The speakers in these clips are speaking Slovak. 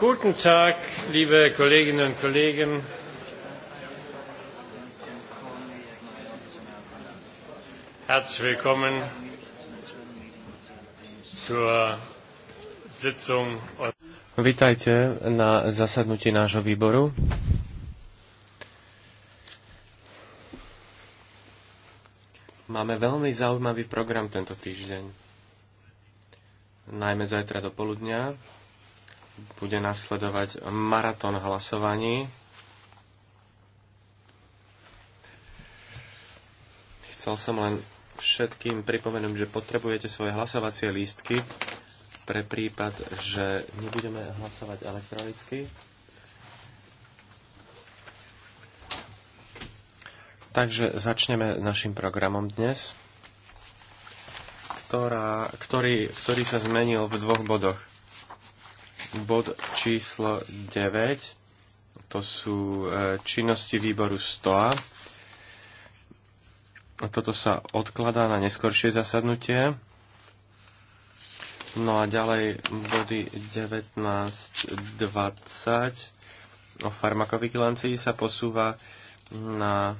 Guten Tag, liebe Kolleginnen und Kollegen. Herzlich willkommen zur Sitzung. Vítajte na zasadnutí nášho výboru. Máme veľmi zaujímavý program tento týždeň. Najmä zajtra do poludnia bude nasledovať maratón hlasovaní. Chcel som len všetkým pripomenúť, že potrebujete svoje hlasovacie lístky pre prípad, že nebudeme hlasovať elektronicky. Takže začneme našim programom dnes, ktorá, ktorý, ktorý sa zmenil v dvoch bodoch bod číslo 9. To sú e, činnosti výboru STOA. Toto sa odkladá na neskoršie zasadnutie. No a ďalej body 19.20 o farmakovigilancii sa posúva na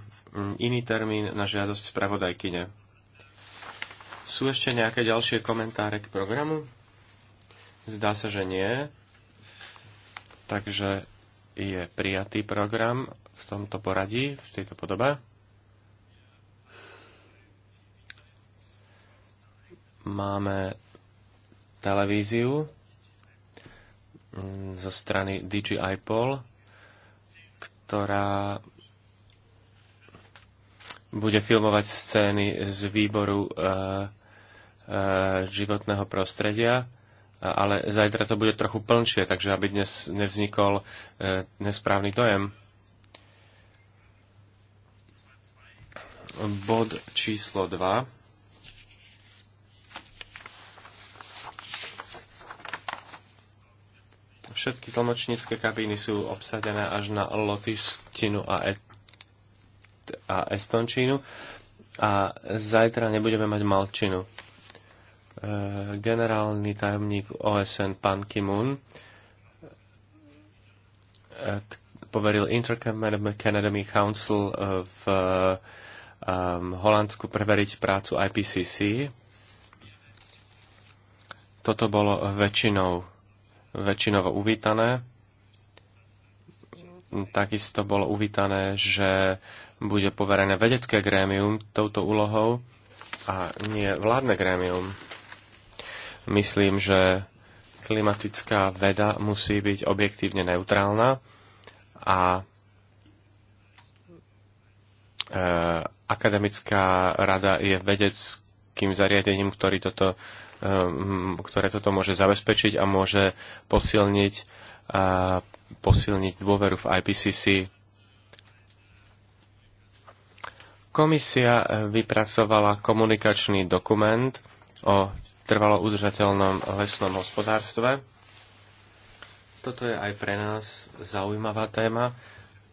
iný termín na žiadosť spravodajkyne. Sú ešte nejaké ďalšie komentáre k programu? Zdá sa, že nie. Takže je prijatý program v tomto poradí, v tejto podobe. Máme televíziu zo strany DJI Pol, ktorá bude filmovať scény z výboru uh, uh, životného prostredia ale zajtra to bude trochu plnšie, takže aby dnes nevznikol e, nesprávny dojem. Bod číslo 2. Všetky tlmočnícke kabíny sú obsadené až na lotištinu a, et- a estončinu a zajtra nebudeme mať malčinu. Eh, generálny tajomník OSN Pan Kimun eh, poveril Inter-Canada Council v Holandsku preveriť prácu IPCC. Toto bolo väčšinou, väčšinovo uvítané. Takisto bolo uvítané, že bude poverené vedecké grémium touto úlohou a nie vládne grémium. Myslím, že klimatická veda musí byť objektívne neutrálna a e, akademická rada je vedeckým zariadením, ktorý toto, e, ktoré toto môže zabezpečiť a môže posilniť, e, posilniť dôveru v IPCC. Komisia vypracovala komunikačný dokument o trvalo udržateľnom lesnom hospodárstve. Toto je aj pre nás zaujímavá téma,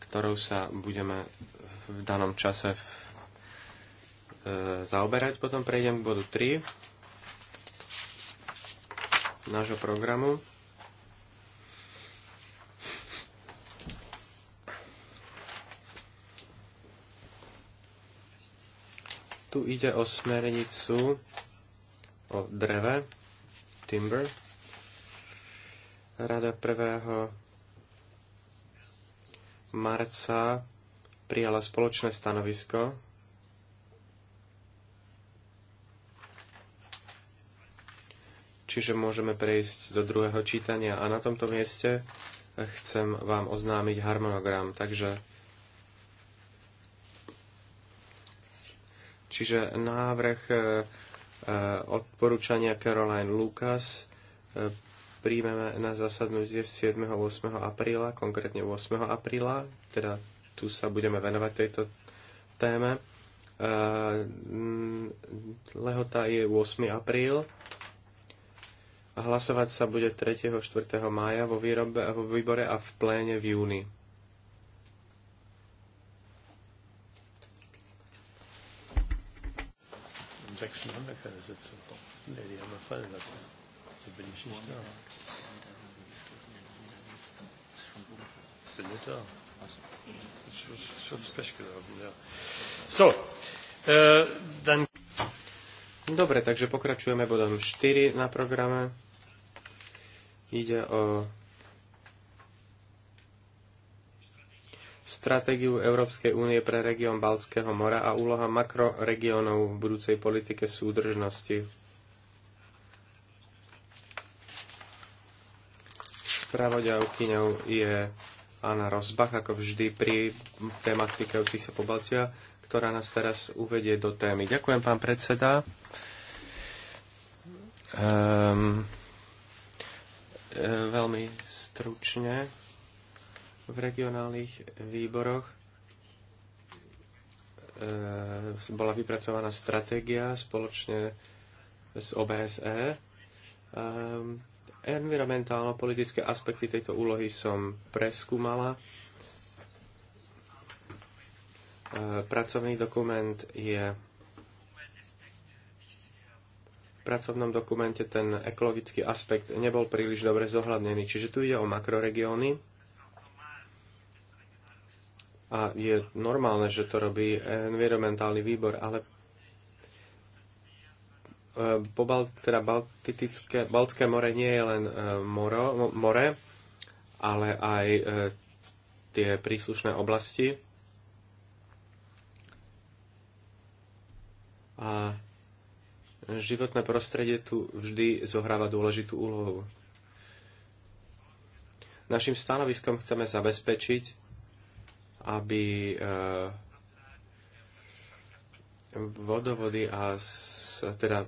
ktorou sa budeme v danom čase v, e, zaoberať. Potom prejdem k bodu 3 nášho programu. Tu ide o smernicu o dreve, timber. Rada 1. marca prijala spoločné stanovisko čiže môžeme prejsť do druhého čítania. A na tomto mieste chcem vám oznámiť harmonogram. Takže čiže návrh eh, Eh, odporúčania Caroline Lucas eh, príjmeme na zasadnutie 7. 8. apríla, konkrétne 8. apríla, teda tu sa budeme venovať tejto téme. Eh, lehota je 8. apríl a hlasovať sa bude 3. 4. mája vo, výrobe, vo výbore a v pléne v júni. um haben wir keine Sitzung. Nee, die haben wir fallen lassen. Da bin ich nicht da. Bin nicht da. Schon Pech gelaufen, ja. So, äh, euh, dann... Dobre, takže pokračujeme bodom 4 na programe. Ide o stratégiu Európskej únie pre región Baltského mora a úloha makroregiónov v budúcej politike súdržnosti. Spravodajkyňou je Anna Rozbach, ako vždy pri témach týkajúcich sa Pobaltia, ktorá nás teraz uvedie do témy. Ďakujem, pán predseda. Um, veľmi stručne v regionálnych výboroch e, bola vypracovaná stratégia spoločne s OBSE. E, environmentálno-politické aspekty tejto úlohy som preskúmala. E, pracovný dokument je v pracovnom dokumente ten ekologický aspekt nebol príliš dobre zohľadnený, čiže tu ide o makroregióny a je normálne, že to robí environmentálny výbor, ale e, Pobal, teda Baltické, Baltské more nie je len e, moro, more, ale aj e, tie príslušné oblasti. A životné prostredie tu vždy zohráva dôležitú úlohu. Našim stanoviskom chceme zabezpečiť, aby e, vodovody a teda e,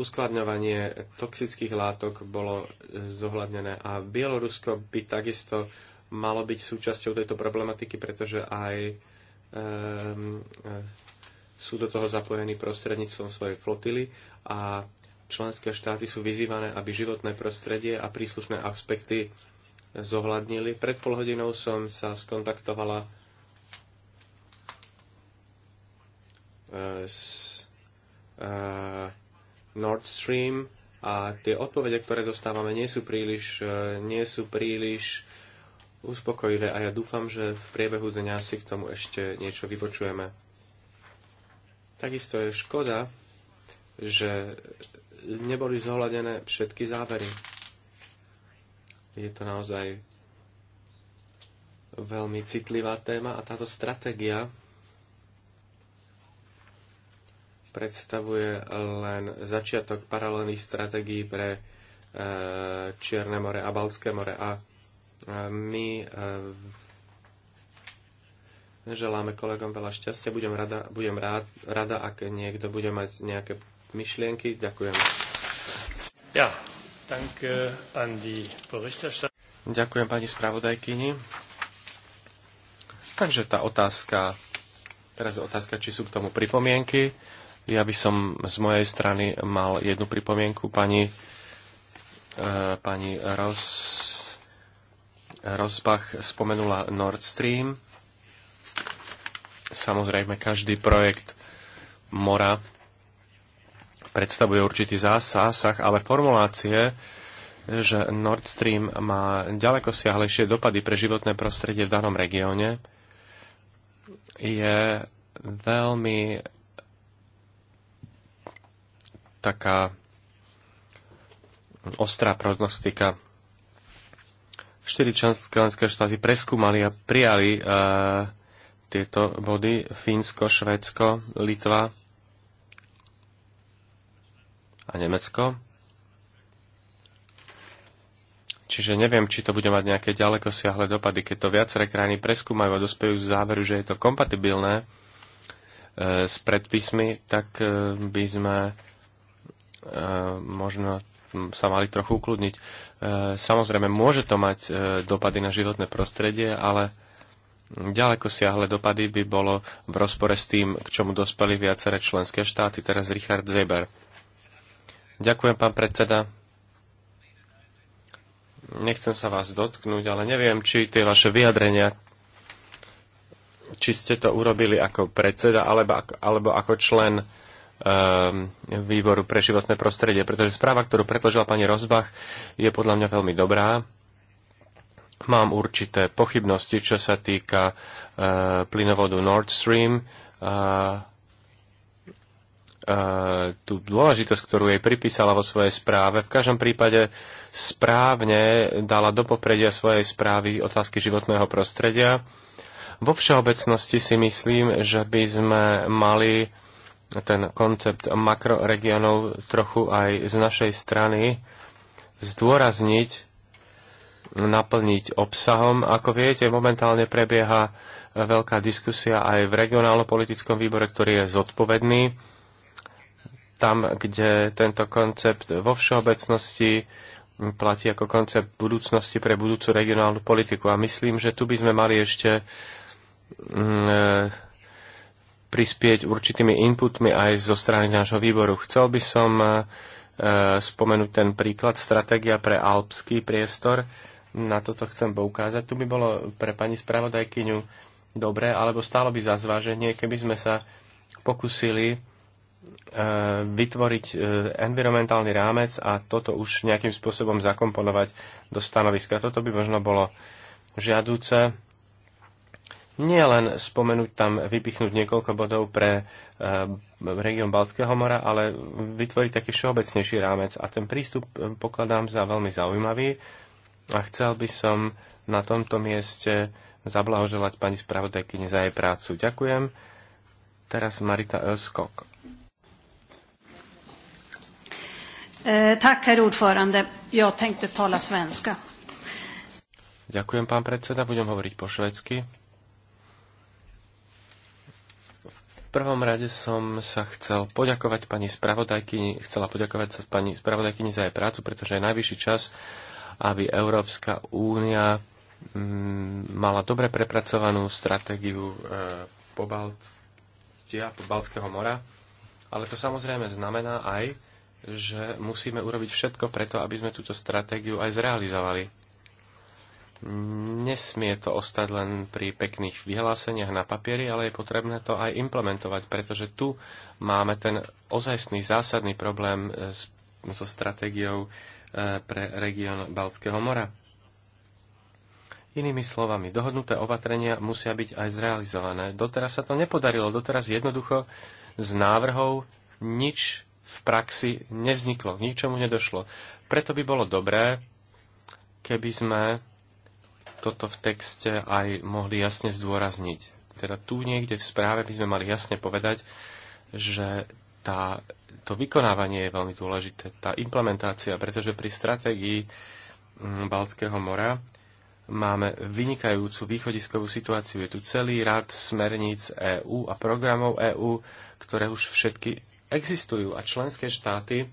uskladňovanie toxických látok bolo zohľadnené a Bielorusko by takisto malo byť súčasťou tejto problematiky, pretože aj um, sú do toho zapojení prostredníctvom svojej flotily a členské štáty sú vyzývané, aby životné prostredie a príslušné aspekty zohľadnili. Pred pol hodinou som sa skontaktovala e, s e, Nord Stream a tie odpovede, ktoré dostávame, nie sú príliš, e, nie sú príliš uspokojivé a ja dúfam, že v priebehu dňa si k tomu ešte niečo vypočujeme. Takisto je škoda, že neboli zohľadené všetky závery. Je to naozaj veľmi citlivá téma a táto stratégia predstavuje len začiatok paralelných stratégií pre e, Čierne more a Balské more a e, my e, želáme kolegom veľa šťastia. Budem rada, budem rád, rada, ak niekto bude mať nejaké myšlienky. Ďakujem. Ja, Ďakujem pani spravodajkyni. Takže tá otázka, teraz je otázka, či sú k tomu pripomienky. Ja by som z mojej strany mal jednu pripomienku pani, e, pani Ros, Rosbach spomenula Nord Stream. Samozrejme, každý projekt mora predstavuje určitý zásah, ale formulácie, že Nord Stream má ďaleko siahlejšie dopady pre životné prostredie v danom regióne, je veľmi taká ostrá prognostika. Štyri členské štáty preskúmali a prijali uh, tieto body. Fínsko, Švédsko, Litva a Nemecko. Čiže neviem, či to bude mať nejaké ďaleko siahle dopady, keď to viaceré krajiny preskúmajú a dospejú z záveru, že je to kompatibilné e, s predpismi, tak e, by sme e, možno sa mali trochu ukludniť. E, samozrejme, môže to mať e, dopady na životné prostredie, ale ďaleko siahle dopady by bolo v rozpore s tým, k čomu dospeli viaceré členské štáty. Teraz Richard Zeber. Ďakujem, pán predseda. Nechcem sa vás dotknúť, ale neviem, či tie vaše vyjadrenia, či ste to urobili ako predseda alebo ako, alebo ako člen ehm, výboru pre životné prostredie, pretože správa, ktorú predložila pani Rozbach, je podľa mňa veľmi dobrá. Mám určité pochybnosti, čo sa týka uh, plynovodu Nord Stream. Uh, E, tú dôležitosť, ktorú jej pripísala vo svojej správe, v každom prípade správne dala do popredia svojej správy otázky životného prostredia. Vo všeobecnosti si myslím, že by sme mali ten koncept makroregionov trochu aj z našej strany zdôrazniť, naplniť obsahom. Ako viete, momentálne prebieha veľká diskusia aj v regionálno-politickom výbore, ktorý je zodpovedný tam, kde tento koncept vo všeobecnosti platí ako koncept budúcnosti pre budúcu regionálnu politiku. A myslím, že tu by sme mali ešte mm, e, prispieť určitými inputmi aj zo strany nášho výboru. Chcel by som e, spomenúť ten príklad stratégia pre alpský priestor. Na toto chcem poukázať. Tu by bolo pre pani spravodajkyňu dobré, alebo stálo by za zváženie, keby sme sa pokusili E, vytvoriť e, environmentálny rámec a toto už nejakým spôsobom zakomponovať do stanoviska. Toto by možno bolo žiadúce. Nie len spomenúť tam, vypichnúť niekoľko bodov pre e, región Balckého mora, ale vytvoriť taký všeobecnejší rámec. A ten prístup pokladám za veľmi zaujímavý a chcel by som na tomto mieste zablahoželať pani spravodajkyni za jej prácu. Ďakujem. Teraz Marita Elskok. Eh, tak, herr ordförande. Jag tänkte tala svenska. Ďakujem, pán predseda. Budem hovoriť po švedsky. V prvom rade som sa chcel poďakovať pani spravodajkyni, chcela poďakovať sa pani spravodajkyni za jej prácu, pretože je najvyšší čas, aby Európska únia mm, mala dobre prepracovanú stratégiu eh, Pobaltia, Pobaltského mora. Ale to samozrejme znamená aj, že musíme urobiť všetko preto, aby sme túto stratégiu aj zrealizovali. Nesmie to ostať len pri pekných vyhláseniach na papieri, ale je potrebné to aj implementovať, pretože tu máme ten ozajstný zásadný problém e, so stratégiou e, pre región Baltského mora. Inými slovami, dohodnuté opatrenia musia byť aj zrealizované. Doteraz sa to nepodarilo, doteraz jednoducho z návrhov nič v praxi nevzniklo, k ničomu nedošlo. Preto by bolo dobré, keby sme toto v texte aj mohli jasne zdôrazniť. Teda tu niekde v správe by sme mali jasne povedať, že tá, to vykonávanie je veľmi dôležité, tá implementácia, pretože pri stratégii mm, Baltského mora máme vynikajúcu východiskovú situáciu. Je tu celý rad smerníc EÚ a programov EÚ, ktoré už všetky existujú a členské štáty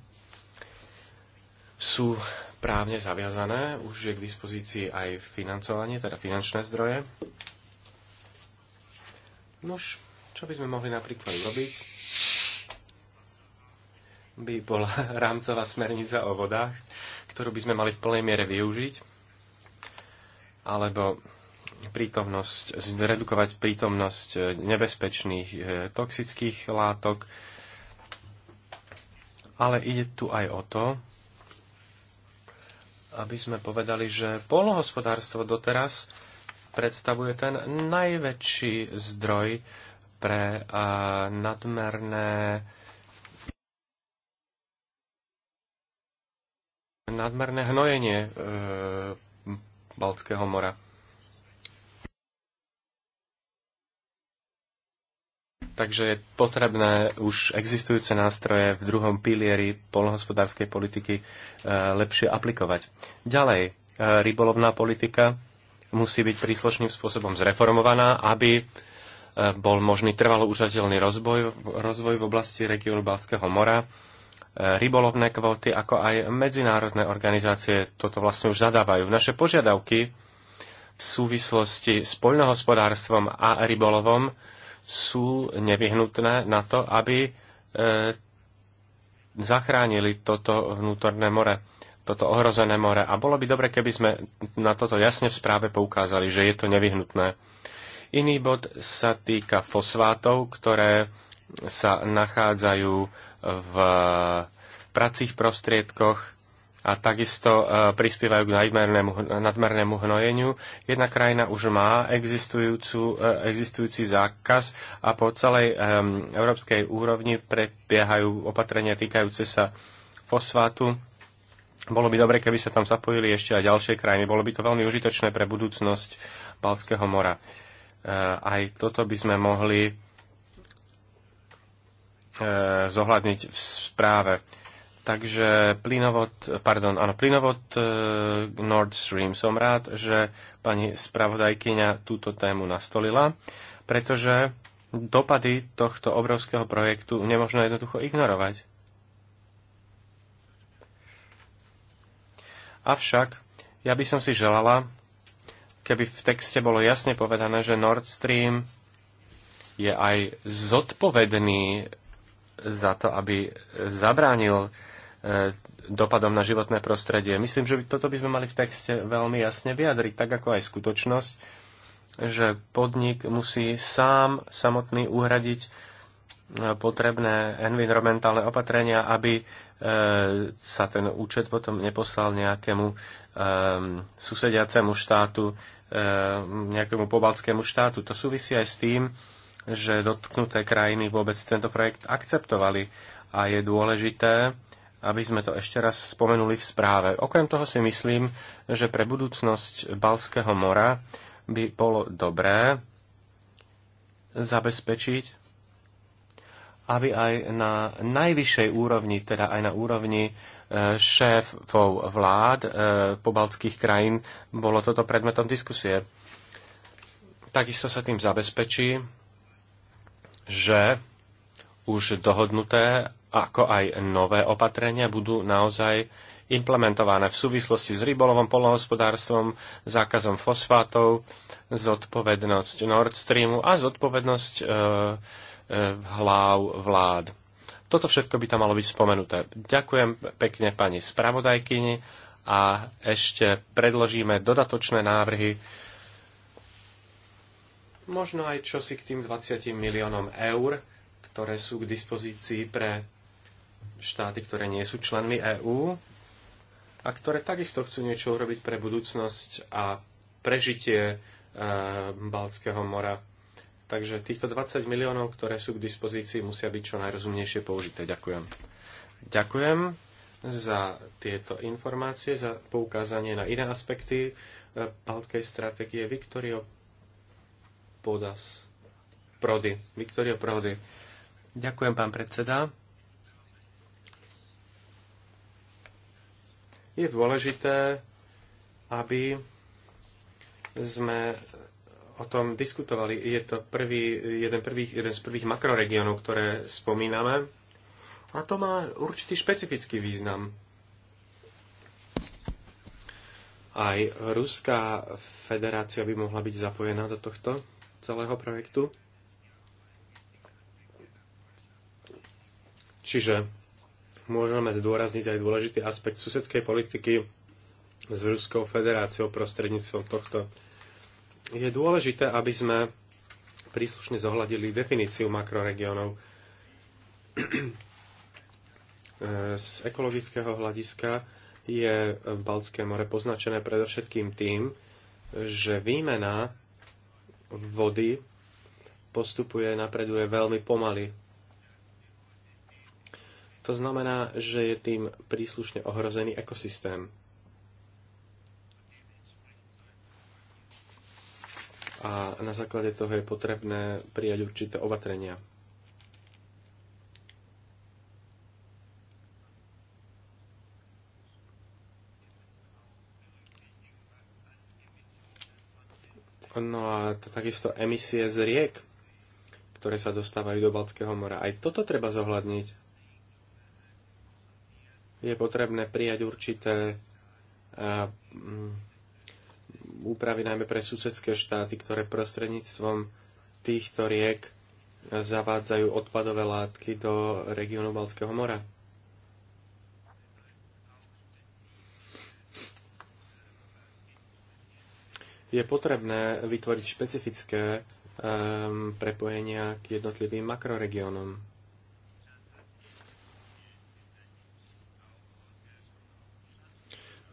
sú právne zaviazané, už je k dispozícii aj financovanie, teda finančné zdroje. Nož, čo by sme mohli napríklad robiť? By bola rámcová smernica o vodách, ktorú by sme mali v plnej miere využiť, alebo prítomnosť, zredukovať prítomnosť nebezpečných eh, toxických látok, ale ide tu aj o to, aby sme povedali, že polohospodárstvo doteraz predstavuje ten najväčší zdroj pre eh, nadmerné nadmerné hnojenie e, Baltského mora. Takže je potrebné už existujúce nástroje v druhom pilieri polnohospodárskej politiky e, lepšie aplikovať. Ďalej, e, rybolovná politika musí byť príslušným spôsobom zreformovaná, aby e, bol možný trvalo užateľný rozvoj, rozvoj v oblasti regiónu Balského mora, rybolovné kvóty, ako aj medzinárodné organizácie toto vlastne už zadávajú. Naše požiadavky v súvislosti s poľnohospodárstvom a rybolovom sú nevyhnutné na to, aby e, zachránili toto vnútorné more, toto ohrozené more. A bolo by dobre, keby sme na toto jasne v správe poukázali, že je to nevyhnutné. Iný bod sa týka fosfátov, ktoré sa nachádzajú v pracích prostriedkoch a takisto e, prispievajú k nadmernému, nadmernému hnojeniu. Jedna krajina už má existujúcu, e, existujúci zákaz a po celej e, európskej úrovni prebiehajú opatrenia týkajúce sa fosfátu. Bolo by dobre, keby sa tam zapojili ešte aj ďalšie krajiny. Bolo by to veľmi užitočné pre budúcnosť Balckého mora. Aj toto by sme mohli zohľadniť v správe. Takže plynovod, pardon, áno, plynovod e, Nord Stream. Som rád, že pani spravodajkyňa túto tému nastolila, pretože dopady tohto obrovského projektu nemožno jednoducho ignorovať. Avšak ja by som si želala, keby v texte bolo jasne povedané, že Nord Stream je aj zodpovedný za to, aby zabránil dopadom na životné prostredie. Myslím, že toto by sme mali v texte veľmi jasne vyjadriť, tak ako aj skutočnosť, že podnik musí sám samotný uhradiť e, potrebné environmentálne opatrenia, aby e, sa ten účet potom neposlal nejakému ehm, susediacemu štátu, ehm, nejakému pobaltskému štátu. To súvisí aj s tým, že dotknuté krajiny vôbec tento projekt akceptovali a je dôležité, aby sme to ešte raz spomenuli v správe. Okrem toho si myslím, že pre budúcnosť Balského mora by bolo dobré zabezpečiť, aby aj na najvyššej úrovni, teda aj na úrovni e, šéfov vlád e, pobaltských krajín, bolo toto predmetom diskusie. Takisto sa tým zabezpečí, že už dohodnuté ako aj nové opatrenia budú naozaj implementované v súvislosti s rybolovom, polnohospodárstvom, zákazom fosfátov, zodpovednosť Nord Streamu a zodpovednosť e, e, hlav vlád. Toto všetko by tam malo byť spomenuté. Ďakujem pekne pani spravodajkyni a ešte predložíme dodatočné návrhy, možno aj čosi k tým 20 miliónom eur, ktoré sú k dispozícii pre štáty, ktoré nie sú členmi EÚ a ktoré takisto chcú niečo urobiť pre budúcnosť a prežitie e, Baltského mora. Takže týchto 20 miliónov, ktoré sú k dispozícii, musia byť čo najrozumnejšie použité. Ďakujem. Ďakujem za tieto informácie, za poukázanie na iné aspekty e, baltkej stratégie Viktorio Podas Prody. Viktorio Prody. Ďakujem, pán predseda. je dôležité, aby sme o tom diskutovali. Je to prvý, jeden, prvých, jeden z prvých makroregiónov, ktoré spomíname. A to má určitý špecifický význam. Aj Ruská federácia by mohla byť zapojená do tohto celého projektu. Čiže môžeme zdôrazniť aj dôležitý aspekt susedskej politiky s Ruskou federáciou prostredníctvom tohto. Je dôležité, aby sme príslušne zohľadili definíciu makroregiónov. Z ekologického hľadiska je Baltské more poznačené predovšetkým tým, že výmena vody postupuje, napreduje veľmi pomaly to znamená, že je tým príslušne ohrozený ekosystém. A na základe toho je potrebné prijať určité opatrenia. No a takisto emisie z riek, ktoré sa dostávajú do Baltského mora. Aj toto treba zohľadniť je potrebné prijať určité mm, úpravy najmä pre susedské štáty, ktoré prostredníctvom týchto riek zavádzajú odpadové látky do regiónu Balského mora. Je potrebné vytvoriť špecifické um, prepojenia k jednotlivým makroregiónom.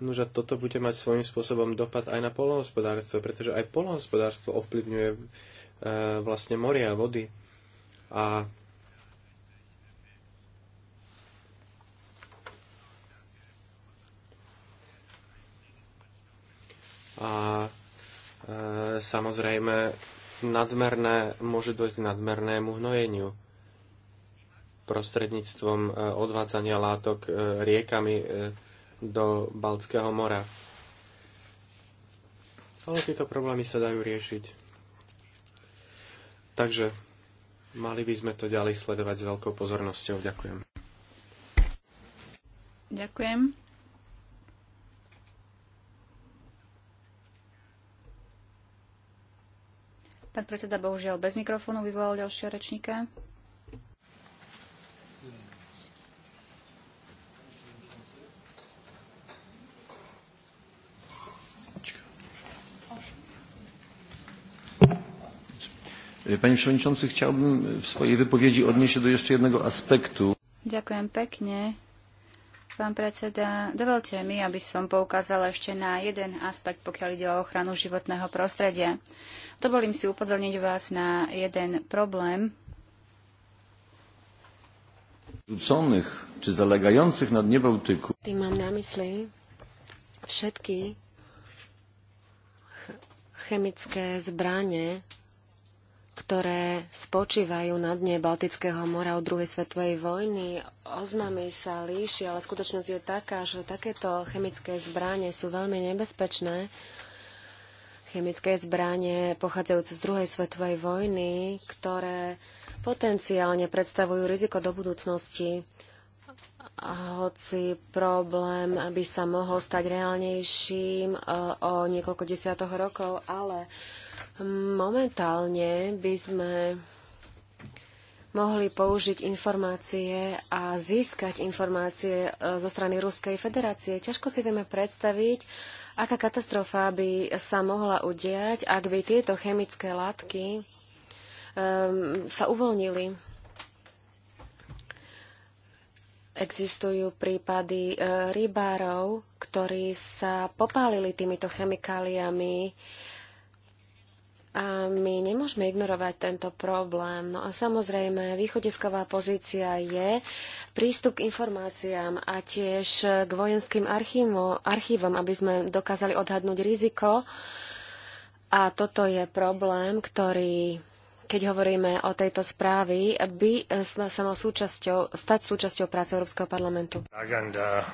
No, že toto bude mať svojím spôsobom dopad aj na polnohospodárstvo, pretože aj polnohospodárstvo ovplyvňuje e, vlastne moria, vody. A a e, samozrejme nadmerné, môže dojsť k nadmernému hnojeniu prostredníctvom e, odvádzania látok e, riekami e, do Baltského mora. Ale tieto problémy sa dajú riešiť. Takže mali by sme to ďalej sledovať s veľkou pozornosťou. Ďakujem. Ďakujem. Pán predseda bohužiaľ bez mikrofónu vyvolal ďalšieho rečníka. E, Panie Przewodniczący, chciałbym w swojej wypowiedzi odnieść się do jeszcze jednego aspektu. Ďakujem pekne. Pán predseda, dovolte mi, aby som poukázala ešte na jeden aspekt, pokiaľ ide o ochranu životného prostredia. Dovolím si upozorniť vás na jeden problém. Rzuconych, či zalegajúcich na dnie Bałtyku. Tým mám na mysli všetky chemické zbranie, ktoré spočívajú na dne Baltického mora od druhej svetovej vojny. Oznámy sa líši, ale skutočnosť je taká, že takéto chemické zbranie sú veľmi nebezpečné. Chemické zbranie pochádzajúce z druhej svetovej vojny, ktoré potenciálne predstavujú riziko do budúcnosti. A hoci problém by sa mohol stať reálnejším eh, o niekoľko desiatoch rokov, ale Momentálne by sme mohli použiť informácie a získať informácie e, zo strany Ruskej federácie. Ťažko si vieme predstaviť, aká katastrofa by sa mohla udiať, ak by tieto chemické látky um, sa uvoľnili. Existujú prípady e, rybárov, ktorí sa popálili týmito chemikáliami a my nemôžeme ignorovať tento problém. No a samozrejme, východisková pozícia je prístup k informáciám a tiež k vojenským archívom, archívom aby sme dokázali odhadnúť riziko. A toto je problém, ktorý keď hovoríme o tejto správy, by sa mal súčasťou, stať súčasťou práce Európskeho parlamentu. Agenda.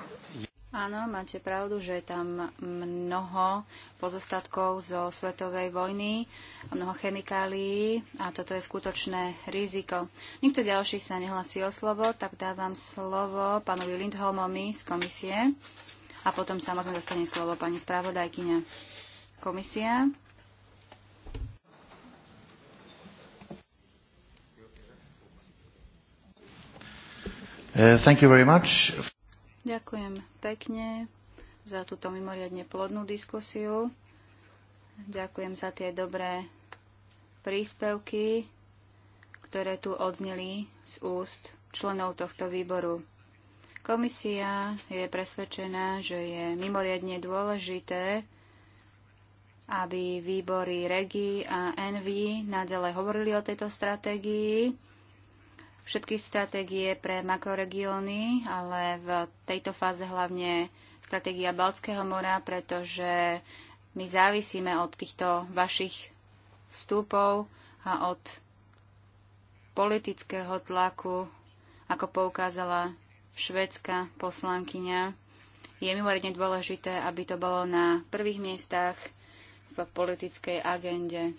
Áno, máte pravdu, že je tam mnoho pozostatkov zo svetovej vojny, mnoho chemikálií a toto je skutočné riziko. Nikto ďalší sa nehlasí o slovo, tak dávam slovo pánovi Lindholmovi z komisie a potom samozrejme dostane slovo pani spravodajkyňa. Komisia. Uh, thank you very much. Ďakujem pekne za túto mimoriadne plodnú diskusiu. Ďakujem za tie dobré príspevky, ktoré tu odzneli z úst členov tohto výboru. Komisia je presvedčená, že je mimoriadne dôležité, aby výbory REGI a ENVI nadalej hovorili o tejto stratégii všetky stratégie pre makroregióny, ale v tejto fáze hlavne stratégia Balckého mora, pretože my závisíme od týchto vašich vstupov a od politického tlaku, ako poukázala švedská poslankyňa. Je mimoriadne dôležité, aby to bolo na prvých miestach v politickej agende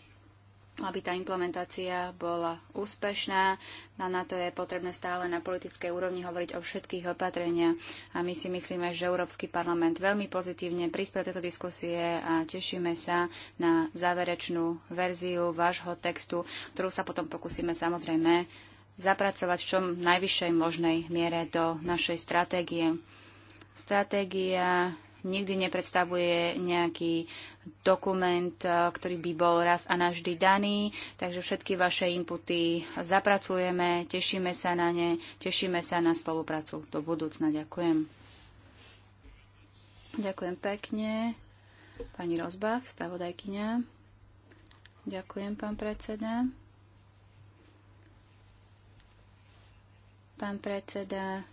aby tá implementácia bola úspešná. A na to je potrebné stále na politickej úrovni hovoriť o všetkých opatreniach. A my si myslíme, že Európsky parlament veľmi pozitívne prispel tejto diskusie a tešíme sa na záverečnú verziu vášho textu, ktorú sa potom pokúsime samozrejme zapracovať v čom najvyššej možnej miere do našej stratégie. Stratégia nikdy nepredstavuje nejaký dokument, e, ktorý by bol raz a navždy daný. Takže všetky vaše inputy zapracujeme, tešíme sa na ne, tešíme sa na spoluprácu do budúcna. Ďakujem. Ďakujem pekne. Pani Rozbach, spravodajkyňa. Ďakujem, pán predseda. Pán predseda,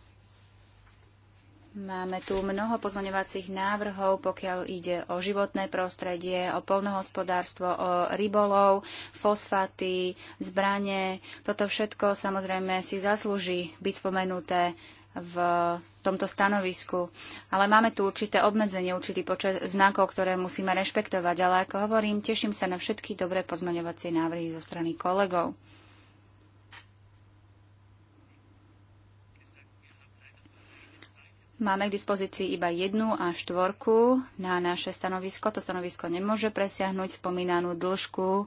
Máme tu mnoho pozmaňovacích návrhov, pokiaľ ide o životné prostredie, o polnohospodárstvo, o rybolov, fosfaty, zbranie. Toto všetko samozrejme si zaslúži byť spomenuté v tomto stanovisku. Ale máme tu určité obmedzenie, určitý počet znakov, ktoré musíme rešpektovať. Ale ako hovorím, teším sa na všetky dobré pozmeňovacie návrhy zo strany kolegov. Máme k dispozícii iba jednu a štvorku na naše stanovisko. To stanovisko nemôže presiahnuť spomínanú dĺžku.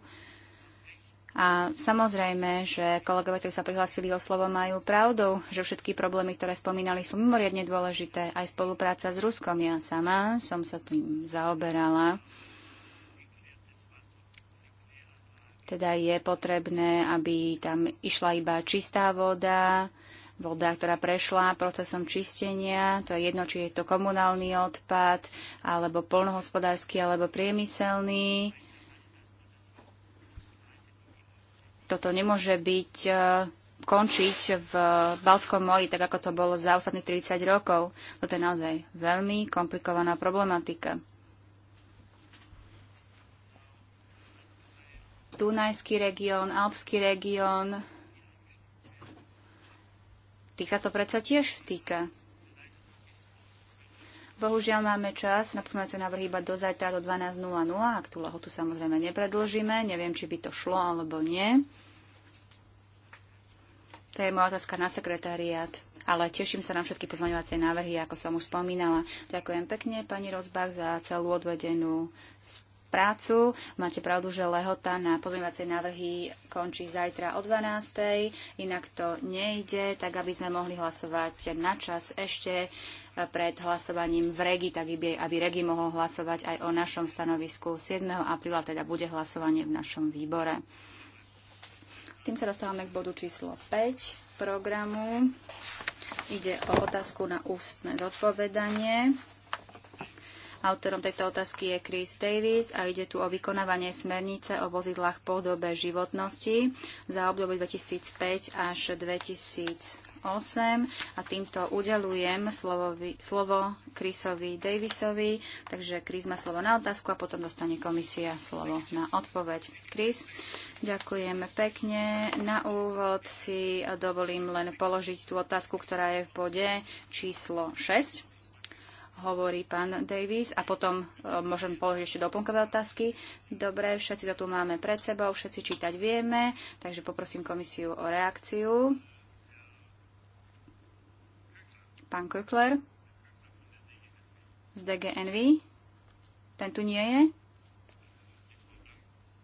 A samozrejme, že kolegovia, ktorí sa prihlásili o slovo, majú pravdu, že všetky problémy, ktoré spomínali, sú mimoriadne dôležité. Aj spolupráca s Ruskom. Ja sama som sa tým zaoberala. Teda je potrebné, aby tam išla iba čistá voda, voda, ktorá prešla procesom čistenia, to je jedno, či je to komunálny odpad, alebo polnohospodársky, alebo priemyselný. Toto nemôže byť e, končiť v Baltskom mori, tak ako to bolo za ostatných 30 rokov. Toto je naozaj veľmi komplikovaná problematika. Dunajský región, Alpský región, Tých sa to predsa tiež týka. Bohužiaľ máme čas na pozmeňovacie návrhy iba do zajtra do 12.00, ak tú lehotu samozrejme nepredložíme. Neviem, či by to šlo alebo nie. To je moja otázka na sekretariát. Ale teším sa na všetky pozmeňovacie návrhy, ako som už spomínala. Ďakujem pekne, pani Rozbach, za celú odvedenú prácu. Máte pravdu, že lehota na pozmeňovacie návrhy končí zajtra o 12. Inak to nejde, tak aby sme mohli hlasovať na čas ešte pred hlasovaním v REGI, tak aby, aby REGI mohol hlasovať aj o našom stanovisku. 7. apríla teda bude hlasovanie v našom výbore. Tým sa dostávame k bodu číslo 5 programu. Ide o otázku na ústne zodpovedanie. Autorom tejto otázky je Chris Davis a ide tu o vykonávanie smernice o vozidlách po dobe životnosti za obdobie 2005 až 2000. a týmto udelujem slovovi, slovo Chrisovi Davisovi. Takže Chris má slovo na otázku a potom dostane komisia slovo na odpoveď. Chris, ďakujem pekne. Na úvod si dovolím len položiť tú otázku, ktorá je v bode číslo 6 hovorí pán Davis a potom e, môžem položiť ešte doplnkové otázky. Dobre, všetci to tu máme pred sebou, všetci čítať vieme, takže poprosím komisiu o reakciu. Pán Kökler z DGNV. Ten tu nie je?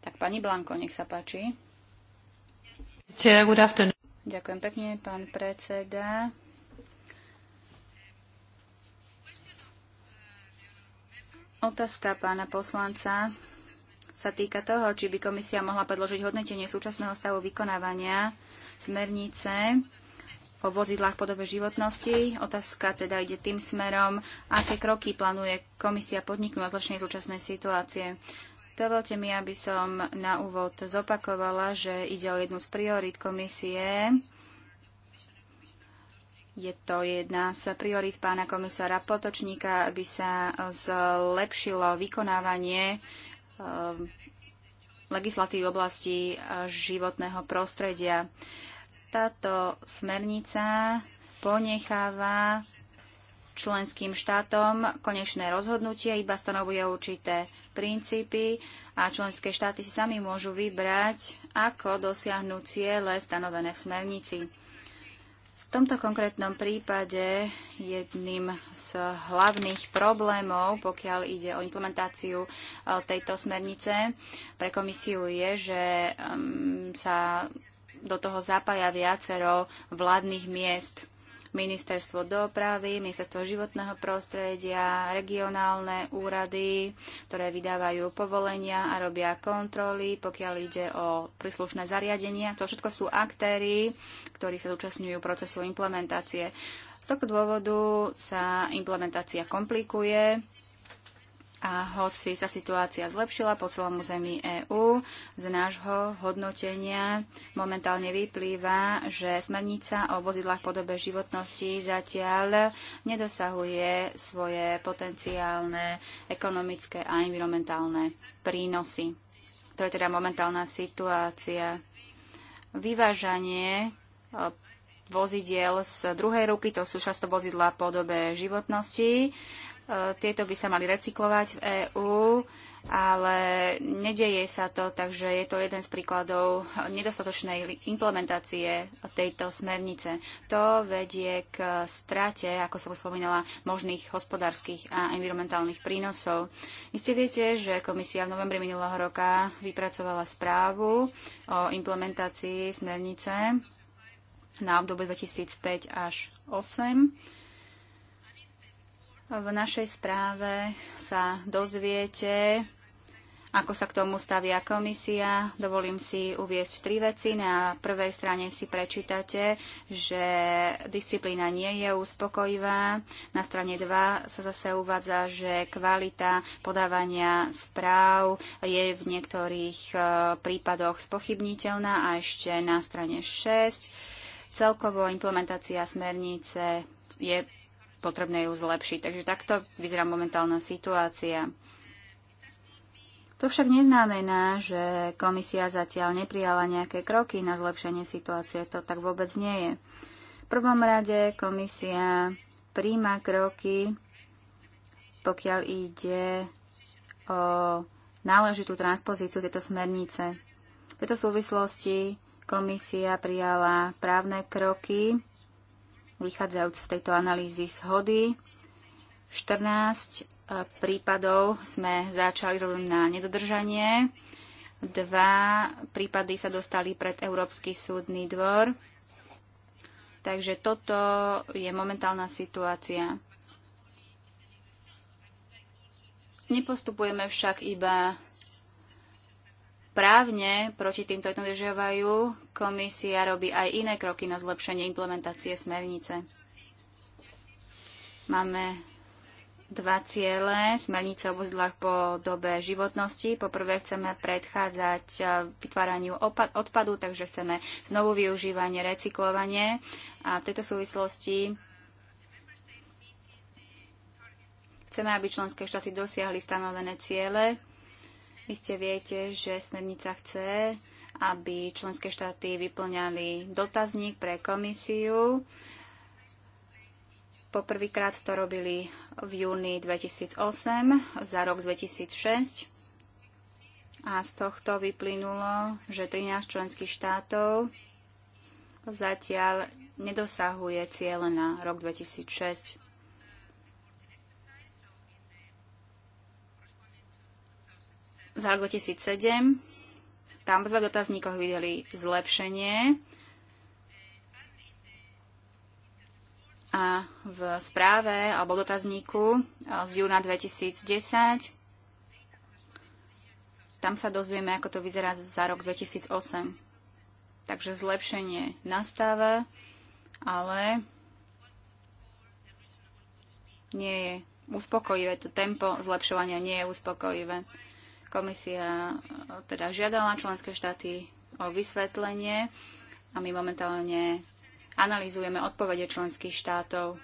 Tak pani Blanko, nech sa páči. Ďakujem pekne, pán predseda. Otázka pána poslanca sa týka toho, či by komisia mohla predložiť hodnotenie súčasného stavu vykonávania smernice o vozidlách podobe životnosti. Otázka teda ide tým smerom, aké kroky plánuje komisia podniknúť na zlepšenie súčasnej situácie. Dovolte mi, aby som na úvod zopakovala, že ide o jednu z priorít komisie je to jedna z priorít pána komisára Potočníka, aby sa zlepšilo vykonávanie eh, legislatív v oblasti eh, životného prostredia. Táto smernica ponecháva členským štátom konečné rozhodnutie, iba stanovuje určité princípy a členské štáty si sami môžu vybrať, ako dosiahnu ciele stanovené v smernici tomto konkrétnom prípade jedným z hlavných problémov, pokiaľ ide o implementáciu e, tejto smernice pre komisiu, je, že sa do toho zapája viacero vládnych miest ministerstvo dopravy, ministerstvo životného prostredia, regionálne úrady, ktoré vydávajú povolenia a robia kontroly, pokiaľ ide o príslušné zariadenia. To všetko sú aktéry, ktorí sa zúčastňujú procesu implementácie. Z tohto dôvodu sa implementácia komplikuje a hoci sa situácia zlepšila po celom území EÚ, z nášho hodnotenia momentálne vyplýva, že smernica o vozidlách podobe životnosti zatiaľ nedosahuje svoje potenciálne ekonomické a environmentálne prínosy. To je teda momentálna situácia. Vyvážanie e, vozidiel z druhej ruky, to sú často vozidla podobe životnosti, tieto by sa mali recyklovať v EÚ, ale nedeje sa to, takže je to jeden z príkladov nedostatočnej implementácie tejto smernice. To vedie k strate, ako som spomínala, možných hospodárskych a environmentálnych prínosov. Iste viete, že komisia v novembri minulého roka vypracovala správu o implementácii smernice na obdobie 2005 až 2008 v našej správe sa dozviete, ako sa k tomu stavia komisia. Dovolím si uviesť tri veci. Na prvej strane si prečítate, že disciplína nie je uspokojivá. Na strane 2 sa zase uvádza, že kvalita podávania správ je v niektorých e, prípadoch spochybniteľná a ešte na strane 6 celkovo implementácia smernice je potrebné ju zlepšiť. Takže takto vyzerá momentálna situácia. To však neznamená, že komisia zatiaľ neprijala nejaké kroky na zlepšenie situácie. To tak vôbec nie je. V prvom rade komisia príjma kroky, pokiaľ ide o náležitú transpozíciu tejto smernice. V tejto súvislosti komisia prijala právne kroky, vychádzajúc z tejto analýzy shody. 14 eh, prípadov sme začali na nedodržanie. Dva prípady sa dostali pred Európsky súdny dvor. Takže toto je momentálna situácia. Nepostupujeme však iba právne proti týmto nedržiavajú, komisia robí aj iné kroky na zlepšenie implementácie smernice. Máme dva ciele. Smernice o vozidlách po dobe životnosti. Poprvé chceme predchádzať eh, vytváraniu odpadu, takže chceme znovu využívanie, recyklovanie. A v tejto súvislosti chceme, aby členské štáty dosiahli stanovené ciele vy ste viete, že smernica chce, aby členské štáty vyplňali dotazník pre komisiu. Poprvýkrát to robili v júni 2008 za rok 2006 a z tohto vyplynulo, že 13 členských štátov zatiaľ nedosahuje cieľ na rok 2006. za rok 2007. Tam sme v dotazníkoch videli zlepšenie. A v správe alebo dotazníku z júna 2010 tam sa dozvieme, ako to vyzerá za rok 2008. Takže zlepšenie nastáva, ale nie je uspokojivé. To tempo zlepšovania nie je uspokojivé. Komisia eh, teda žiadala členské štáty o vysvetlenie a my momentálne analýzujeme odpovede členských štátov.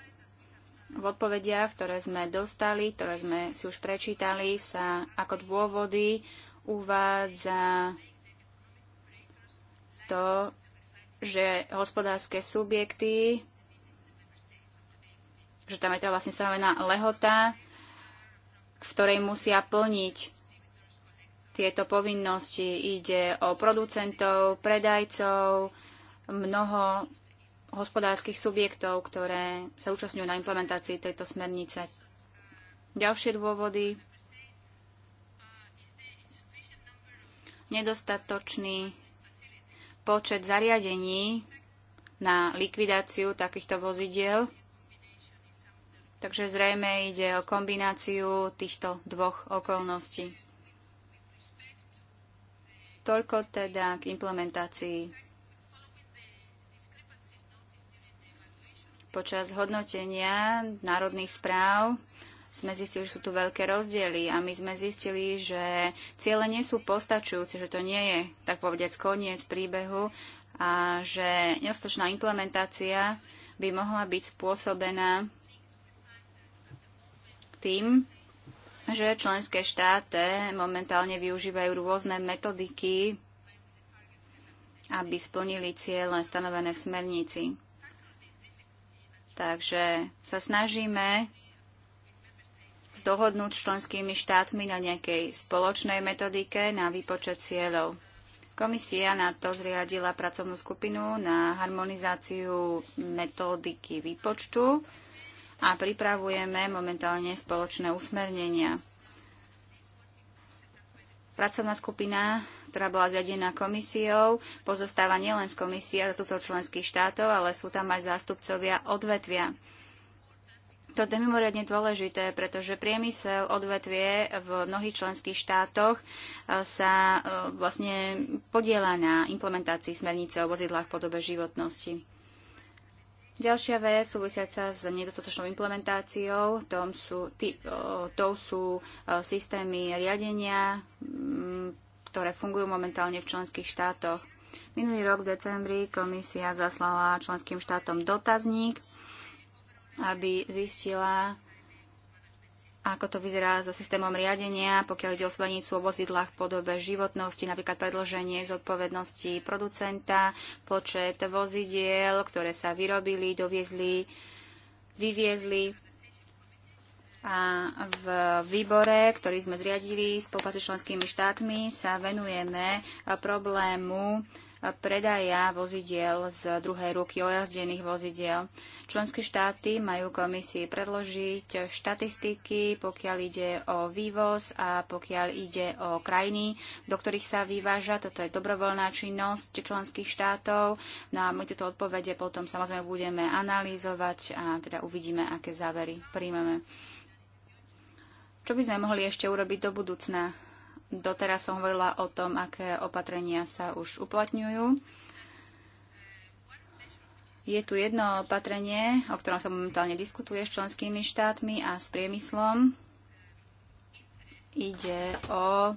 V odpovediach, ktoré sme dostali, ktoré sme si už prečítali, sa ako dôvody uvádza to, že hospodárske subjekty, že tam je teda vlastne stanovená lehota, v ktorej musia plniť tieto povinnosti. Ide o producentov, predajcov, mnoho hospodárskych subjektov, ktoré sa účastňujú na implementácii tejto smernice. Ďalšie dôvody. Nedostatočný počet zariadení na likvidáciu takýchto vozidiel. Takže zrejme ide o kombináciu týchto dvoch okolností. Toľko teda k implementácii. Počas hodnotenia národných správ sme zistili, že sú tu veľké rozdiely a my sme zistili, že ciele nie sú postačujúce, že to nie je, tak povedať, koniec príbehu a že nedostatečná implementácia by mohla byť spôsobená tým, že členské štáty momentálne využívajú rôzne metodiky, aby splnili cieľe stanovené v smernici. Takže sa snažíme zdohodnúť s členskými štátmi na nejakej spoločnej metodike na výpočet cieľov. Komisia na to zriadila pracovnú skupinu na harmonizáciu metodiky výpočtu a pripravujeme momentálne spoločné usmernenia. Pracovná skupina, ktorá bola zriadená komisiou, pozostáva nielen z komisia zastupcov členských štátov, ale sú tam aj zástupcovia odvetvia. To je mimoriadne dôležité, pretože priemysel odvetvie v mnohých členských štátoch e, sa e, vlastne podiela na implementácii smernice o vozidlách v podobe životnosti. Ďalšia vec súvisiaca s nedostatočnou implementáciou, tom sú, ty, to sú systémy riadenia, ktoré fungujú momentálne v členských štátoch. Minulý rok v decembri komisia zaslala členským štátom dotazník, aby zistila, ako to vyzerá so systémom riadenia, pokiaľ ide o smernicu o vozidlách v podobe životnosti, napríklad predloženie zodpovednosti producenta, počet vozidiel, ktoré sa vyrobili, doviezli, vyviezli. A v výbore, ktorý sme zriadili s členskými štátmi, sa venujeme problému predaja vozidiel z druhej ruky ojazdených vozidiel. Členské štáty majú komisii predložiť štatistiky, pokiaľ ide o vývoz a pokiaľ ide o krajiny, do ktorých sa vyváža. Toto je dobrovoľná činnosť členských štátov. No a my tieto odpovede potom samozrejme budeme analýzovať a teda uvidíme, aké závery príjmeme. Čo by sme mohli ešte urobiť do budúcna? Doteraz som hovorila o tom, aké opatrenia sa už uplatňujú. Je tu jedno opatrenie, o ktorom sa momentálne diskutuje s členskými štátmi a s priemyslom. Ide o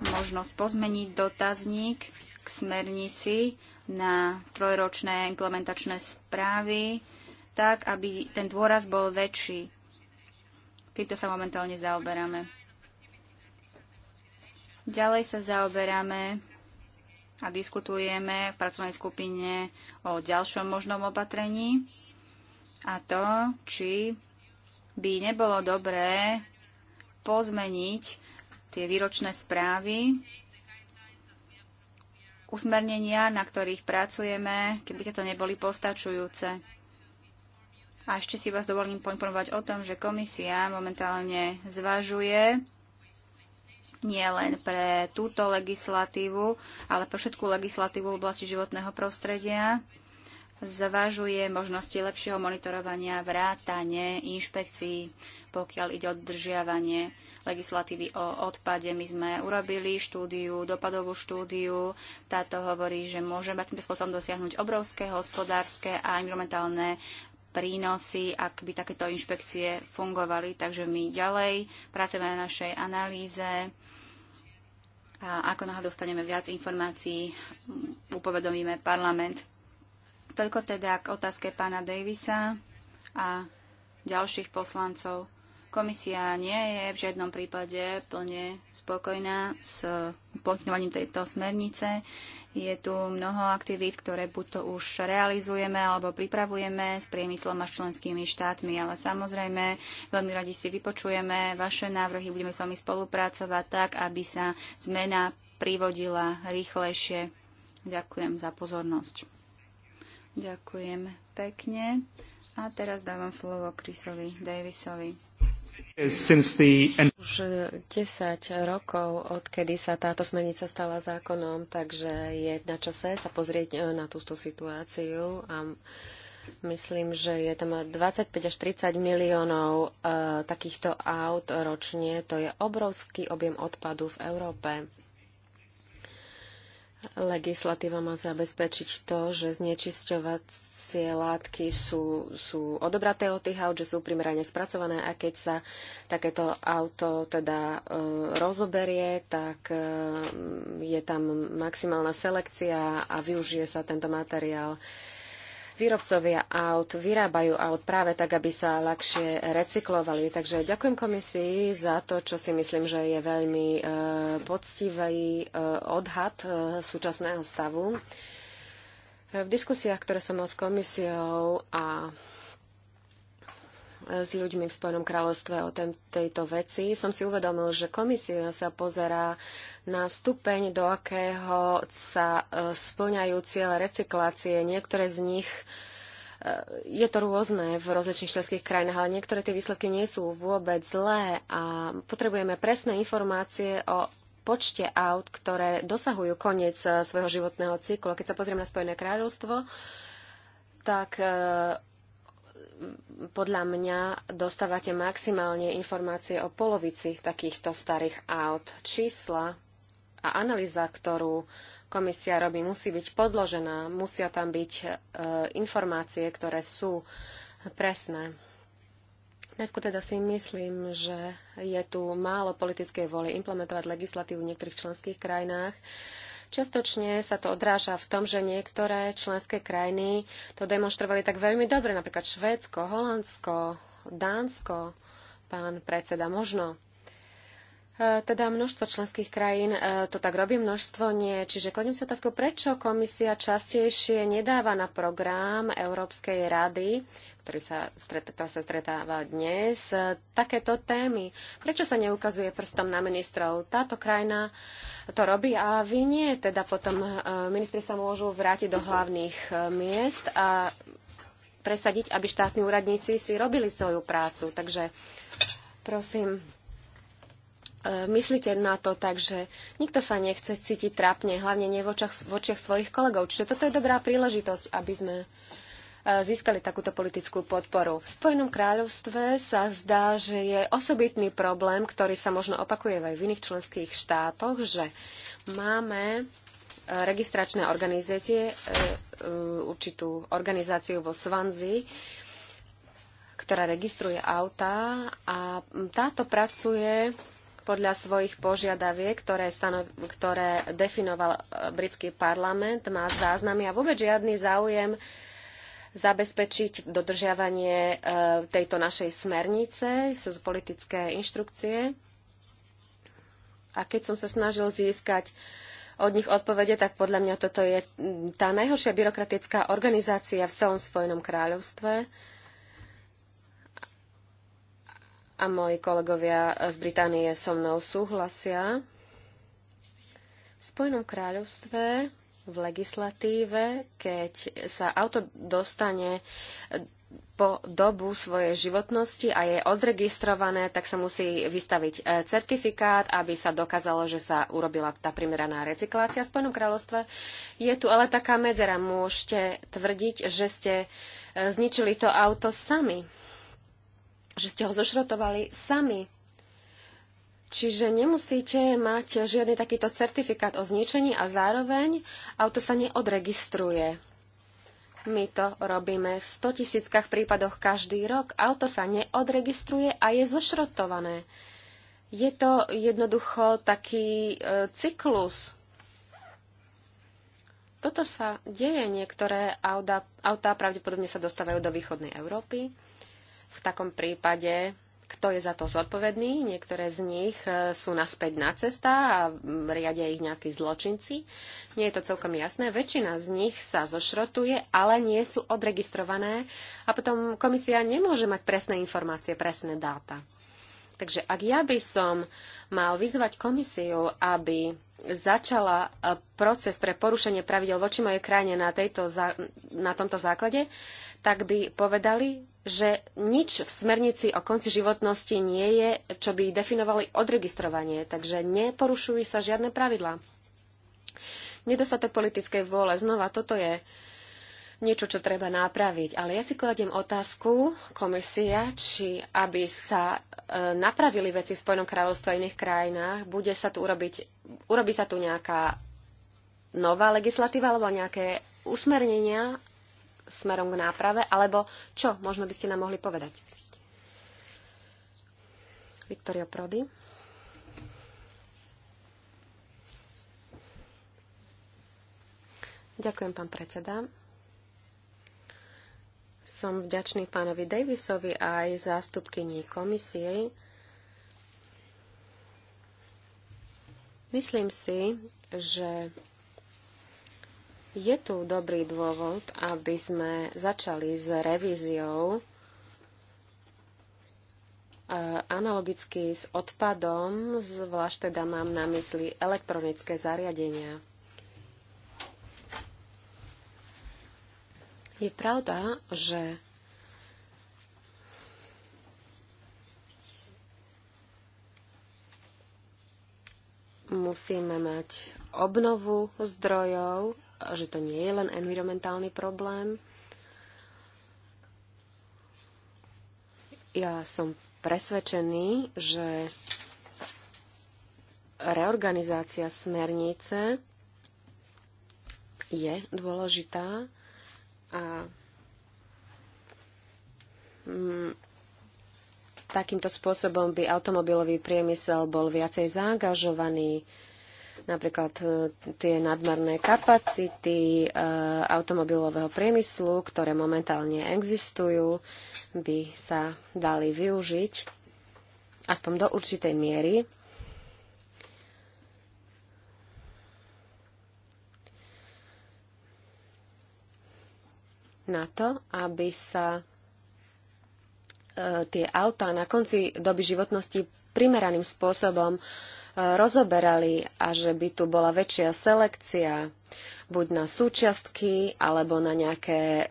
možnosť pozmeniť dotazník k smernici na trojročné implementačné správy, tak aby ten dôraz bol väčší. Týmto sa momentálne zaoberáme. Ďalej sa zaoberáme a diskutujeme v pracovnej skupine o ďalšom možnom opatrení a to, či by nebolo dobré pozmeniť tie výročné správy, usmernenia, na ktorých pracujeme, keby to neboli postačujúce. A ešte si vás dovolím poinformovať o tom, že komisia momentálne zvažuje nie len pre túto legislatívu, ale pre všetkú legislatívu v oblasti životného prostredia zvažuje možnosti lepšieho monitorovania vrátane inšpekcií, pokiaľ ide o dodržiavanie legislatívy o odpade. My sme urobili štúdiu, dopadovú štúdiu. Táto hovorí, že môžeme týmto spôsobom dosiahnuť obrovské hospodárske a environmentálne prínosy, ak by takéto inšpekcie fungovali. Takže my ďalej pracujeme na našej analýze a ako náhle dostaneme viac informácií, upovedomíme parlament. Toľko teda k otázke pána Davisa a ďalších poslancov. Komisia nie je v žiadnom prípade plne spokojná s uplatňovaním tejto smernice. Je tu mnoho aktivít, ktoré buď to už realizujeme alebo pripravujeme s priemyslom a členskými štátmi, ale samozrejme veľmi radi si vypočujeme vaše návrhy, budeme s vami spolupracovať tak, aby sa zmena privodila rýchlejšie. Ďakujem za pozornosť. Ďakujem pekne. A teraz dávam slovo Chrisovi Davisovi. Už 10 eh, rokov, odkedy sa táto smernica stala zákonom, takže je na čase sa pozrieť eh, na túto situáciu a myslím, že je tam 25 až 30 miliónov e, takýchto aut ročne. To je obrovský objem odpadu v Európe. Legislatíva má zabezpečiť to, že znečisťovať tie látky sú, sú odobraté od tých aut, že sú primerane spracované a keď sa takéto auto teda e, rozoberie, tak e, je tam maximálna selekcia a využije sa tento materiál. Výrobcovia aut vyrábajú aut práve tak, aby sa ľahšie recyklovali. Takže ďakujem komisii za to, čo si myslím, že je veľmi e, poctivý e, odhad e, súčasného stavu. V diskusiách, ktoré som mal s komisiou a s ľuďmi v Spojenom kráľovstve o tejto veci, som si uvedomil, že komisia sa pozerá na stupeň, do akého sa e, splňajú ciele recyklácie. Niektoré z nich e, je to rôzne v rozličných členských krajinách, ale niektoré tie výsledky nie sú vôbec zlé a potrebujeme presné informácie o počte aut, ktoré dosahujú koniec eh, svojho životného cyklu. Keď sa pozrieme na Spojené kráľovstvo, tak eh, podľa mňa dostávate maximálne informácie o polovici takýchto starých aut. Čísla a analýza, ktorú komisia robí, musí byť podložená, musia tam byť eh, informácie, ktoré sú presné. Najskôr teda si myslím, že je tu málo politickej vôle implementovať legislatívu v niektorých členských krajinách. Čiastočne sa to odráža v tom, že niektoré členské krajiny to demonstrovali tak veľmi dobre, napríklad Švédsko, Holandsko, Dánsko, pán predseda, možno. E, teda množstvo členských krajín e, to tak robí, množstvo nie. Čiže kladím si otázku, prečo komisia častejšie nedáva na program Európskej rady ktorý sa, ktorá sa stretáva dnes, takéto témy. Prečo sa neukazuje prstom na ministrov? Táto krajina to robí a vy nie. Teda potom e, ministri sa môžu vrátiť do hlavných e, miest a presadiť, aby štátni úradníci si robili svoju prácu. Takže prosím, e, myslíte na to tak, že nikto sa nechce cítiť trápne, hlavne nie v očiach, v očiach svojich kolegov. Čiže toto je dobrá príležitosť, aby sme získali takúto politickú podporu. V Spojenom kráľovstve sa zdá, že je osobitný problém, ktorý sa možno opakuje aj v iných členských štátoch, že máme e, registračné organizácie, e, e, určitú organizáciu vo Svanzi, ktorá registruje autá a táto pracuje podľa svojich požiadaviek, ktoré, stanov, ktoré definoval britský parlament, má záznamy a vôbec žiadny záujem uh, zabezpečiť dodržiavanie e, tejto našej smernice. Sú to politické inštrukcie. A keď som sa snažil získať od nich odpovede, tak podľa mňa toto je tá najhoršia byrokratická organizácia v celom Spojenom kráľovstve. A moji kolegovia z Británie so mnou súhlasia. V Spojenom kráľovstve v legislatíve, keď sa auto dostane po dobu svojej životnosti a je odregistrované, tak sa musí vystaviť e, certifikát, aby sa dokázalo, že sa urobila tá primeraná recyklácia. V Spojenom kráľovstve je tu ale taká medzera. Môžete tvrdiť, že ste e, zničili to auto sami, že ste ho zošrotovali sami Čiže nemusíte mať žiadny takýto certifikát o zničení a zároveň auto sa neodregistruje. My to robíme v 100 tisíckach prípadoch každý rok. Auto sa neodregistruje a je zošrotované. Je to jednoducho taký e, cyklus. Toto sa deje. Niektoré auta, autá pravdepodobne sa dostávajú do východnej Európy. V takom prípade kto je za to zodpovedný. Niektoré z nich e, sú naspäť na cesta a riadia ich nejakí zločinci. Nie je to celkom jasné. Väčšina z nich sa zošrotuje, ale nie sú odregistrované a potom komisia nemôže mať presné informácie, presné dáta. Takže ak ja by som uh, mal vyzvať komisiu, aby začala eh, proces pre porušenie pravidel voči mojej krajine na, tejto, na tomto základe, tak by povedali, že nič v smernici o konci životnosti nie je, čo by definovali odregistrovanie. Takže neporušujú sa žiadne pravidlá. Nedostatok politickej vôle. Znova, toto je uh, niečo, čo treba napraviť. Ale ja si kladiem otázku komisia, či aby sa e, napravili veci v Spojenom kráľovstve a iných krajinách, bude sa tu urobiť, urobí sa tu nejaká nová legislatíva alebo nejaké usmernenia smerom k náprave, alebo čo? Možno by ste nám mohli povedať. Viktoria Prody. Ďakujem, pán predseda. Som vďačný pánovi Davisovi a aj zástupkyni komisie. Myslím si, že je tu dobrý dôvod, aby sme začali s revíziou e, analogicky s odpadom, zvlášť teda mám na mysli elektronické zariadenia. Je pravda, že musíme mať obnovu zdrojov, že to nie je len environmentálny problém. Ja som presvedčený, že reorganizácia smernice je dôležitá a mm, takýmto spôsobom by automobilový priemysel bol viacej zaangažovaný. Napríklad e, tie nadmerné kapacity e, automobilového priemyslu, ktoré momentálne existujú, by sa dali využiť aspoň do určitej miery na to, aby sa e, tie autá na konci doby životnosti primeraným spôsobom e, rozoberali a že by tu bola väčšia selekcia buď na súčiastky alebo na nejaké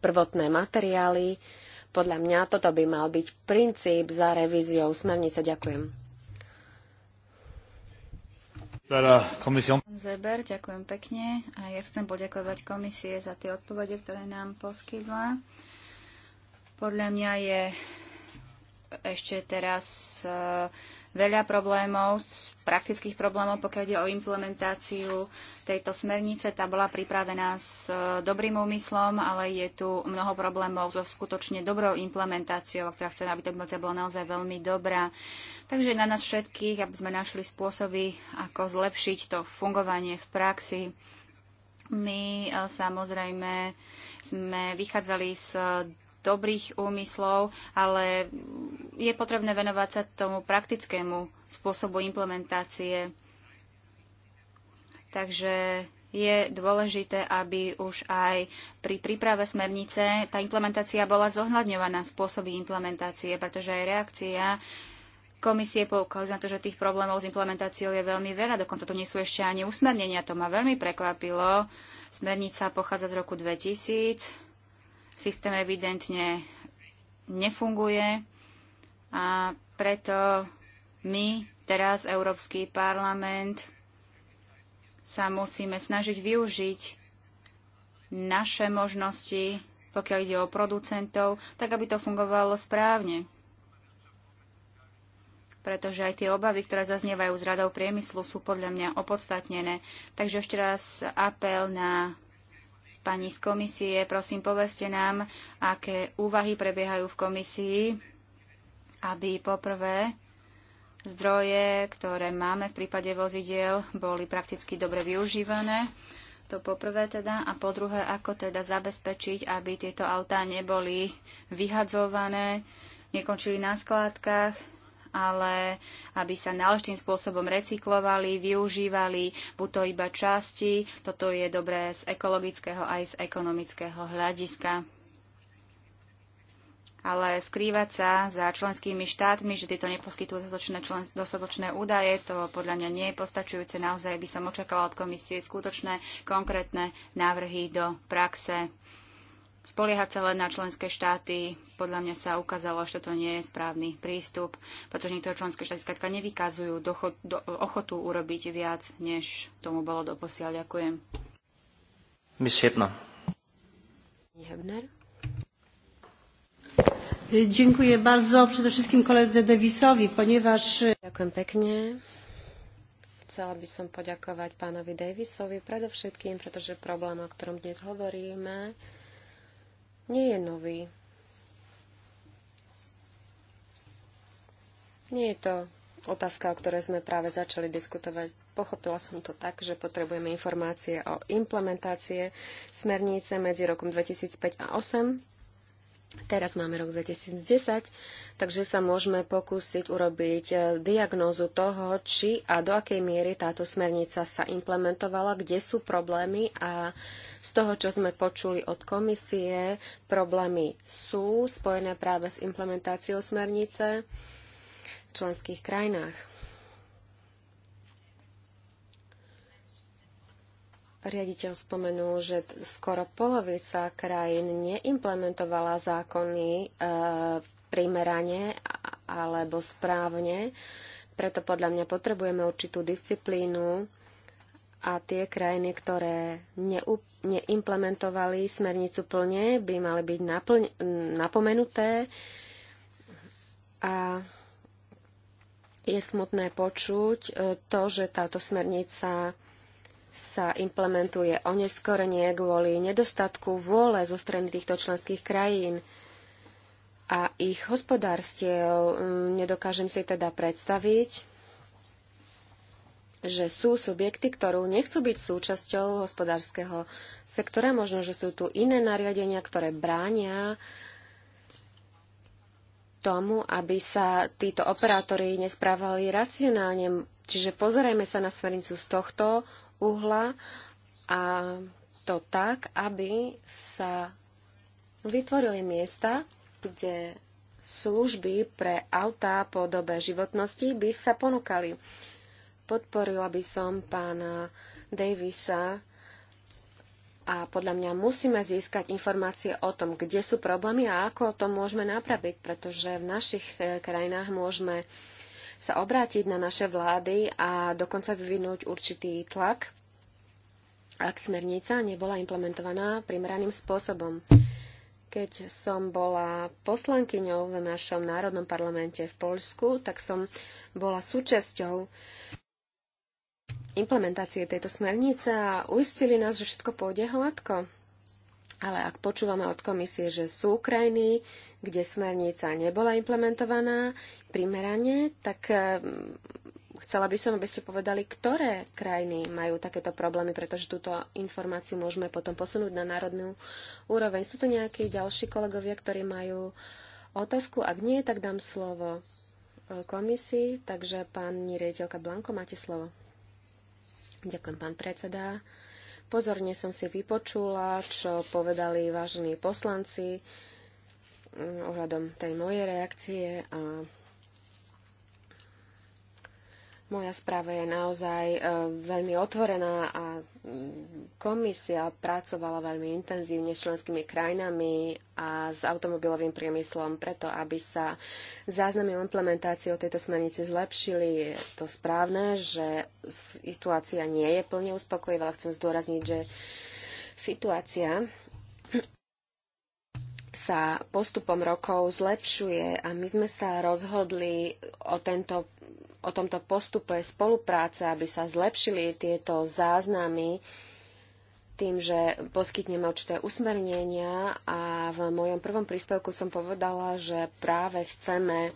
prvotné materiály. Podľa mňa toto by mal byť princíp za revíziou smernice. Ďakujem. Teda Zeber, ďakujem pekne a ja chcem poďakovať komisie za tie odpovede, ktoré nám poskytla. Podľa mňa je ešte teraz uh, veľa problémov, praktických problémov, pokiaľ ide o implementáciu tejto smernice. Tá bola pripravená s e, dobrým úmyslom, ale je tu mnoho problémov so skutočne dobrou implementáciou, ktorá chceme, aby tá implementácia bola naozaj veľmi dobrá. Takže na nás všetkých, aby sme našli spôsoby, ako zlepšiť to fungovanie v praxi. My e, samozrejme sme vychádzali z dobrých úmyslov, ale je potrebné venovať sa tomu praktickému spôsobu implementácie. Takže je dôležité, aby už aj pri príprave smernice tá implementácia bola zohľadňovaná, spôsoby implementácie, pretože aj reakcia komisie poukazuje na to, že tých problémov s implementáciou je veľmi veľa, dokonca tu nie sú ešte ani usmernenia, to ma veľmi prekvapilo. Smernica pochádza z roku 2000, Systém evidentne nefunguje a preto my, teraz Európsky parlament, sa musíme snažiť využiť naše možnosti, pokiaľ ide o producentov, tak aby to fungovalo správne. Pretože aj tie obavy, ktoré zaznievajú z radov priemyslu, sú podľa mňa opodstatnené. Takže ešte raz apel na Pani z komisie, prosím, poveste nám, aké úvahy prebiehajú v komisii, aby poprvé zdroje, ktoré máme v prípade vozidiel, boli prakticky dobre využívané. To poprvé teda. A po druhé, ako teda zabezpečiť, aby tieto autá neboli vyhadzované, nekončili na skládkach, ale aby sa náležitým spôsobom recyklovali, využívali, buď to iba časti. Toto je dobré z ekologického aj z ekonomického hľadiska ale skrývať sa za členskými štátmi, že tieto neposkytujú dostatočné, člen, dostatočné údaje, to podľa mňa nie je postačujúce. Naozaj by som očakávala od komisie skutočné konkrétne návrhy do praxe spoliehať sa len na členské štáty, podľa mňa sa ukázalo, že to nie je správny prístup, pretože niektoré členské štáty skladka nevykazujú dochod, do, ochotu urobiť viac, než tomu bolo doposiaľ. Ďakujem. Miss Hebner. Hebner. Dziękuję bardzo przede wszystkim koledze Davisowi, ponieważ... E, Ďakujem pekne. Chcela by som poďakovať pánovi Davisovi predovšetkým, pretože problém, o ktorom dnes hovoríme, nie je nový. Nie je to otázka, o ktorej sme práve začali diskutovať. Pochopila som to tak, že potrebujeme informácie o implementácie smernice medzi rokom 2005 a 2008 Teraz máme rok 2010, takže sa môžeme pokúsiť urobiť e, diagnózu toho, či a do akej miery táto smernica sa implementovala, kde sú problémy a z toho, čo sme počuli od komisie, problémy sú spojené práve s implementáciou smernice v členských krajinách. riaditeľ spomenul, že skoro polovica krajín neimplementovala zákony e, primerane alebo správne, preto podľa mňa potrebujeme určitú disciplínu a tie krajiny, ktoré neup- neimplementovali smernicu plne, by mali byť napomenuté. A je smutné počuť e, to, že táto smernica sa implementuje oneskorenie kvôli nedostatku vôle zo strany týchto členských krajín a ich hospodárstiev. Mm, nedokážem si teda predstaviť, že sú subjekty, ktorú nechcú byť súčasťou hospodárskeho sektora. Možno, že sú tu iné nariadenia, ktoré bránia tomu, aby sa títo operátori nesprávali racionálne. Čiže pozerajme sa na smernicu z tohto uhla a to tak, aby sa vytvorili miesta, kde služby pre autá po dobe životnosti by sa ponúkali. Podporila by som pána Davisa a podľa mňa musíme získať informácie o tom, kde sú problémy a ako to môžeme napraviť, pretože v našich eh, krajinách môžeme sa obrátiť na naše vlády a dokonca vyvinúť určitý tlak, ak smernica nebola implementovaná primeraným spôsobom. Keď som bola poslankyňou v našom národnom parlamente v Poľsku, tak som bola súčasťou implementácie tejto smernice a uistili nás, že všetko pôjde hladko. Ale ak počúvame od komisie, že sú krajiny, kde smernica nebola implementovaná primerane, tak eh, chcela by som, aby ste povedali, ktoré krajiny majú takéto problémy, pretože túto informáciu môžeme potom posunúť na národnú úroveň. Sú tu nejakí ďalší kolegovia, ktorí majú otázku? Ak nie, tak dám slovo eh, komisii. Takže pani riaditeľka Blanko, máte slovo. Ďakujem, pán predseda. Pozorne som si vypočula, čo povedali vážení poslanci mm, ohľadom tej mojej reakcie a moja správa je naozaj e, veľmi otvorená a mm, komisia pracovala veľmi intenzívne s členskými krajinami a s automobilovým priemyslom preto, aby sa záznamy o implementácii o tejto smernici zlepšili. Je to správne, že situácia nie je plne uspokojivá, ale chcem zdôrazniť, že situácia sa postupom rokov zlepšuje a my sme sa rozhodli o, tento, o tomto postupe spolupráce, aby sa zlepšili tieto záznamy tým, že poskytneme určité usmernenia a v mojom prvom príspevku som povedala, že práve chceme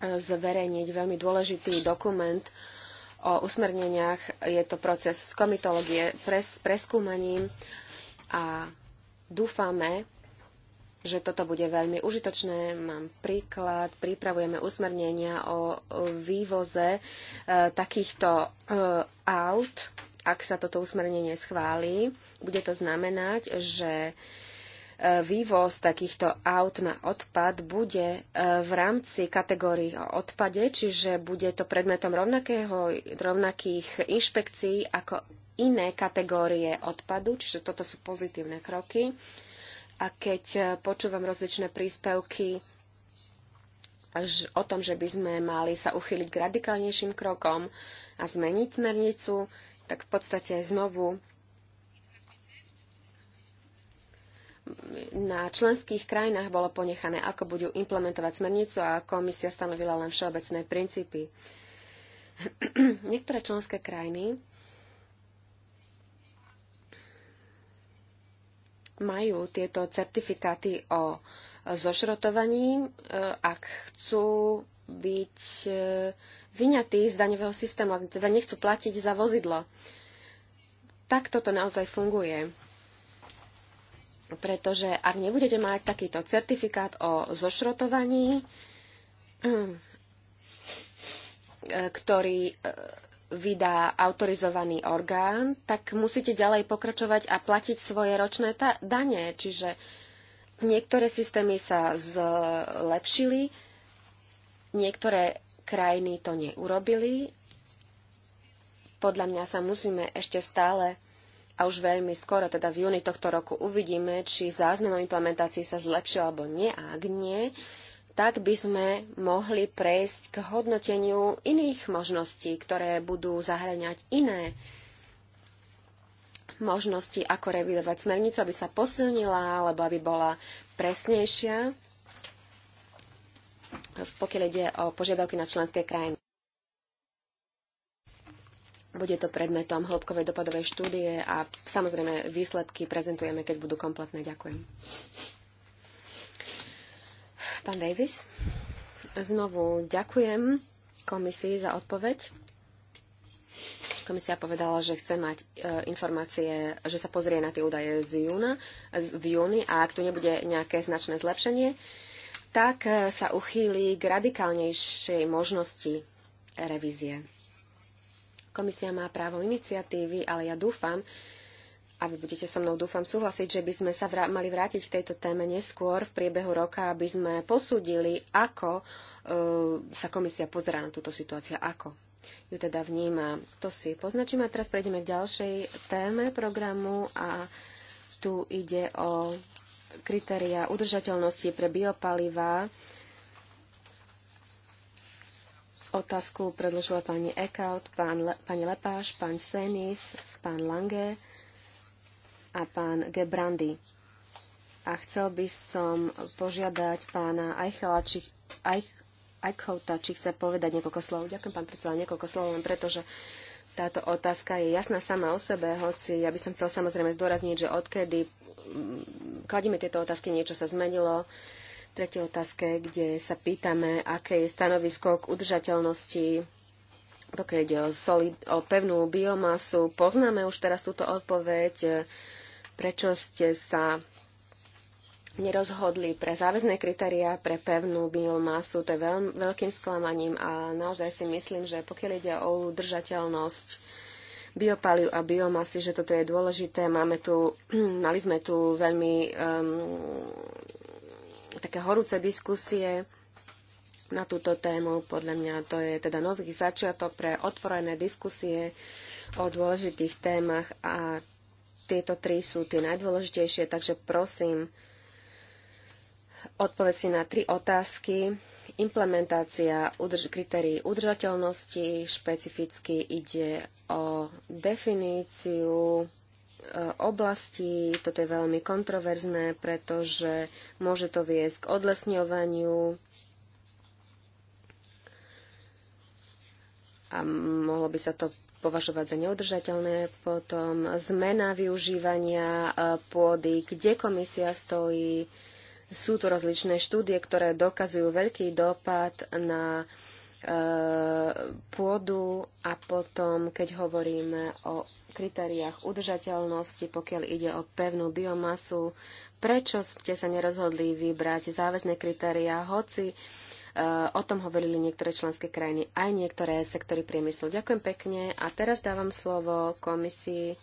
zverejniť veľmi dôležitý dokument o usmerneniach. Je to proces z komitológie pres, preskúmaním a Dúfame, že toto bude veľmi užitočné. Mám príklad, pripravujeme usmernenia o vývoze e, takýchto e, aut. Ak sa toto usmernenie schválí, bude to znamenať, že e, vývoz takýchto aut na odpad bude e, v rámci kategórií o odpade, čiže bude to predmetom rovnakého, rovnakých inšpekcií ako iné kategórie odpadu, čiže toto sú pozitívne kroky. A keď e, počúvam rozličné príspevky o tom, že by sme mali sa uchyliť k radikálnejším krokom a zmeniť smernicu, tak v podstate znovu na členských krajinách bolo ponechané, ako budú implementovať smernicu a komisia stanovila len všeobecné princípy. Niektoré členské krajiny majú tieto certifikáty o zošrotovaní, e, ak chcú byť e, vyňatí z daňového systému, ak teda nechcú platiť za vozidlo. Tak toto naozaj funguje. Pretože ak nebudete mať takýto certifikát o zošrotovaní, e, ktorý vydá autorizovaný orgán, tak musíte ďalej pokračovať a platiť svoje ročné dane. Čiže niektoré systémy sa zlepšili, niektoré krajiny to neurobili. Podľa mňa sa musíme ešte stále a už veľmi skoro, teda v júni tohto roku, uvidíme, či záznam o implementácii sa zlepšil alebo nie. A ak nie, tak by sme mohli prejsť k hodnoteniu iných možností, ktoré budú zahraňať iné možnosti, ako revidovať smernicu, aby sa posilnila alebo aby bola presnejšia, pokiaľ ide o požiadavky na členské krajiny. Bude to predmetom hĺbkovej dopadovej štúdie a samozrejme výsledky prezentujeme, keď budú kompletné. Ďakujem. Pán Davis, znovu ďakujem komisii za odpoveď. Komisia povedala, že chce mať e, informácie, že sa pozrie na tie údaje z júna, z, v júni a ak tu nebude nejaké značné zlepšenie, tak e, sa uchýli k radikálnejšej možnosti revízie. Komisia má právo iniciatívy, ale ja dúfam, a vy budete so mnou, dúfam, súhlasiť, že by sme sa vrá- mali vrátiť k tejto téme neskôr v priebehu roka, aby sme posúdili, ako e, sa komisia pozerá na túto situáciu, ako ju teda vníma. To si poznačíme a teraz prejdeme k ďalšej téme programu a tu ide o kritéria udržateľnosti pre biopalivá. Otázku predložila pani Eckhout, pán Le- pani Lepáš, pán Senis, pán Lange a pán Gebrandy. A chcel by som požiadať pána Eichela, či, Eich, Eichhouta, či chce povedať niekoľko slov. Ďakujem, pán predseda, niekoľko slov, len pretože táto otázka je jasná sama o sebe, hoci ja by som chcel samozrejme zdôrazniť, že odkedy mm, kladíme tieto otázky, niečo sa zmenilo. Tretie otázke, kde sa pýtame, aké je stanovisko k udržateľnosti pokiaľ ide o, solid, o pevnú biomasu, poznáme už teraz túto odpoveď, e, prečo ste sa nerozhodli pre záväzné kritériá pre pevnú biomasu. To je veľ, veľkým sklamaním a naozaj si myslím, že pokiaľ ide o udržateľnosť biopaliu a biomasy, že toto je dôležité. Máme tu, mali sme tu veľmi um, také horúce diskusie na túto tému. Podľa mňa to je teda nový začiatok pre otvorené diskusie o dôležitých témach a tieto tri sú tie najdôležitejšie, takže prosím, odpoveď si na tri otázky. Implementácia udrž- kritérií udržateľnosti špecificky ide o definíciu e, oblasti. Toto je veľmi kontroverzné, pretože môže to viesť k odlesňovaniu, a mohlo by sa to považovať za neudržateľné. Potom zmena využívania e, pôdy, kde komisia stojí. Sú tu rozličné štúdie, ktoré dokazujú veľký dopad na e, pôdu a potom, keď hovoríme o kritériách udržateľnosti, pokiaľ ide o pevnú biomasu, prečo ste sa nerozhodli vybrať záväzné kritériá, hoci Eh, o tom hovorili niektoré členské krajiny, aj niektoré sektory priemyslu. Ďakujem pekne a teraz dávam slovo komisii.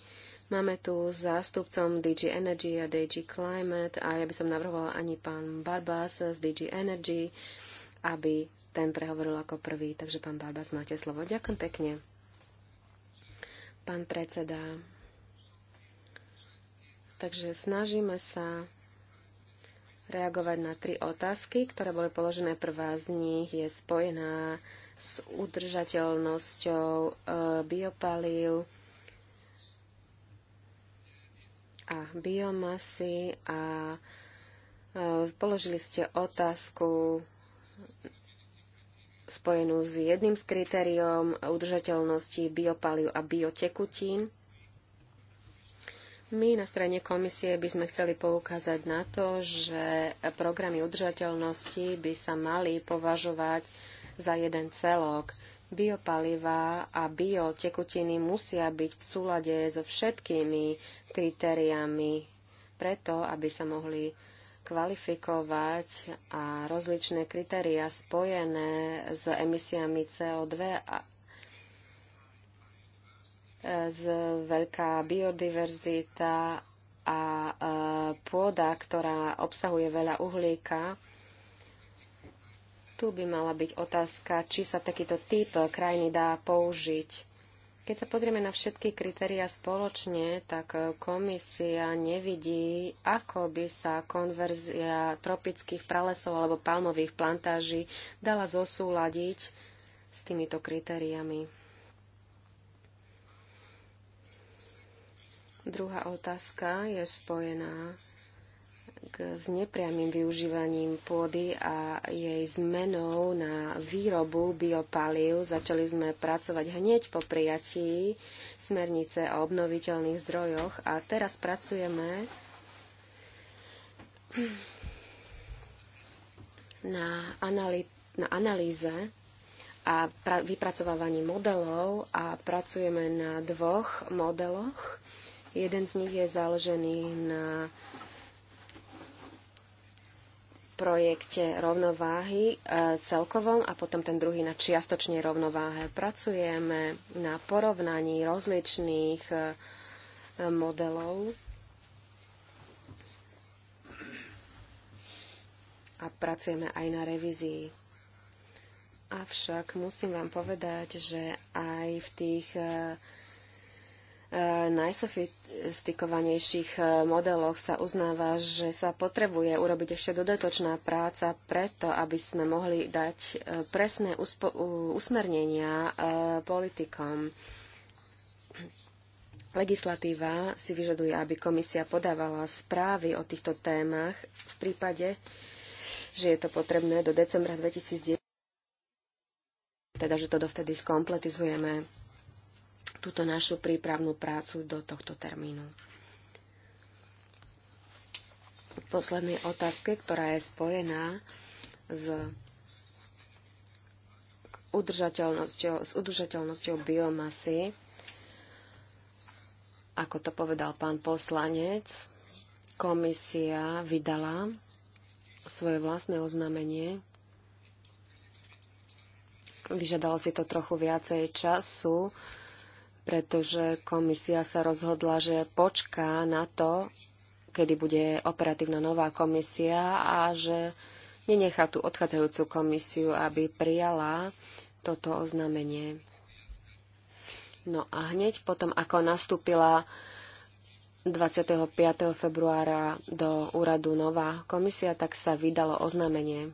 Máme tu zástupcom DG Energy a DG Climate a ja by som navrhovala ani pán Barbas z DG Energy, aby ten prehovoril ako prvý. Takže pán Barbas, máte slovo. Ďakujem pekne. Pán predseda. Takže snažíme sa reagovať na tri otázky, ktoré boli položené. Prvá z nich je spojená s udržateľnosťou e, biopalív a biomasy a e, položili ste otázku spojenú s jedným z kritériom udržateľnosti biopalív a biotekutín. My na strane komisie by sme chceli poukázať na to, že programy udržateľnosti by sa mali považovať za jeden celok. Biopalivá a biotekutiny musia byť v súlade so všetkými kritériami preto, aby sa mohli kvalifikovať a rozličné kritériá spojené s emisiami CO2 a z veľká biodiverzita a e, pôda, ktorá obsahuje veľa uhlíka. Tu by mala byť otázka, či sa takýto typ krajiny dá použiť. Keď sa pozrieme na všetky kritériá spoločne, tak komisia nevidí, ako by sa konverzia tropických pralesov alebo palmových plantáží dala zosúladiť s týmito kritériami. Druhá otázka je spojená k, s nepriamým využívaním pôdy a jej zmenou na výrobu biopaliv. Začali sme pracovať hneď po prijatí smernice o obnoviteľných zdrojoch a teraz pracujeme na, analý, na analýze a pra, vypracovávaní modelov a pracujeme na dvoch modeloch Jeden z nich je založený na projekte rovnováhy e, celkovom a potom ten druhý na čiastočnej rovnováhe. Pracujeme na porovnaní rozličných e, modelov a pracujeme aj na revízii. Avšak musím vám povedať, že aj v tých e, najsofistikovanejších eh, modeloch sa uznáva, že sa potrebuje urobiť ešte dodatočná práca preto, aby sme mohli dať eh, presné usmernenia eh, politikom. Legislatíva si vyžaduje, aby komisia podávala správy o týchto témach v prípade, že je to potrebné do decembra 2019, teda že to dovtedy skompletizujeme túto našu prípravnú prácu do tohto termínu. Poslednej otázke, ktorá je spojená s udržateľnosťou, s udržateľnosťou biomasy, ako to povedal pán poslanec, komisia vydala svoje vlastné oznámenie. Vyžadalo si to trochu viacej času, pretože komisia sa rozhodla, že počká na to, kedy bude operatívna nová komisia a že nenechá tú odchádzajúcu komisiu, aby prijala toto oznámenie. No a hneď potom, ako nastúpila 25. februára do úradu nová komisia, tak sa vydalo oznámenie.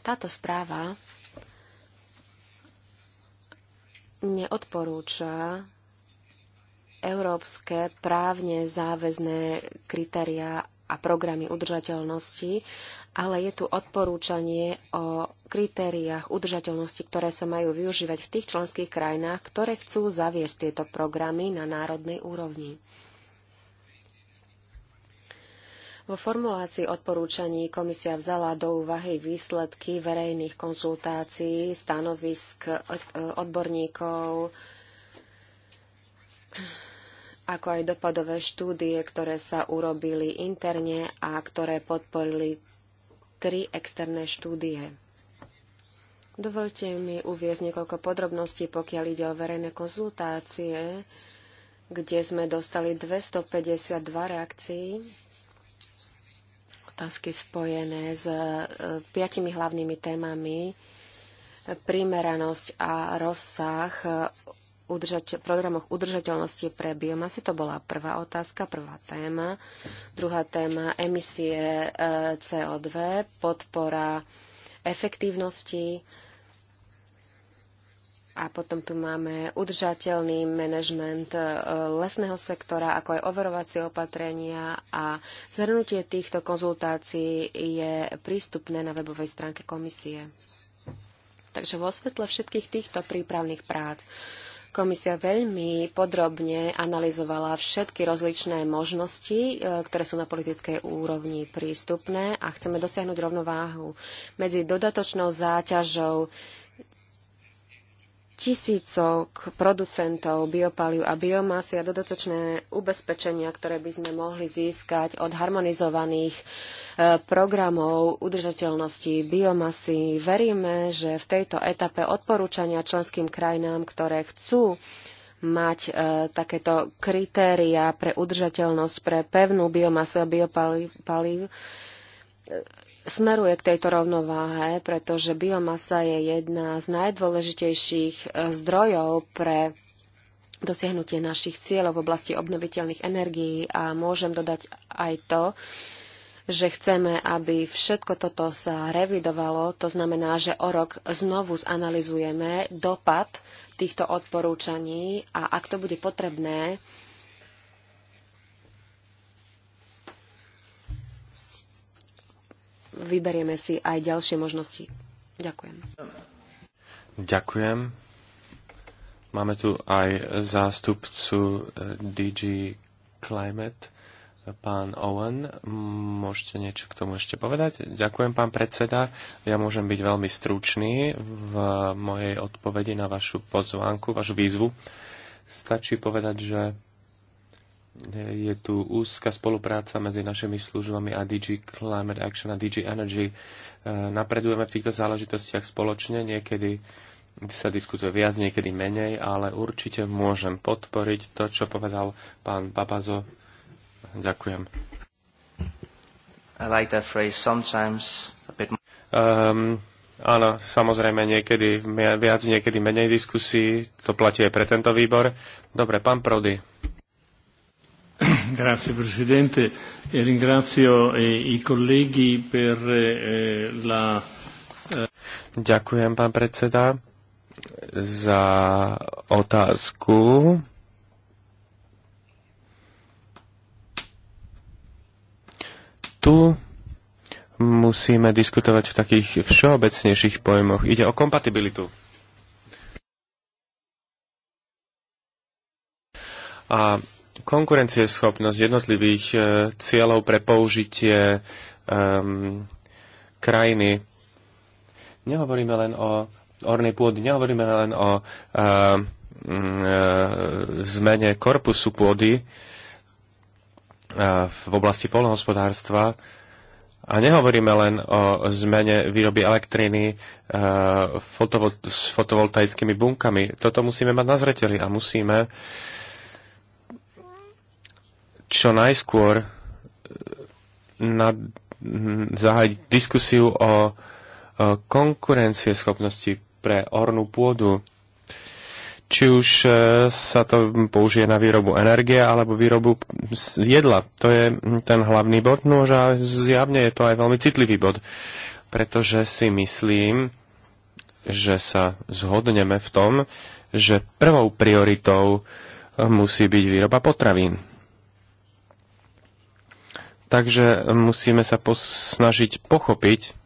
Táto správa neodporúča európske právne záväzné kritériá a programy udržateľnosti, ale je tu odporúčanie o kritériách udržateľnosti, ktoré sa majú využívať v tých členských krajinách, ktoré chcú zaviesť tieto programy na národnej úrovni. Vo formulácii odporúčaní komisia vzala do úvahy výsledky verejných konzultácií, stanovisk e, odborníkov, ako aj dopadové štúdie, ktoré sa urobili interne a ktoré podporili tri externé štúdie. Dovolte mi uviezť niekoľko podrobností, pokiaľ ide o verejné konzultácie, kde sme dostali 252 reakcií otázky spojené s e, piatimi hlavnými témami primeranosť a rozsah e, udržať, programoch udržateľnosti pre biomasy. To bola prvá otázka, prvá téma. Druhá téma emisie e, CO2, podpora efektívnosti a potom tu máme udržateľný manažment e, lesného sektora, ako aj overovacie opatrenia a zhrnutie týchto konzultácií je prístupné na webovej stránke komisie. Takže vo svetle všetkých týchto prípravných prác Komisia veľmi podrobne analyzovala všetky rozličné možnosti, e, ktoré sú na politickej úrovni prístupné a chceme dosiahnuť rovnováhu medzi dodatočnou záťažou tisícok producentov biopalív a biomasy a dodatočné ubezpečenia, ktoré by sme mohli získať od harmonizovaných e, programov udržateľnosti biomasy. Veríme, že v tejto etape odporúčania členským krajinám, ktoré chcú mať e, takéto kritéria pre udržateľnosť pre pevnú biomasu a biopalív, smeruje k tejto rovnováhe, pretože biomasa je jedna z najdôležitejších e, zdrojov pre dosiahnutie našich cieľov v oblasti obnoviteľných energií a môžem dodať aj to, že chceme, aby všetko toto sa revidovalo. To znamená, že o rok znovu zanalizujeme dopad týchto odporúčaní a ak to bude potrebné, vyberieme si aj ďalšie možnosti. Ďakujem. Ďakujem. Máme tu aj zástupcu eh, DG Climate, pán Owen. Môžete niečo k tomu ešte povedať? Ďakujem, pán predseda. Ja môžem byť veľmi stručný v mojej odpovedi na vašu pozvánku, vašu výzvu. Stačí povedať, že je tu úzka spolupráca medzi našimi službami a DG Climate Action a DG Energy. E, napredujeme v týchto záležitostiach spoločne, niekedy sa diskutuje viac, niekedy menej, ale určite môžem podporiť to, čo povedal pán Papazo. Ďakujem. I like that phrase sometimes a bit more. Um, Áno, samozrejme, niekedy viac, niekedy menej diskusí. To platí aj pre tento výbor. Dobre, pán Prody. Grazie Presidente e ringrazio eh, i colleghi per eh, la... Eh... Ďakujem, pán predseda, za otázku. Tu musíme diskutovať v takých všeobecnejších pojmoch. Ide o kompatibilitu. A konkurencieschopnosť jednotlivých e, cieľov pre použitie um, krajiny. Nehovoríme len o ornej pôdy, nehovoríme len o um, zmene korpusu pôdy v oblasti polnohospodárstva a nehovoríme len o zmene výroby elektriny s fotovoltaickými bunkami. Toto musíme mať na zreteli a musíme uh, čo najskôr eh, na, hm, zahájiť diskusiu o, o konkurencieschopnosti pre ornú pôdu. Či už eh, sa to použije na výrobu energie alebo výrobu jedla. To je hm, ten hlavný bod. No a zjavne je to aj veľmi citlivý bod, pretože si myslím, že sa zhodneme v tom, že prvou prioritou eh, musí byť výroba potravín Takže musíme sa snažiť pochopiť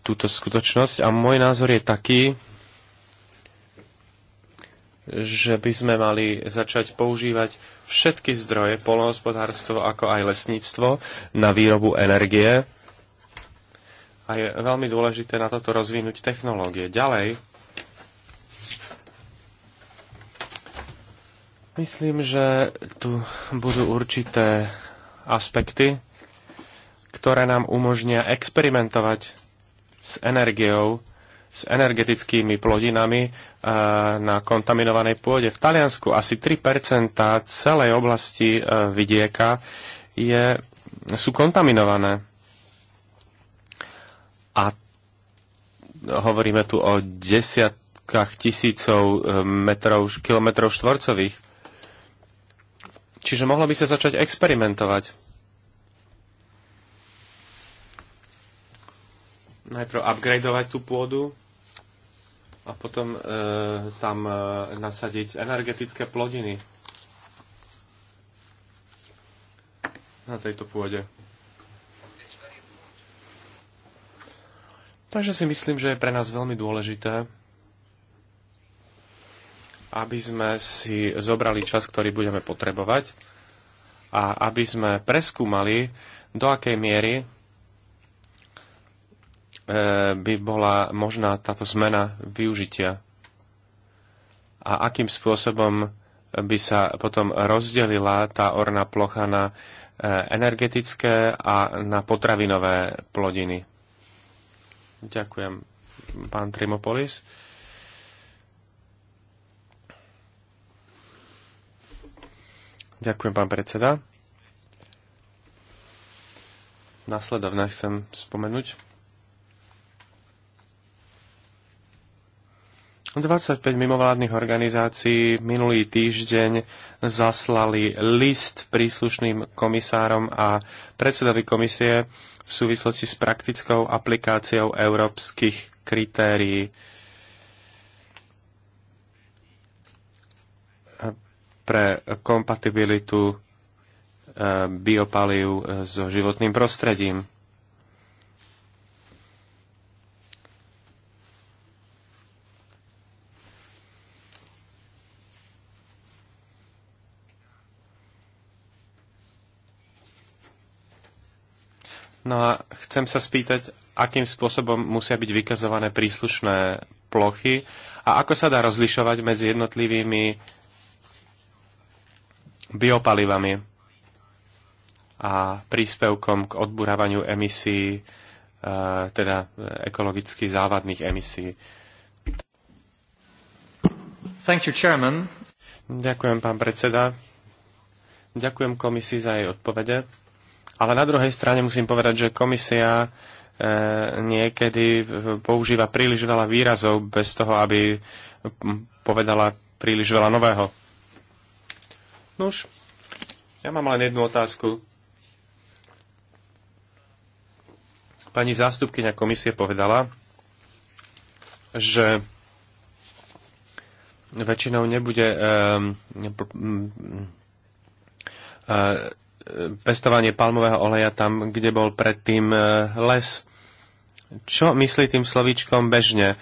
túto skutočnosť a môj názor je taký, že by sme mali začať používať všetky zdroje, polnohospodárstvo ako aj lesníctvo na výrobu energie. A je veľmi dôležité na toto rozvinúť technológie. Ďalej, myslím, že tu budú určité aspekty, ktoré nám umožnia experimentovať s energiou, s energetickými plodinami e, na kontaminovanej pôde. V Taliansku asi 3 celej oblasti e, vidieka je, sú kontaminované. A hovoríme tu o desiatkách tisícov e, metrov, kilometrov štvorcových. Čiže mohlo by sa začať experimentovať. Najprv upgradovať tú pôdu a potom e, tam e, nasadiť energetické plodiny na tejto pôde. Takže si myslím, že je pre nás veľmi dôležité aby sme si zobrali čas, ktorý budeme potrebovať a aby sme preskúmali, do akej miery e, by bola možná táto zmena využitia a akým spôsobom by sa potom rozdelila tá orná plocha na e, energetické a na potravinové plodiny. Ďakujem, pán Trimopolis. Ďakujem, pán predseda. Nasledovne chcem spomenúť. 25 mimovládnych organizácií minulý týždeň zaslali list príslušným komisárom a predsedovi komisie v súvislosti s praktickou aplikáciou európskych kritérií pre kompatibilitu e, biopalív e, so životným prostredím. No a chcem sa spýtať, akým spôsobom musia byť vykazované príslušné plochy a ako sa dá rozlišovať medzi jednotlivými biopalivami a príspevkom k odburávaniu emisí, e, teda ekologicky závadných emisí. Thank you, chairman. Ďakujem, pán predseda. Ďakujem komisii za jej odpovede. Ale na druhej strane musím povedať, že komisia e, niekedy používa príliš veľa výrazov bez toho, aby povedala príliš veľa nového. Nuž, ja mám len jednu otázku. Pani zástupkyňa komisie povedala, že väčšinou nebude ehm, e, pestovanie palmového oleja tam, kde bol predtým e, les. Čo myslí tým slovíčkom bežne?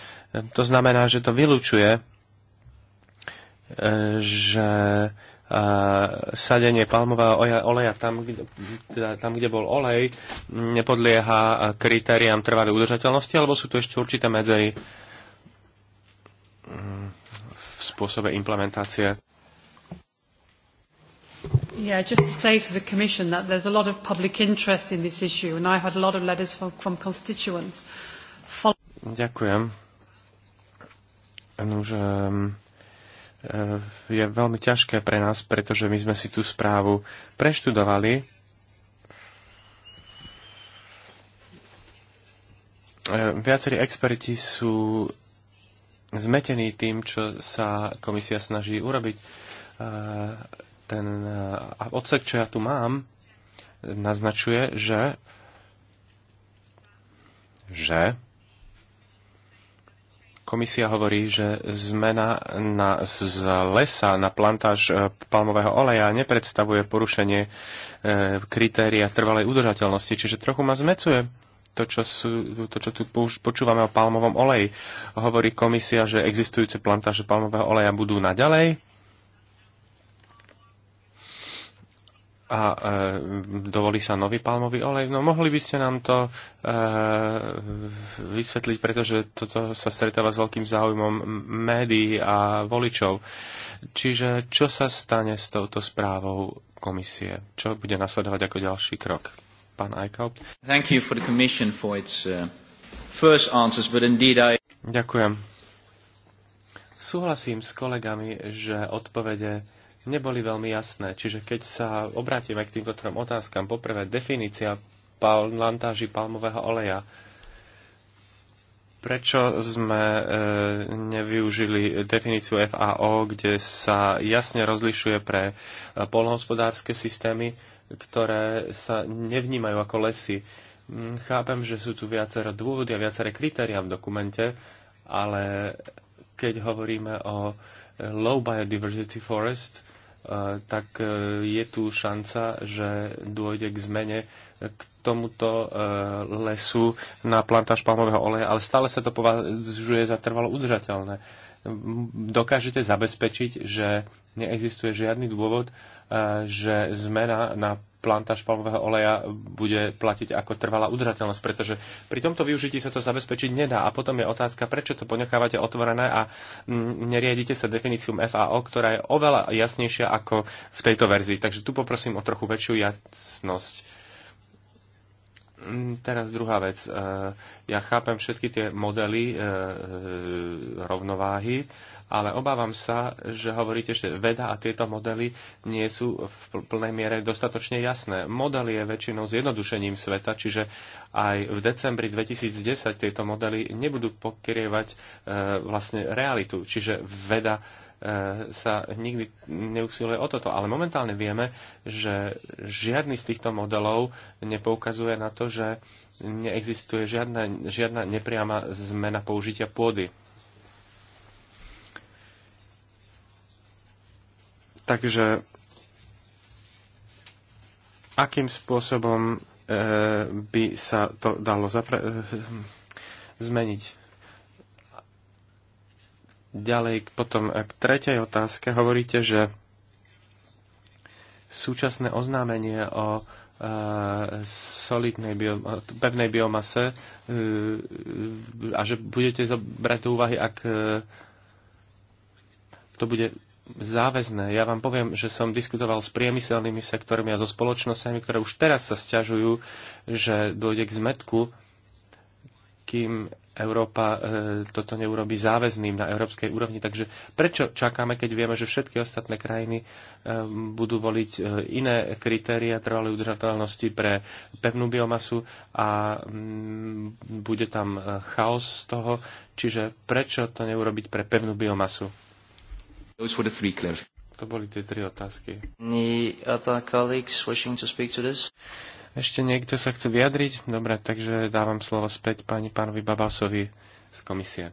To znamená, že to vylučuje, e, že sadenie palmového oleja tam, kde, teda tam, kde bol olej, nepodlieha kritériám trvalej udržateľnosti, alebo sú tu ešte určité medzery mm, v spôsobe implementácie? Yeah, just to say to the Commission that there's a lot of public interest in this issue, and I had a lot of letters from, from constituents. Follow- Ďakujem. Nože, um, Eh, je veľmi ťažké pre nás, pretože my sme si tú správu preštudovali. Eh, viacerí experti sú zmetení tým, čo sa komisia snaží urobiť. Eh, ten odsek, čo ja tu mám, naznačuje, že že Komisia hovorí, že zmena na, z lesa na plantáž e, palmového oleja nepredstavuje porušenie e, kritéria trvalej udržateľnosti, čiže trochu ma zmecuje to, čo, sú, to, čo tu počúvame o palmovom oleji. Hovorí komisia, že existujúce plantáže palmového oleja budú naďalej a e, dovolí sa nový palmový olej. No mohli by ste nám to e, vysvetliť, pretože toto sa stretáva s veľkým záujmom médií a voličov. Čiže čo sa stane s touto správou komisie? Čo bude nasledovať ako ďalší krok? Pán Eichhaupt? Thank you for the commission for its uh, first answers, but indeed I... Ďakujem. Súhlasím s kolegami, že odpovede neboli veľmi jasné. Čiže keď sa obrátime k týmto trom otázkam, poprvé definícia pal- lantáži palmového oleja. Prečo sme e, nevyužili definíciu FAO, kde sa jasne rozlišuje pre e, polnohospodárske systémy, ktoré sa nevnímajú ako lesy? Mm, chápem, že sú tu viacero dôvody a viaceré kritéria v dokumente, ale keď hovoríme o e, low biodiversity forest, E, tak e, je tu šanca, že dôjde k zmene k tomuto e, lesu na plantáž palmového oleja, ale stále sa to považuje za trvalo udržateľné. Dokážete zabezpečiť, že neexistuje žiadny dôvod, že zmena na plantáž palmového oleja bude platiť ako trvalá udržateľnosť, pretože pri tomto využití sa to zabezpečiť nedá. A potom je otázka, prečo to ponechávate otvorené a mm, neriadite sa definícium FAO, ktorá je oveľa jasnejšia ako v tejto verzii. Takže tu poprosím o trochu väčšiu jasnosť. Mm, teraz druhá vec. E, ja chápem všetky tie modely e, e, rovnováhy, ale obávam sa, že hovoríte, že veda a tieto modely nie sú v plnej miere dostatočne jasné. Model je väčšinou zjednodušením sveta, čiže aj v decembri 2010 tieto modely nebudú pokrievať vlastne realitu. Čiže veda Eh, sa nikdy neusiluje o toto. Ale momentálne vieme, že žiadny z týchto modelov nepoukazuje na to, že neexistuje žiadna, žiadna nepriama zmena použitia pôdy. Takže akým spôsobom e, by sa to dalo zapre- e, eh, zmeniť? Ďalej, potom k e, tretej otázke hovoríte, že súčasné oznámenie o e, solidnej bio, pevnej biomase e, a že budete brať do úvahy, ak to bude záväzné. Ja vám poviem, že som diskutoval s priemyselnými sektormi a so spoločnosťami, ktoré už teraz sa stiažujú, že dojde k zmetku, kým Európa e, toto neurobi záväzným na európskej úrovni. Takže prečo čakáme, keď vieme, že všetky ostatné krajiny e, budú voliť e, iné kritéria trvalej udržateľnosti pre pevnú biomasu a mm, bude tam chaos z toho. Čiže prečo to neurobiť pre pevnú biomasu? To boli tie tri otázky. other colleagues wishing to speak to this? Ešte niekto sa chce vyjadriť? Dobre, takže dávam slovo späť pani pánovi Babasovi z komisie.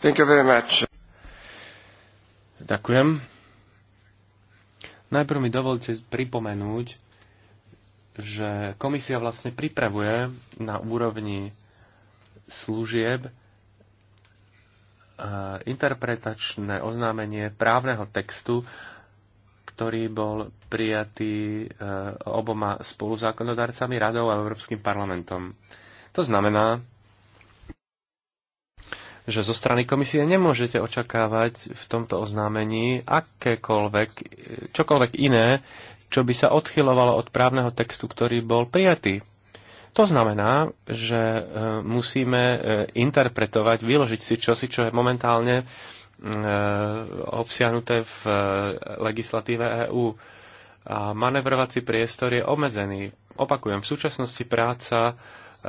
Thank you very much. Ďakujem. Najprv mi dovolte pripomenúť, že komisia vlastne pripravuje na úrovni služieb interpretačné oznámenie právneho textu ktorý bol prijatý eh, oboma spoluzákonodarcami, radou a Európskym parlamentom. To znamená, že zo strany komisie nemôžete očakávať v tomto oznámení akékoľvek, čokoľvek iné, čo by sa odchylovalo od právneho textu, ktorý bol prijatý. To znamená, že eh, musíme eh, interpretovať, vyložiť si čosi, čo je momentálne Eh, obsiahnuté v eh, legislatíve EÚ. A manevrovací priestor je obmedzený. Opakujem, v súčasnosti práca eh,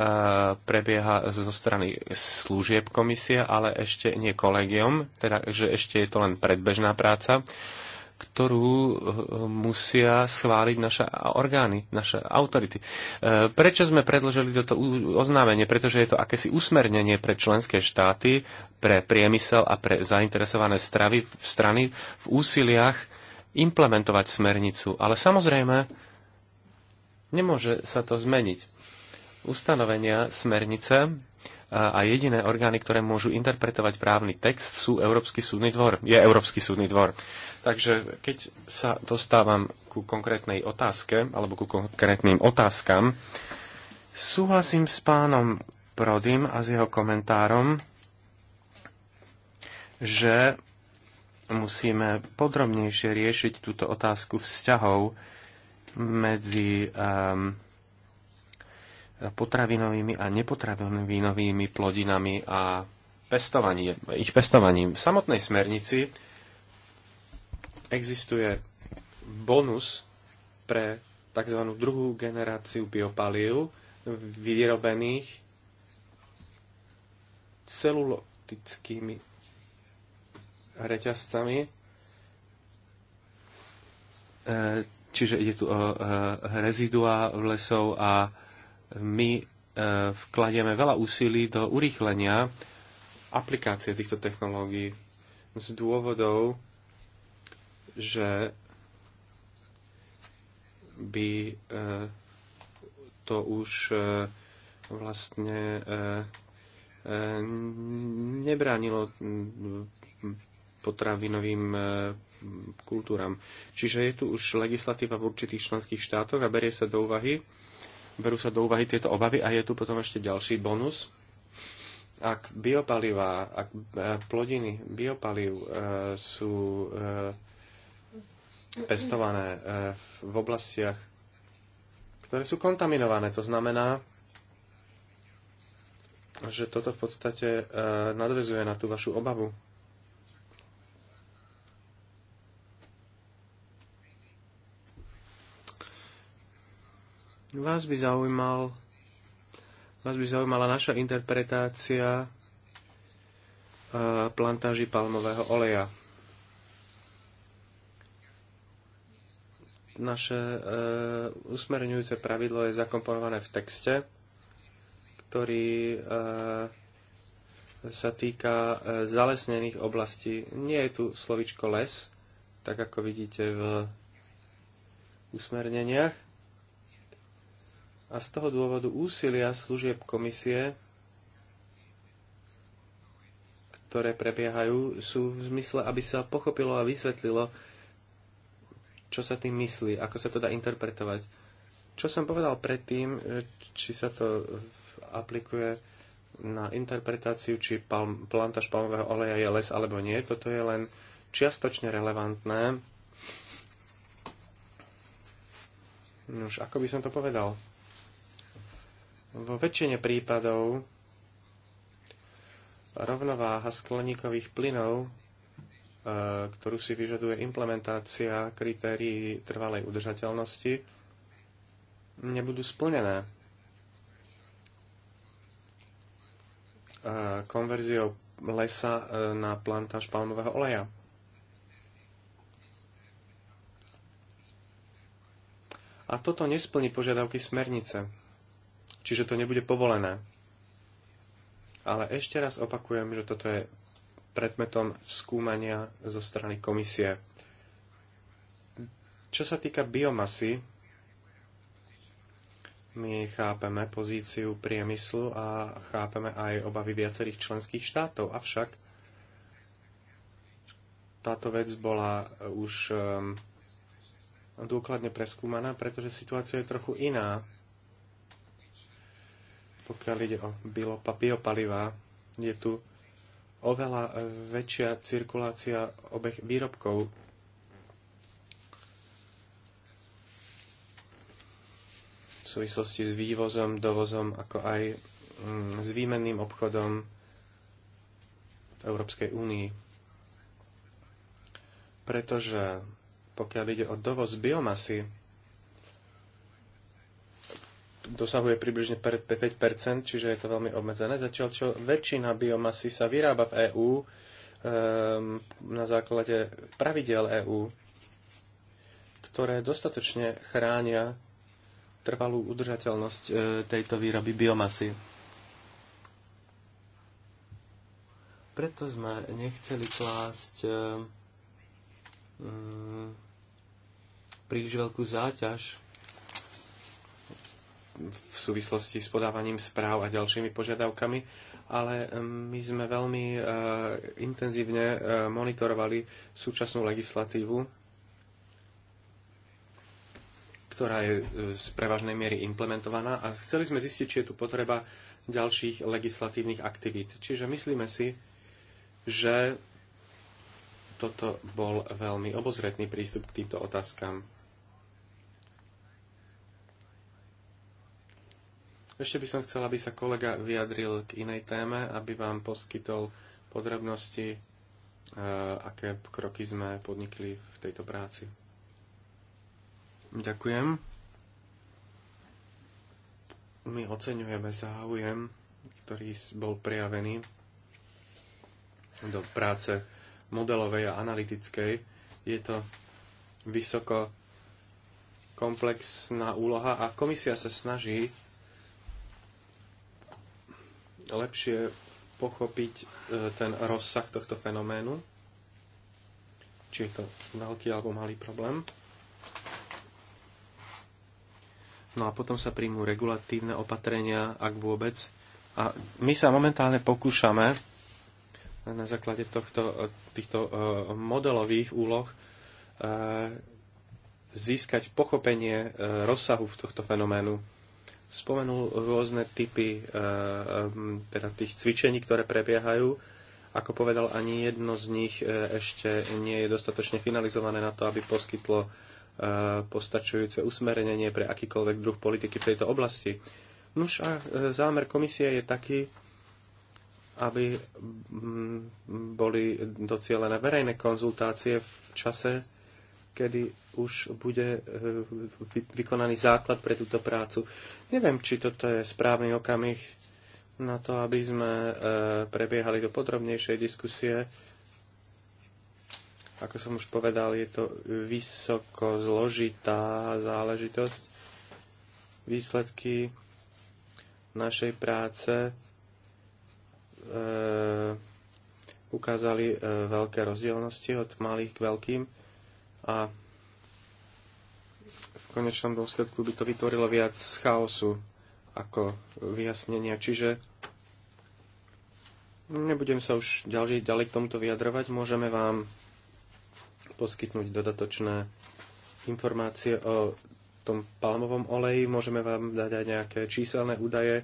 prebieha zo strany služieb komisie, ale ešte nie kolegium, teda že ešte je to len predbežná práca ktorú eh, musia schváliť naše orgány, naše autority. Eh, prečo sme predložili toto oznámenie? Pretože je to akési usmernenie pre členské štáty, pre priemysel a pre zainteresované stravy, strany v úsiliach implementovať smernicu. Ale samozrejme, nemôže sa to zmeniť. Ustanovenia smernice eh, a jediné orgány, ktoré môžu interpretovať právny text, sú Európsky súdny dvor. Je Európsky súdny dvor. Takže keď sa dostávam ku konkrétnej otázke, alebo ku konkrétnym otázkam, súhlasím s pánom Prodym a s jeho komentárom, že musíme podrobnejšie riešiť túto otázku vzťahov medzi um, potravinovými a nepotravinovými plodinami a pestovaním ich pestovaním. V samotnej smernici existuje bonus pre tzv. druhú generáciu biopalív vyrobených celulotickými reťazcami. E, čiže ide tu o e, v lesov a my e, vkladieme veľa úsilí do urýchlenia aplikácie týchto technológií z dôvodov, že by e, to už e, vlastne e, nebránilo potravinovým kultúram. Čiže je tu už legislatíva v určitých členských štátoch a berie sa do úvahy, berú sa do úvahy tieto obavy a je tu potom ešte ďalší bonus. Ak biopalivá, ak plodiny biopaliv sú pestované eh, v oblastiach, ktoré sú kontaminované. To znamená, že toto v podstate eh, nadvezuje na tú vašu obavu. Vás by, zaujímal, vás by zaujímala naša interpretácia eh, plantáži palmového oleja. naše e, usmerňujúce pravidlo je zakomponované v texte, ktorý e, sa týka e, zalesnených oblastí. Nie je tu slovičko les, tak ako vidíte v usmerneniach. A z toho dôvodu úsilia služieb komisie, ktoré prebiehajú, sú v zmysle, aby sa pochopilo a vysvetlilo, čo sa tým myslí, ako sa to dá interpretovať. Čo som povedal predtým, e, či sa to aplikuje na interpretáciu, či palm, plantáž palmového oleja je les alebo nie, toto je len čiastočne relevantné. Už ako by som to povedal? Vo väčšine prípadov rovnováha skleníkových plynov E, ktorú si vyžaduje implementácia kritérií trvalej udržateľnosti, nebudú splnené. E, konverziou lesa e, na plantáž palmového oleja. A toto nesplní požiadavky smernice, čiže to nebude povolené. Ale ešte raz opakujem, že toto je predmetom skúmania zo strany komisie. Čo sa týka biomasy, my chápeme pozíciu priemyslu a chápeme aj obavy viacerých členských štátov. Avšak táto vec bola už ehm, dôkladne preskúmaná, pretože situácia je trochu iná, pokiaľ ide o biopalivá. Je tu oveľa e, väčšia cirkulácia obeh výrobkov. V súvislosti s vývozom, dovozom, ako aj mm, s výmenným obchodom v Európskej únii. Pretože pokiaľ ide o dovoz biomasy, dosahuje približne 5%, čiže je to veľmi obmedzené, zatiaľ čo väčšina biomasy sa vyrába v EÚ um, ehm, na základe pravidel EÚ, ktoré dostatočne chránia trvalú udržateľnosť e, tejto výroby biomasy. Preto sme nechceli klásť um, príliš veľkú záťaž v súvislosti s podávaním správ a ďalšími požiadavkami, ale my sme veľmi e, intenzívne e, monitorovali súčasnú legislatívu ktorá je e, z prevažnej miery implementovaná a chceli sme zistiť, či je tu potreba ďalších legislatívnych aktivít. Čiže myslíme si, že toto bol veľmi obozretný prístup k týmto otázkam. Ešte by som chcel, aby sa kolega vyjadril k inej téme, aby vám poskytol podrobnosti, e, aké kroky sme podnikli v tejto práci. Ďakujem. My oceňujeme záujem, ktorý bol prijavený do práce modelovej a analytickej. Je to vysoko komplexná úloha a komisia sa snaží lepšie pochopiť e, ten rozsah tohto fenoménu, či je to veľký alebo malý problém. No a potom sa príjmú regulatívne opatrenia, ak vôbec. A my sa momentálne pokúšame na základe tohto, týchto e, modelových úloh e, získať pochopenie rozsahu tohto fenoménu spomenul rôzne typy eh, eh, teda tých cvičení, ktoré prebiehajú. Ako povedal, ani jedno z nich eh, ešte nie je dostatočne finalizované na to, aby poskytlo postačujúce usmerenie pre akýkoľvek druh politiky v tejto oblasti. Nuž a zámer komisie je taký, aby mm, boli docielené verejné konzultácie v čase, kedy už bude eh, vykonaný základ pre túto prácu. Neviem, či toto je správny okamih na to, aby sme eh, prebiehali do podrobnejšej diskusie. Ako som už povedal, je to vysoko zložitá záležitosť. Výsledky našej práce eh, ukázali veľké rozdielnosti od malých k veľkým a konečnom dôsledku by to vytvorilo viac chaosu ako vyjasnenia. Čiže nebudem sa už ďalej, ďalej k tomuto vyjadrovať. Môžeme vám poskytnúť dodatočné informácie o tom palmovom oleji. Môžeme vám dať aj nejaké číselné údaje eh,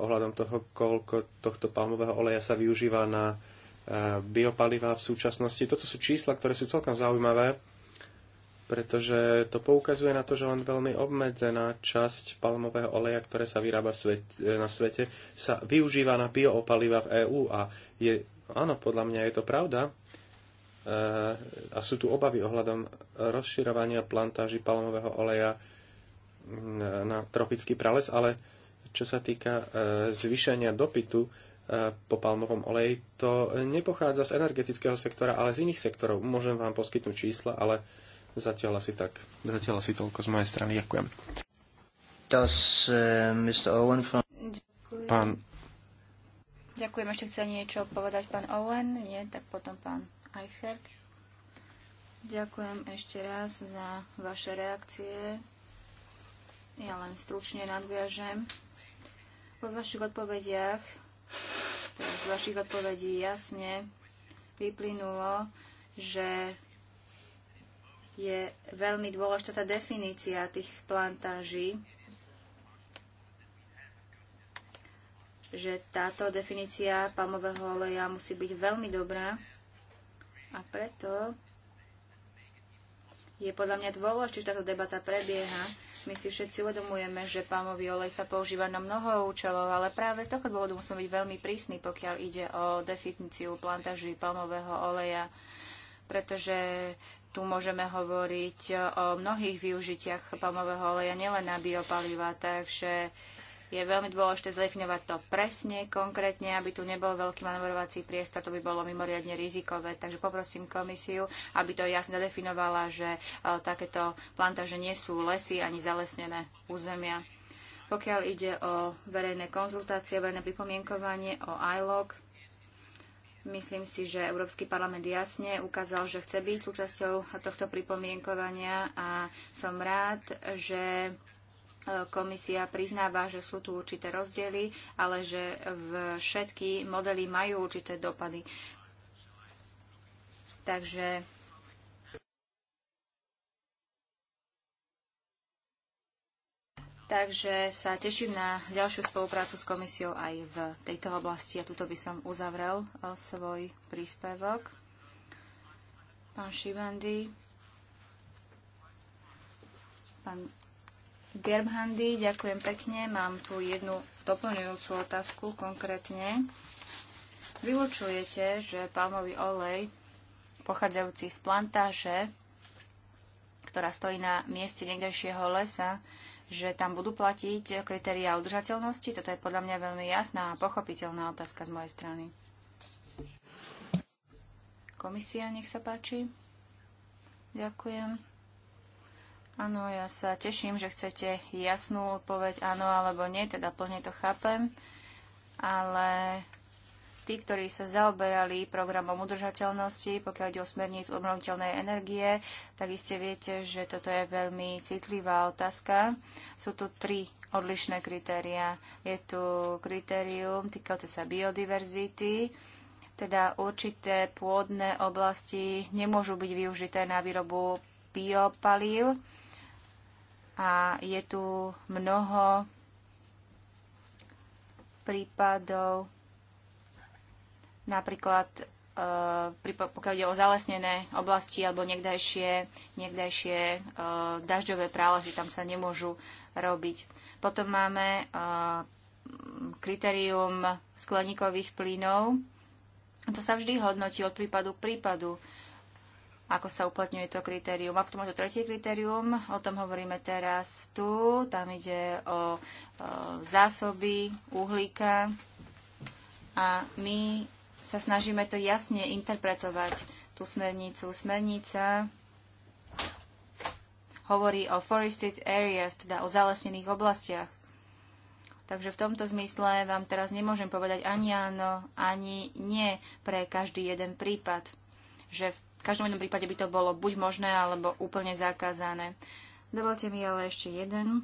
ohľadom toho, koľko tohto palmového oleja sa využíva na eh, biopalivá v súčasnosti. Toto sú čísla, ktoré sú celkom zaujímavé pretože to poukazuje na to, že len veľmi obmedzená časť palmového oleja, ktoré sa vyrába svet, na svete, sa využíva na bioopaliva v EÚ a je, áno, podľa mňa je to pravda e, a sú tu obavy ohľadom rozširovania plantáži palmového oleja na tropický prales, ale čo sa týka e, zvýšenia dopytu e, po palmovom oleji, to nepochádza z energetického sektora, ale z iných sektorov. Môžem vám poskytnúť čísla, ale Zatiaľ asi tak. Zatiaľ asi toľko z mojej strany. Ďakujem. Does, uh, eh, Mr. Owen from... Ďakujem. Pán... Ďakujem, ešte chce niečo povedať pán Owen? Nie, tak potom pán Eichert. Ďakujem ešte raz za vaše reakcie. Ja len stručne nadviažem. Po vašich odpovediach, teda z vašich odpovedí jasne vyplynulo, že je veľmi dôležitá tá definícia tých plantáží, že táto definícia palmového oleja musí byť veľmi dobrá a preto je podľa mňa dôležité, že táto debata prebieha. My si všetci uvedomujeme, že palmový olej sa používa na mnoho účelov, ale práve z toho dôvodu musíme byť veľmi prísni, pokiaľ ide o definíciu plantáží palmového oleja, pretože tu môžeme hovoriť o mnohých využitiach palmového oleja, nielen na biopaliva, takže je veľmi dôležité zdefinovať to presne, konkrétne, aby tu nebol veľký manevrovací priestor, to by bolo mimoriadne rizikové. Takže poprosím komisiu, aby to jasne zadefinovala, že e, takéto plantáže nie sú lesy ani zalesnené územia. Pokiaľ ide o verejné konzultácie, verejné pripomienkovanie, o ILOG, Myslím si, že Európsky parlament jasne ukázal, že chce byť súčasťou tohto pripomienkovania a som rád, že e, komisia priznáva, že sú tu určité rozdiely, ale že všetky modely majú určité dopady. Takže Takže sa teším na ďalšiu spoluprácu s komisiou aj v tejto oblasti a tuto by som uzavrel eh, svoj príspevok. Pán Šivandy, pán Gerbhandy, ďakujem pekne. Mám tu jednu doplňujúcu otázku konkrétne. Vylučujete, že palmový olej pochádzajúci z plantáže, ktorá stojí na mieste niekdejšieho lesa, že tam budú platiť kritériá udržateľnosti? Toto je podľa mňa veľmi jasná a pochopiteľná otázka z mojej strany. Komisia, nech sa páči. Ďakujem. Áno, ja sa teším, že chcete jasnú odpoveď áno alebo nie, teda plne to chápem, ale tí, ktorí sa zaoberali programom udržateľnosti, pokiaľ ide o smernicu obnoviteľnej energie, tak iste viete, že toto je veľmi citlivá otázka. Sú tu tri odlišné kritéria. Je tu kritérium týkajúce sa biodiverzity, teda určité pôdne oblasti nemôžu byť využité na výrobu biopalív a je tu mnoho prípadov Napríklad e, pokiaľ ide o zalesnené oblasti alebo niekdajšie, niekdajšie e, dažďové práleží, tam sa nemôžu robiť. Potom máme e, kritérium skleníkových plynov. To sa vždy hodnotí od prípadu k prípadu, ako sa uplatňuje to kritérium. A potom je to tretie kritérium, o tom hovoríme teraz tu. Tam ide o zásoby uhlíka a my sa snažíme to jasne interpretovať, tú smernicu. Smernica hovorí o forested areas, teda o zalesnených oblastiach. Takže v tomto zmysle vám teraz nemôžem povedať ani áno, ani nie pre každý jeden prípad. Že v každom jednom prípade by to bolo buď možné, alebo úplne zakázané. Dovolte mi ale ešte jeden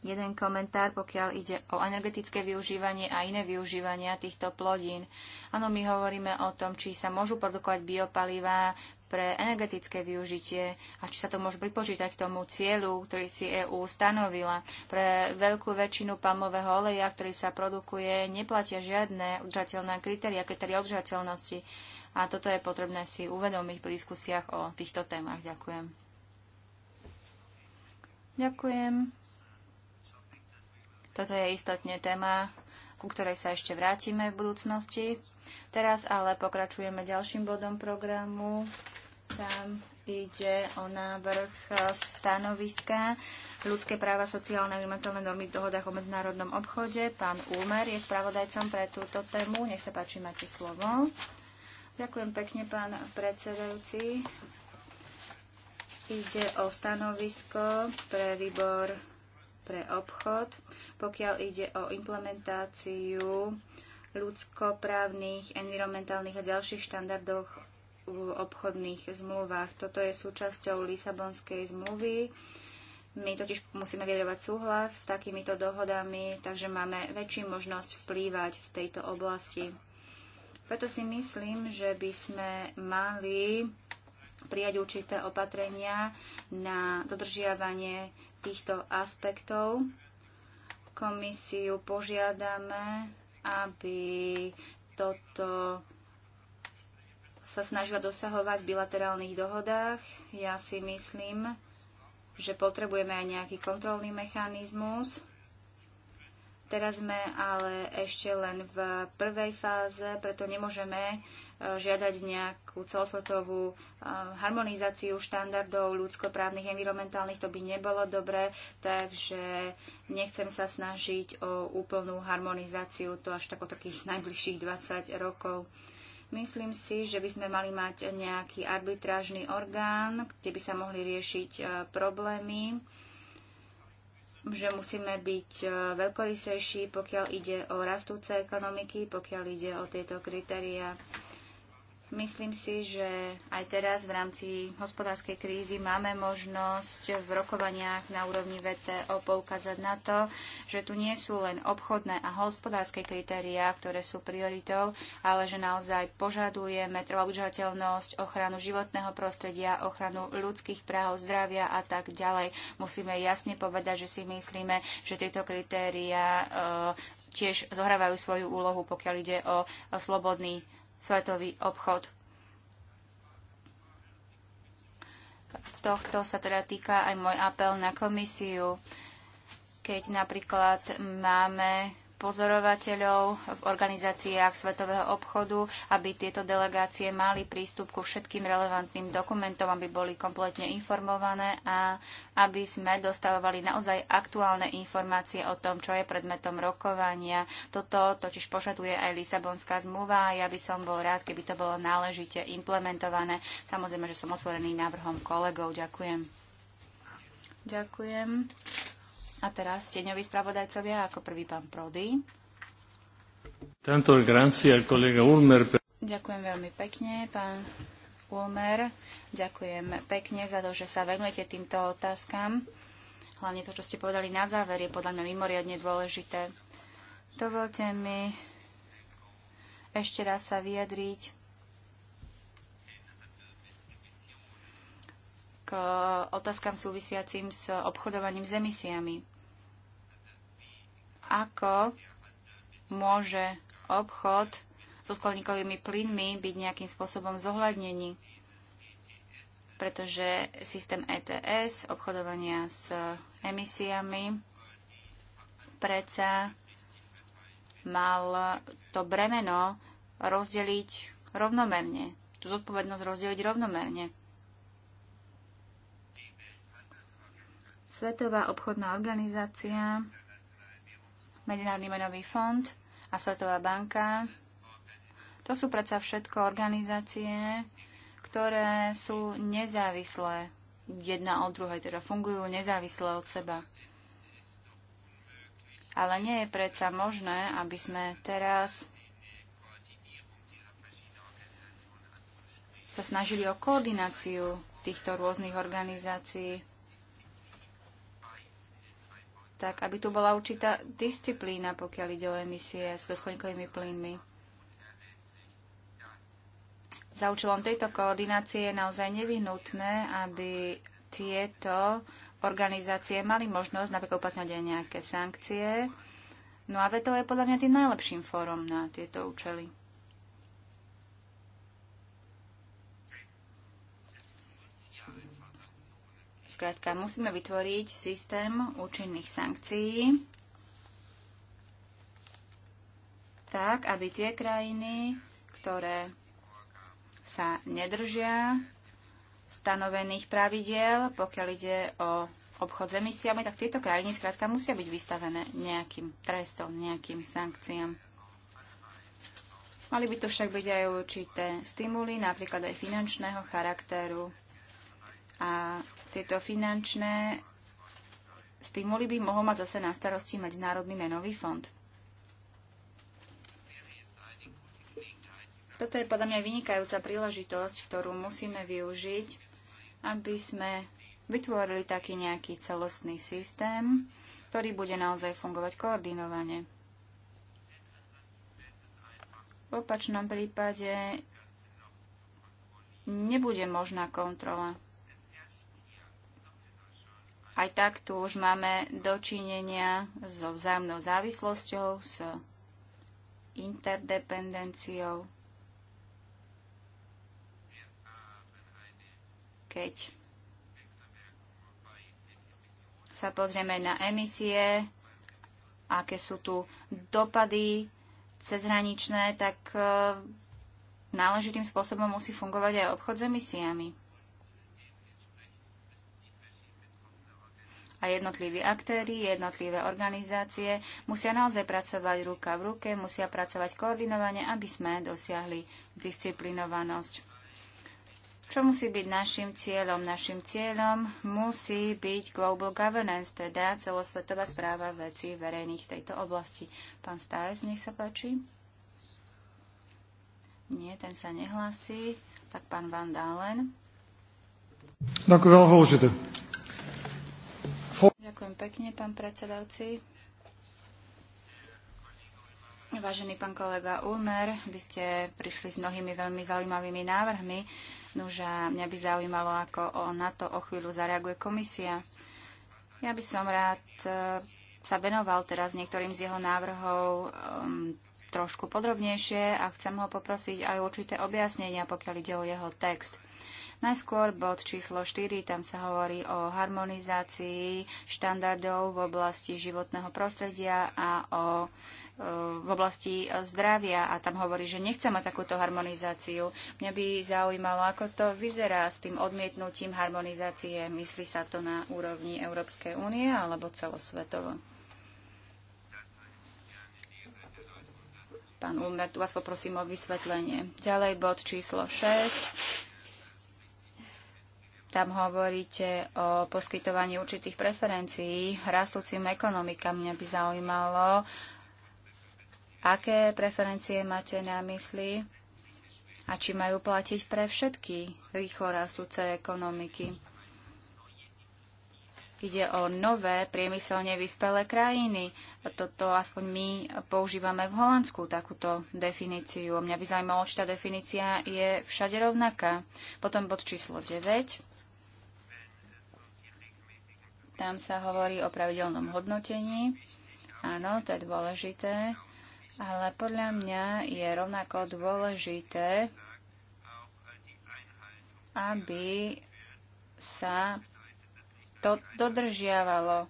jeden komentár, pokiaľ ide o energetické využívanie a iné využívania týchto plodín. Áno, my hovoríme o tom, či sa môžu produkovať biopalivá pre energetické využitie a či sa to môže pripočítať k tomu cieľu, ktorý si EÚ stanovila. Pre veľkú väčšinu palmového oleja, ktorý sa produkuje, neplatia žiadne udržateľné kritéria, kritéria udržateľnosti. A toto je potrebné si uvedomiť pri diskusiách o týchto témach. Ďakujem. Ďakujem. Toto je istotne téma, ku ktorej sa ešte vrátime v budúcnosti. Teraz ale pokračujeme ďalším bodom programu. Tam ide o návrh stanoviska ľudské práva, sociálne a vymateľné normy v dohodách o medzinárodnom obchode. Pán Úmer je spravodajcom pre túto tému. Nech sa páči, máte slovo. Ďakujem pekne, pán predsedajúci. Ide o stanovisko pre výbor pre obchod, pokiaľ ide o implementáciu ľudskoprávnych, environmentálnych a ďalších štandardoch v obchodných zmluvách. Toto je súčasťou Lisabonskej zmluvy. My totiž musíme vyjadrovať súhlas s takýmito dohodami, takže máme väčšiu možnosť vplývať v tejto oblasti. Preto si myslím, že by sme mali prijať určité opatrenia na dodržiavanie týchto aspektov. Komisiu požiadame, aby toto sa snažila dosahovať v bilaterálnych dohodách. Ja si myslím, že potrebujeme aj nejaký kontrolný mechanizmus. Teraz sme ale ešte len v prvej fáze, preto nemôžeme žiadať nejakú celosvetovú eh, harmonizáciu štandardov ľudskoprávnych, environmentálnych, to by nebolo dobré, takže nechcem sa snažiť o úplnú harmonizáciu, to až tak o takých najbližších 20 rokov. Myslím si, že by sme mali mať nejaký arbitrážny orgán, kde by sa mohli riešiť eh, problémy že musíme byť eh, veľkorysejší, pokiaľ ide o rastúce ekonomiky, pokiaľ ide o tieto kritéria. Myslím si, že aj teraz v rámci hospodárskej krízy máme možnosť v rokovaniach na úrovni VTO poukázať na to, že tu nie sú len obchodné a hospodárske kritériá, ktoré sú prioritou, ale že naozaj požadujeme trvalú udržateľnosť, ochranu životného prostredia, ochranu ľudských práv, zdravia a tak ďalej. Musíme jasne povedať, že si myslíme, že tieto kritériá e, tiež zohrávajú svoju úlohu, pokiaľ ide o, o slobodný svetový obchod. Tohto sa teda týka aj môj apel na komisiu. Keď napríklad máme pozorovateľov v organizáciách Svetového obchodu, aby tieto delegácie mali prístup ku všetkým relevantným dokumentom, aby boli kompletne informované a aby sme dostávali naozaj aktuálne informácie o tom, čo je predmetom rokovania. Toto totiž požaduje aj Lisabonská zmluva a ja by som bol rád, keby to bolo náležite implementované. Samozrejme, že som otvorený návrhom kolegov. Ďakujem. Ďakujem. A teraz tieňoví spravodajcovia ako prvý pán Prody. Tanto grazie al kolega Ulmer. Ďakujem veľmi pekne, pán Ulmer. Ďakujem pekne za to, že sa venujete týmto otázkam. Hlavne to, čo ste povedali na záver, je podľa mňa mimoriadne dôležité. Dovolte mi ešte raz sa vyjadriť k otázkam súvisiacim s obchodovaním s emisiami ako môže obchod so skleníkovými plynmi byť nejakým spôsobom zohľadnený, pretože systém ETS, obchodovania s emisiami, predsa mal to bremeno rozdeliť rovnomerne, tú zodpovednosť rozdeliť rovnomerne. Svetová obchodná organizácia Medinárny menový fond a Svetová banka. To sú predsa všetko organizácie, ktoré sú nezávislé jedna od druhej, teda fungujú nezávisle od seba. Ale nie je predsa možné, aby sme teraz sa snažili o koordináciu týchto rôznych organizácií tak aby tu bola určitá disciplína, pokiaľ ide o emisie so skleníkovými plynmi. Za účelom tejto koordinácie je naozaj nevyhnutné, aby tieto organizácie mali možnosť napríklad uplatňovať aj nejaké sankcie. No a VTO je podľa mňa tým najlepším fórom na tieto účely. Skrátka, musíme vytvoriť systém účinných sankcií, tak, aby tie krajiny, ktoré sa nedržia stanovených pravidiel, pokiaľ ide o obchod s emisiami, tak tieto krajiny skrátka musia byť vystavené nejakým trestom, nejakým sankciám. Mali by to však byť aj určité stimuly, napríklad aj finančného charakteru. A tieto finančné stimuly by mohol mať zase na starosti Medzinárodný menový fond. Toto je podľa mňa vynikajúca príležitosť, ktorú musíme využiť, aby sme vytvorili taký nejaký celostný systém, ktorý bude naozaj fungovať koordinovane. V opačnom prípade nebude možná kontrola. Aj tak tu už máme dočinenia so vzájomnou závislosťou, s interdependenciou. Keď sa pozrieme na emisie, aké sú tu dopady cezhraničné, tak eh, náležitým spôsobom musí fungovať aj obchod s emisiami. a jednotliví aktéry, jednotlivé organizácie musia naozaj pracovať ruka v ruke, musia pracovať koordinovane, aby sme dosiahli disciplinovanosť. Čo musí byť našim cieľom? Našim cieľom musí byť global governance, teda celosvetová správa vecí verejných v tejto oblasti. Pán Stajs, nech sa páči. Nie, ten sa nehlasí. Tak pán Van Dalen. Ďakujem u Ďakujem pekne, pán predsedajúci. Vážený pán kolega Ulmer, vy ste prišli s mnohými veľmi zaujímavými návrhmi. Nuž a mňa by zaujímalo, ako o, na to o chvíľu zareaguje komisia. Ja by som rád e, sa venoval teraz niektorým z jeho návrhov um, trošku podrobnejšie a chcem ho poprosiť aj určité objasnenia, pokiaľ ide o jeho text. Najskôr bod číslo 4, tam sa hovorí o harmonizácii štandardov v oblasti životného prostredia a o e, v oblasti zdravia a tam hovorí, že nechceme takúto harmonizáciu. Mňa by zaujímalo, ako to vyzerá s tým odmietnutím harmonizácie. Myslí sa to na úrovni Európskej únie alebo celosvetovo? Pán Ulmer, tu vás poprosím o vysvetlenie. Ďalej bod číslo 6 tam hovoríte o poskytovaní určitých preferencií rastúcim ekonomikám. Mňa by zaujímalo, aké preferencie máte na mysli a či majú platiť pre všetky rýchlo rastúce ekonomiky. Ide o nové priemyselne vyspelé krajiny. Toto aspoň my používame v Holandsku takúto definíciu. Mňa by zaujímalo, či tá definícia je všade rovnaká. Potom bod číslo 9. Tam sa hovorí o pravidelnom hodnotení. Áno, to je dôležité, ale podľa mňa je rovnako dôležité, aby sa to dodržiavalo.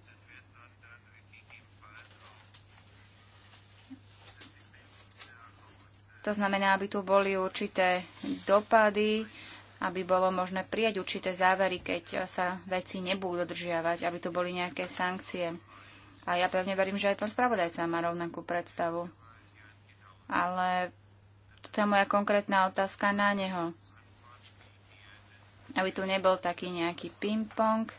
To znamená, aby tu boli určité dopady, aby bolo možné prijať určité závery, keď sa veci nebudú dodržiavať, aby tu boli nejaké sankcie. A ja pevne verím, že aj pán spravodajca má rovnakú predstavu. Ale to je moja konkrétna otázka na neho. Aby tu nebol taký nejaký ping-pong, e,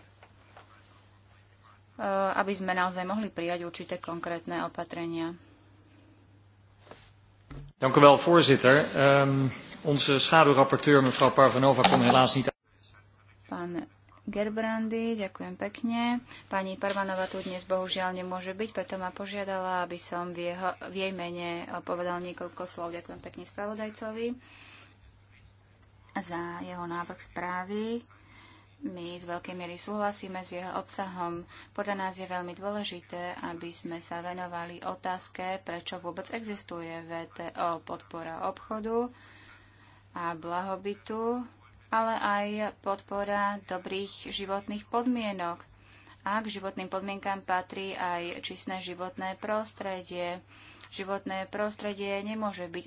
aby sme naozaj mohli prijať určité konkrétne opatrenia. Dank u wel, voorzitter. Um, Onze schaduwrapporteur, mevrouw Parvanova, kon helaas niet... Pán Gerbrandy, ďakujem pekne. Pani Parvanova tu dnes bohužiaľ nemôže byť, preto ma požiadala, aby som v, jeho, v jej mene povedal niekoľko slov. Ďakujem pekne spravodajcovi za jeho návrh správy. My z veľkej miery súhlasíme s jeho obsahom. Podľa nás je veľmi dôležité, aby sme sa venovali otázke, prečo vôbec existuje VTO podpora obchodu a blahobytu, ale aj podpora dobrých životných podmienok. A k životným podmienkám patrí aj čistné životné prostredie. Životné prostredie nemôže byť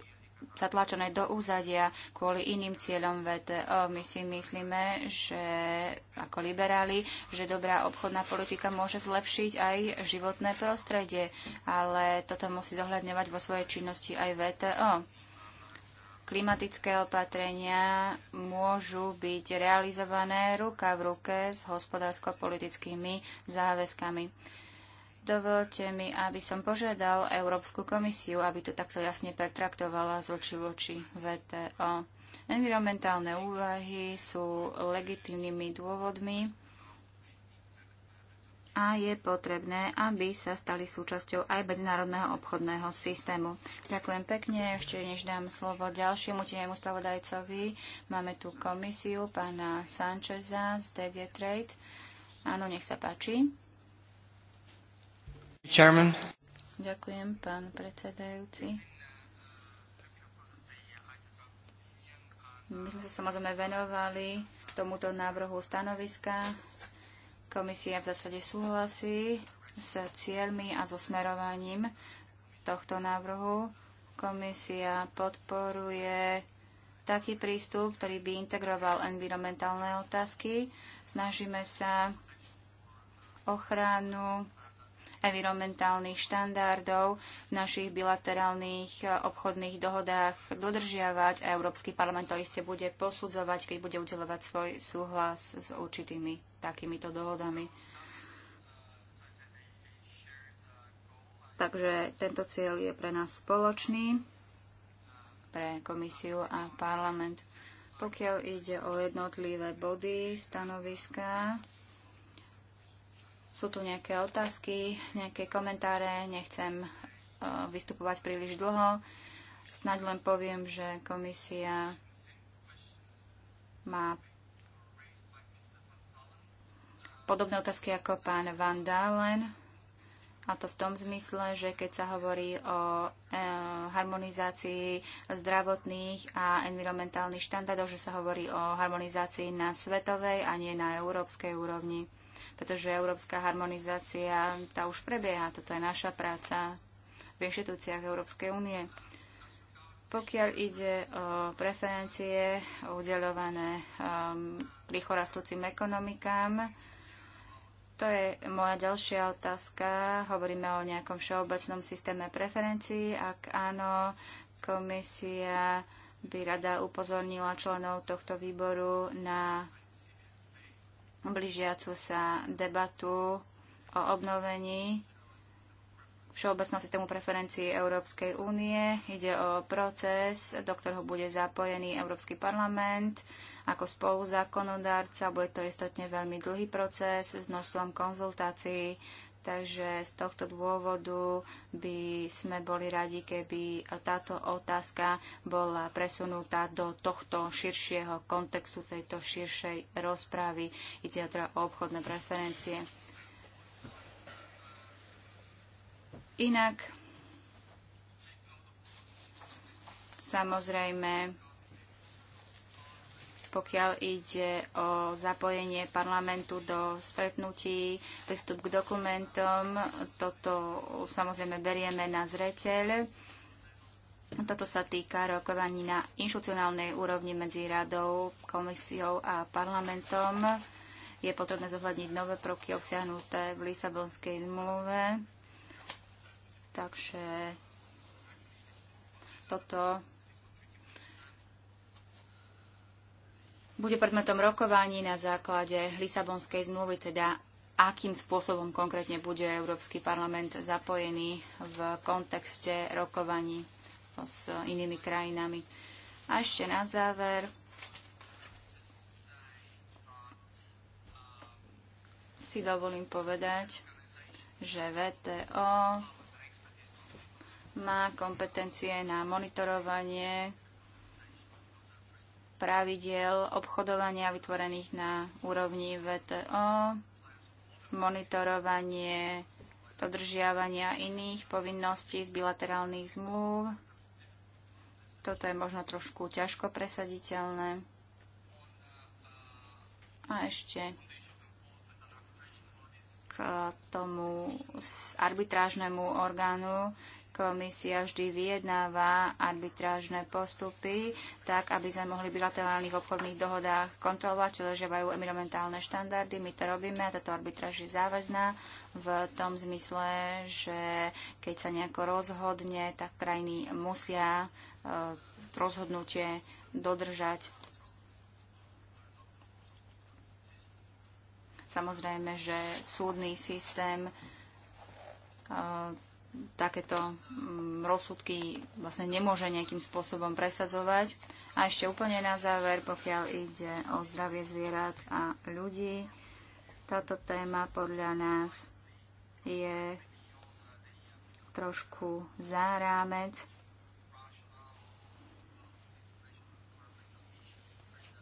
zatlačené do úzadia kvôli iným cieľom VTO. My si myslíme, že ako liberáli, že dobrá obchodná politika môže zlepšiť aj životné prostredie, ale toto musí zohľadňovať vo svojej činnosti aj VTO klimatické opatrenia môžu byť realizované ruka v ruke s hospodársko-politickými záväzkami. Dovolte mi, aby som požiadal Európsku komisiu, aby to takto jasne pretraktovala z oči voči VTO. Environmentálne úvahy sú legitímnymi dôvodmi a je potrebné, aby sa stali súčasťou aj medzinárodného obchodného systému. Ďakujem pekne. Ešte než dám slovo ďalšiemu tienému spravodajcovi, máme tu komisiu pána Sancheza z DG Trade. Áno, nech sa páči. Chairman. Ďakujem, pán predsedajúci. My sme sa samozrejme venovali tomuto návrhu stanoviska Komisia v zásade súhlasí s cieľmi a so smerovaním tohto návrhu. Komisia podporuje taký prístup, ktorý by integroval environmentálne otázky. Snažíme sa ochranu environmentálnych štandardov v našich bilaterálnych obchodných dohodách dodržiavať a Európsky parlament to iste bude posudzovať, keď bude udelovať svoj súhlas s určitými takýmito dohodami. Takže tento cieľ je pre nás spoločný, pre komisiu a parlament. Pokiaľ ide o jednotlivé body, stanoviská, sú tu nejaké otázky, nejaké komentáre, nechcem e, vystupovať príliš dlho. Snaď len poviem, že komisia má podobné otázky ako pán Van Dalen, a to v tom zmysle, že keď sa hovorí o e, harmonizácii zdravotných a environmentálnych štandardov, že sa hovorí o harmonizácii na svetovej a nie na európskej úrovni. Pretože európska harmonizácia, tá už prebieha, toto je naša práca v inštitúciách Európskej únie. Pokiaľ ide o preferencie udeľované um, rýchlo rastúcim ekonomikám, to je moja ďalšia otázka. Hovoríme o nejakom všeobecnom systéme preferencií. Ak áno, komisia by rada upozornila členov tohto výboru na blížiacu sa debatu o obnovení všeobecného systému preferencií Európskej únie. Ide o proces, do ktorého bude zapojený Európsky parlament ako spoluzákonodárca. Bude to istotne veľmi dlhý proces s množstvom konzultácií, takže z tohto dôvodu by sme boli radi, keby táto otázka bola presunutá do tohto širšieho kontextu, tejto širšej rozpravy. Ide teda o obchodné preferencie. Inak, samozrejme, pokiaľ ide o zapojenie parlamentu do stretnutí, prístup k dokumentom. Toto samozrejme berieme na zreteľ. Toto sa týka rokovaní na inštitucionálnej úrovni medzi radou, komisiou a parlamentom. Je potrebné zohľadniť nové prvky obsiahnuté v Lisabonskej zmluve. Takže toto bude predmetom rokovaní na základe Lisabonskej zmluvy, teda akým spôsobom konkrétne bude Európsky parlament zapojený v kontexte rokovaní s inými krajinami. A ešte na záver si dovolím povedať, že VTO má kompetencie na monitorovanie pravidiel obchodovania vytvorených na úrovni VTO, monitorovanie dodržiavania iných povinností z bilaterálnych zmluv. Toto je možno trošku ťažko presaditeľné. A ešte k tomu arbitrážnemu orgánu. Komisia vždy vyjednáva arbitrážne postupy tak, aby sme mohli v bilaterálnych obchodných dohodách kontrolovať, či ležiavajú environmentálne štandardy. My to robíme a táto arbitráž je záväzná v tom zmysle, že keď sa nejako rozhodne, tak krajiny musia e, rozhodnutie dodržať. Samozrejme, že súdny systém e, takéto mm, rozsudky vlastne nemôže nejakým spôsobom presadzovať. A ešte úplne na záver, pokiaľ ide o zdravie zvierat a ľudí, táto téma podľa nás je trošku zárámec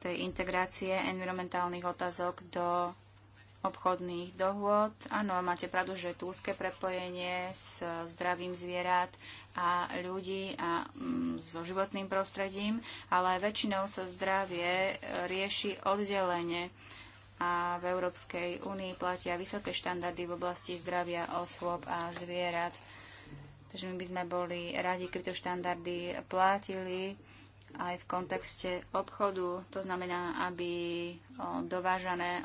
tej integrácie environmentálnych otázok do obchodných dohôd. Áno, máte pravdu, že je tu úzke prepojenie s zdravím zvierat a ľudí a mm, so životným prostredím, ale väčšinou sa zdravie e, rieši oddelenie a v Európskej únii platia vysoké štandardy v oblasti zdravia osôb a zvierat. Takže my by sme boli radi, keby to štandardy platili aj v kontexte obchodu. To znamená, aby dovážané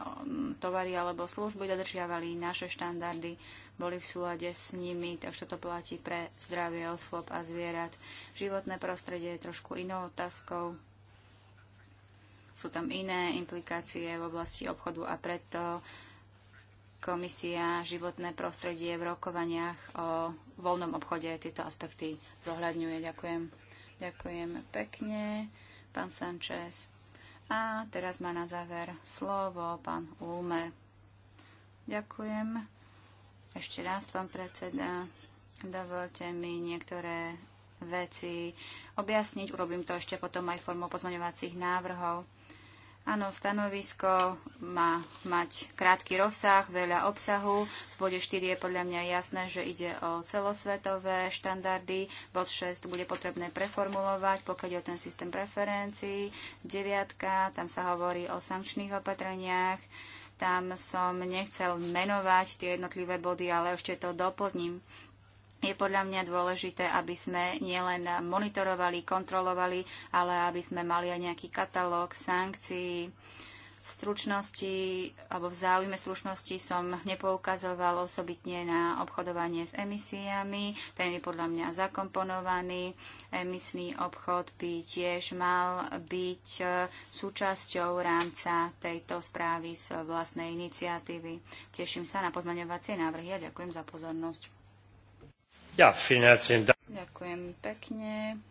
tovary alebo služby dodržiavali naše štandardy, boli v súlade s nimi, takže to platí pre zdravie osôb a zvierat. Životné prostredie je trošku inou otázkou. Sú tam iné implikácie v oblasti obchodu a preto komisia životné prostredie v rokovaniach o voľnom obchode tieto aspekty zohľadňuje. Ďakujem. Ďakujem pekne, pán Sanchez. A teraz má na záver slovo pán Ulmer. Ďakujem. Ešte raz, pán predseda, dovolte mi niektoré veci objasniť. Urobím to ešte potom aj formou pozmaňovacích návrhov. Áno, stanovisko má mať krátky rozsah, veľa obsahu. V bode 4 je podľa mňa jasné, že ide o celosvetové štandardy. Bod 6 bude potrebné preformulovať, pokiaľ je o ten systém preferencií. 9, tam sa hovorí o sankčných opatreniach. Tam som nechcel menovať tie jednotlivé body, ale ešte to doplním je podľa mňa dôležité, aby sme nielen monitorovali, kontrolovali, ale aby sme mali aj nejaký katalóg sankcií. V stručnosti, alebo v záujme stručnosti som nepoukazoval osobitne na obchodovanie s emisiami. Ten je podľa mňa zakomponovaný. Emisný obchod by tiež mal byť e, súčasťou rámca tejto správy z vlastnej iniciatívy. Teším sa na podmaňovacie návrhy a ďakujem za pozornosť. Ja, Ďakujem pekne.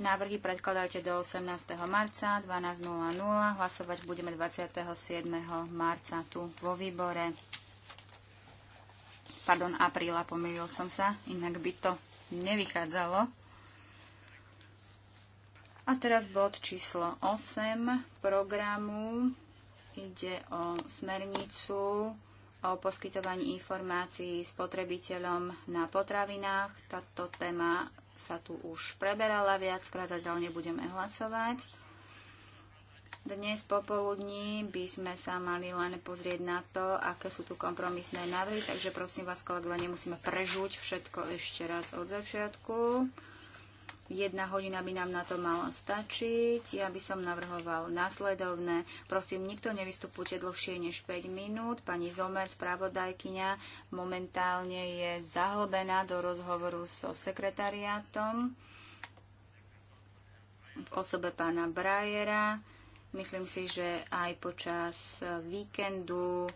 Návrhy predkladajte do 18. marca 12.00. Hlasovať budeme 27. marca tu vo výbore. Pardon, apríla, pomýlil som sa, inak by to nevychádzalo. A teraz bod číslo 8 programu. Ide o smernicu o poskytovaní informácií spotrebiteľom na potravinách. Táto téma sa tu už preberala viackrát, zatiaľ nebudeme hlasovať. Dnes popoludní by sme sa mali len pozrieť na to, aké sú tu kompromisné návrhy, takže prosím vás, kolegovia, nemusíme prežuť všetko ešte raz od začiatku. Jedna hodina by nám na to mala stačiť. Ja by som navrhoval následovné. Prosím, nikto nevystupujte dlhšie než 5 minút. Pani Zomer, spravodajkyňa momentálne je zahlbená do rozhovoru so sekretariátom v osobe pána Brajera. Myslím si, že aj počas víkendu e,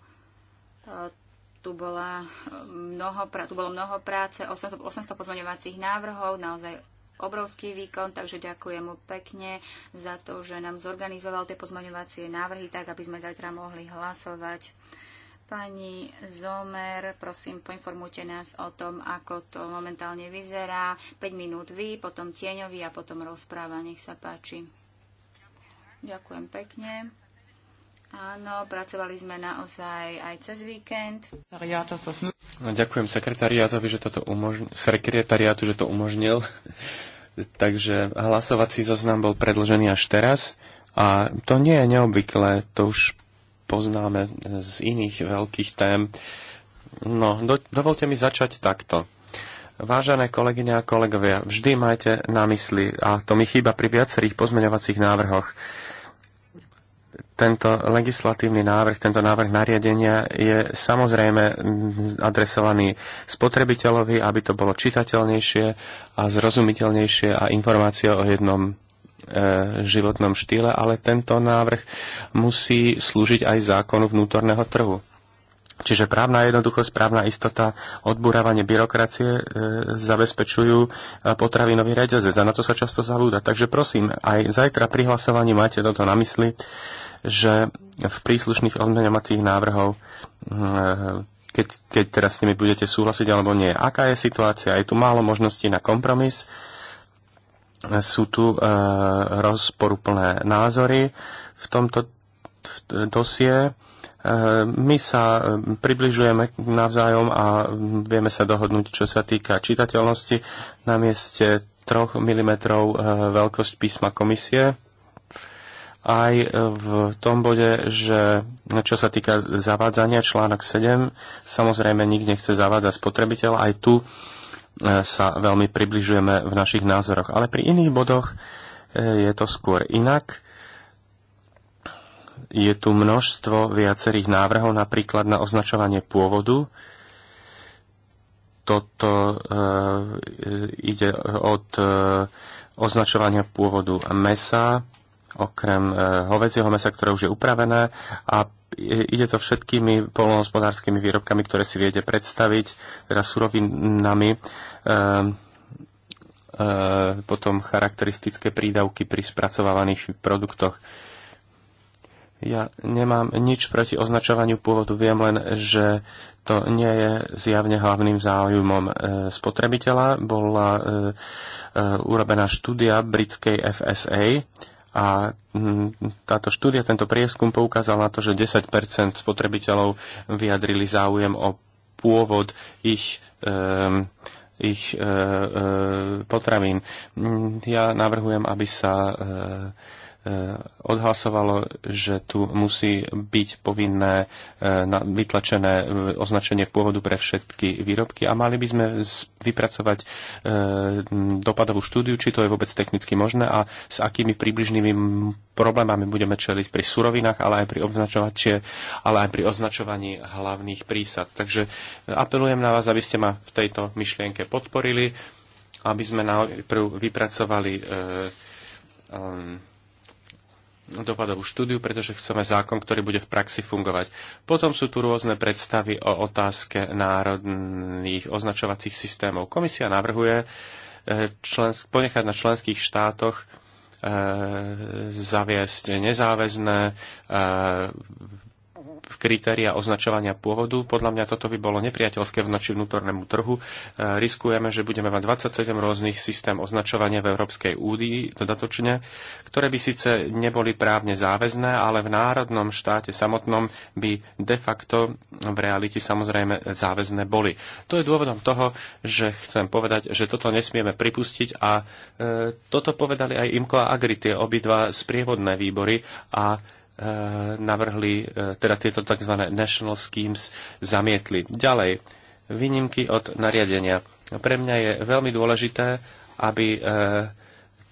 tu, bola e, mnoho, tu bolo mnoho práce, 800, 800 pozmeňovacích návrhov, naozaj obrovský výkon, takže ďakujem mu pekne za to, že nám zorganizoval tie pozmaňovacie návrhy, tak aby sme zajtra mohli hlasovať. Pani Zomer, prosím, poinformujte nás o tom, ako to momentálne vyzerá. 5 minút vy, potom tieňovi a potom rozpráva. Nech sa páči. Ďakujem pekne. Áno, pracovali sme naozaj aj cez víkend. No, ďakujem sekretariátovi, že toto umožnil, sekretariátu, že to umožnil. Takže hlasovací zoznam bol predlžený až teraz. A to nie je neobvyklé, to už poznáme z iných veľkých tém. No, do, dovolte mi začať takto. Vážené kolegyne a kolegovia, vždy majte na mysli, a to mi chýba pri viacerých pozmeňovacích návrhoch, tento legislatívny návrh, tento návrh nariadenia je samozrejme adresovaný spotrebiteľovi, aby to bolo čitateľnejšie a zrozumiteľnejšie a informácia o jednom e, životnom štýle, ale tento návrh musí slúžiť aj zákonu vnútorného trhu. Čiže právna jednoduchosť, právna istota, odburávanie byrokracie e, zabezpečujú e, potravinový reťazec a na to sa často zavúda. Takže prosím, aj zajtra pri hlasovaní máte toto na mysli že v príslušných odmeňovacích návrhov, eh, keď, keď teraz s nimi budete súhlasiť alebo nie, aká je situácia, je tu málo možností na kompromis, sú tu e, rozporuplné názory v tomto v dosie. Eh, my sa približujeme navzájom a vieme sa dohodnúť, čo sa týka čitateľnosti na mieste 3 mm veľkosť písma komisie aj e, v tom bode, že čo sa týka zavádzania, článok 7, samozrejme nik nechce zavádzať spotrebiteľ, aj tu e, sa veľmi približujeme v našich názoroch. Ale pri iných bodoch e, je to skôr inak. Je tu množstvo viacerých návrhov, napríklad na označovanie pôvodu, toto e, ide od e, označovania pôvodu mesa okrem e, hovedzieho mesa, ktoré už je upravené a ide to všetkými polnohospodárskymi výrobkami, ktoré si viete predstaviť, teda surovinami, e, e, potom charakteristické prídavky pri spracovávaných produktoch. Ja nemám nič proti označovaniu pôvodu, viem len, že to nie je zjavne hlavným záujmom e, spotrebiteľa. Bola e, urobená štúdia britskej FSA, a mm, táto štúdia, tento prieskum poukázal na to, že 10 spotrebiteľov vyjadrili záujem o pôvod ich, um, ich uh, potravín. Mm, ja navrhujem, aby sa uh, Eh, odhlasovalo, že tu musí byť povinné eh, vytlačené eh, označenie pôvodu pre všetky výrobky a mali by sme vypracovať dopadovú štúdiu, či to je vôbec technicky možné a s akými približnými problémami budeme čeliť pri surovinách, ale aj pri, označovačie, ale aj pri označovaní hlavných prísad. Takže apelujem na vás, aby ste ma v tejto myšlienke podporili, aby sme najprv vypracovali um, dopadovú štúdiu, pretože chceme zákon, ktorý bude v praxi fungovať. Potom sú tu rôzne predstavy o otázke národných označovacích systémov. Komisia navrhuje e, ponechať na členských štátoch e, zaviesť nezáväzné e, kritéria označovania pôvodu. Podľa mňa toto by bolo nepriateľské v noči vnútornému trhu. E, riskujeme, že budeme mať 27 rôznych systém označovania v Európskej údii dodatočne, ktoré by síce neboli právne záväzné, ale v národnom štáte samotnom by de facto v realite samozrejme záväzné boli. To je dôvodom toho, že chcem povedať, že toto nesmieme pripustiť a e, toto povedali aj IMKO a AGRI, tie obidva sprievodné výbory a Eh, navrhli, eh, teda tieto tzv. national schemes zamietli. Ďalej, výnimky od nariadenia. Pre mňa je veľmi dôležité, aby eh,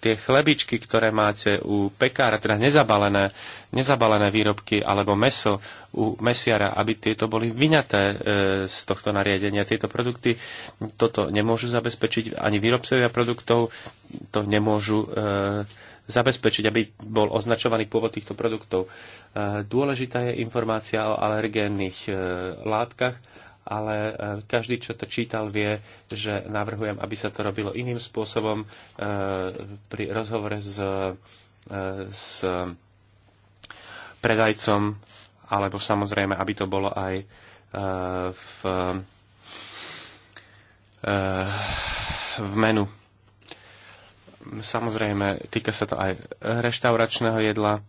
tie chlebičky, ktoré máte u pekára, teda nezabalené, nezabalené výrobky alebo meso u mesiara, aby tieto boli vyňaté z tohto nariadenia. Tieto produkty toto nemôžu zabezpečiť, ani výrobcovia produktov to nemôžu zabezpečiť, aby bol označovaný pôvod týchto produktov. E, dôležitá je informácia o alergénnych e, látkach, ale e, každý, čo to čítal, vie, že navrhujem, aby sa to robilo iným spôsobom pri rozhovore s, s predajcom, alebo samozrejme, aby to bolo aj v, v menu. Samozrejme, týka sa to aj reštauračného jedla,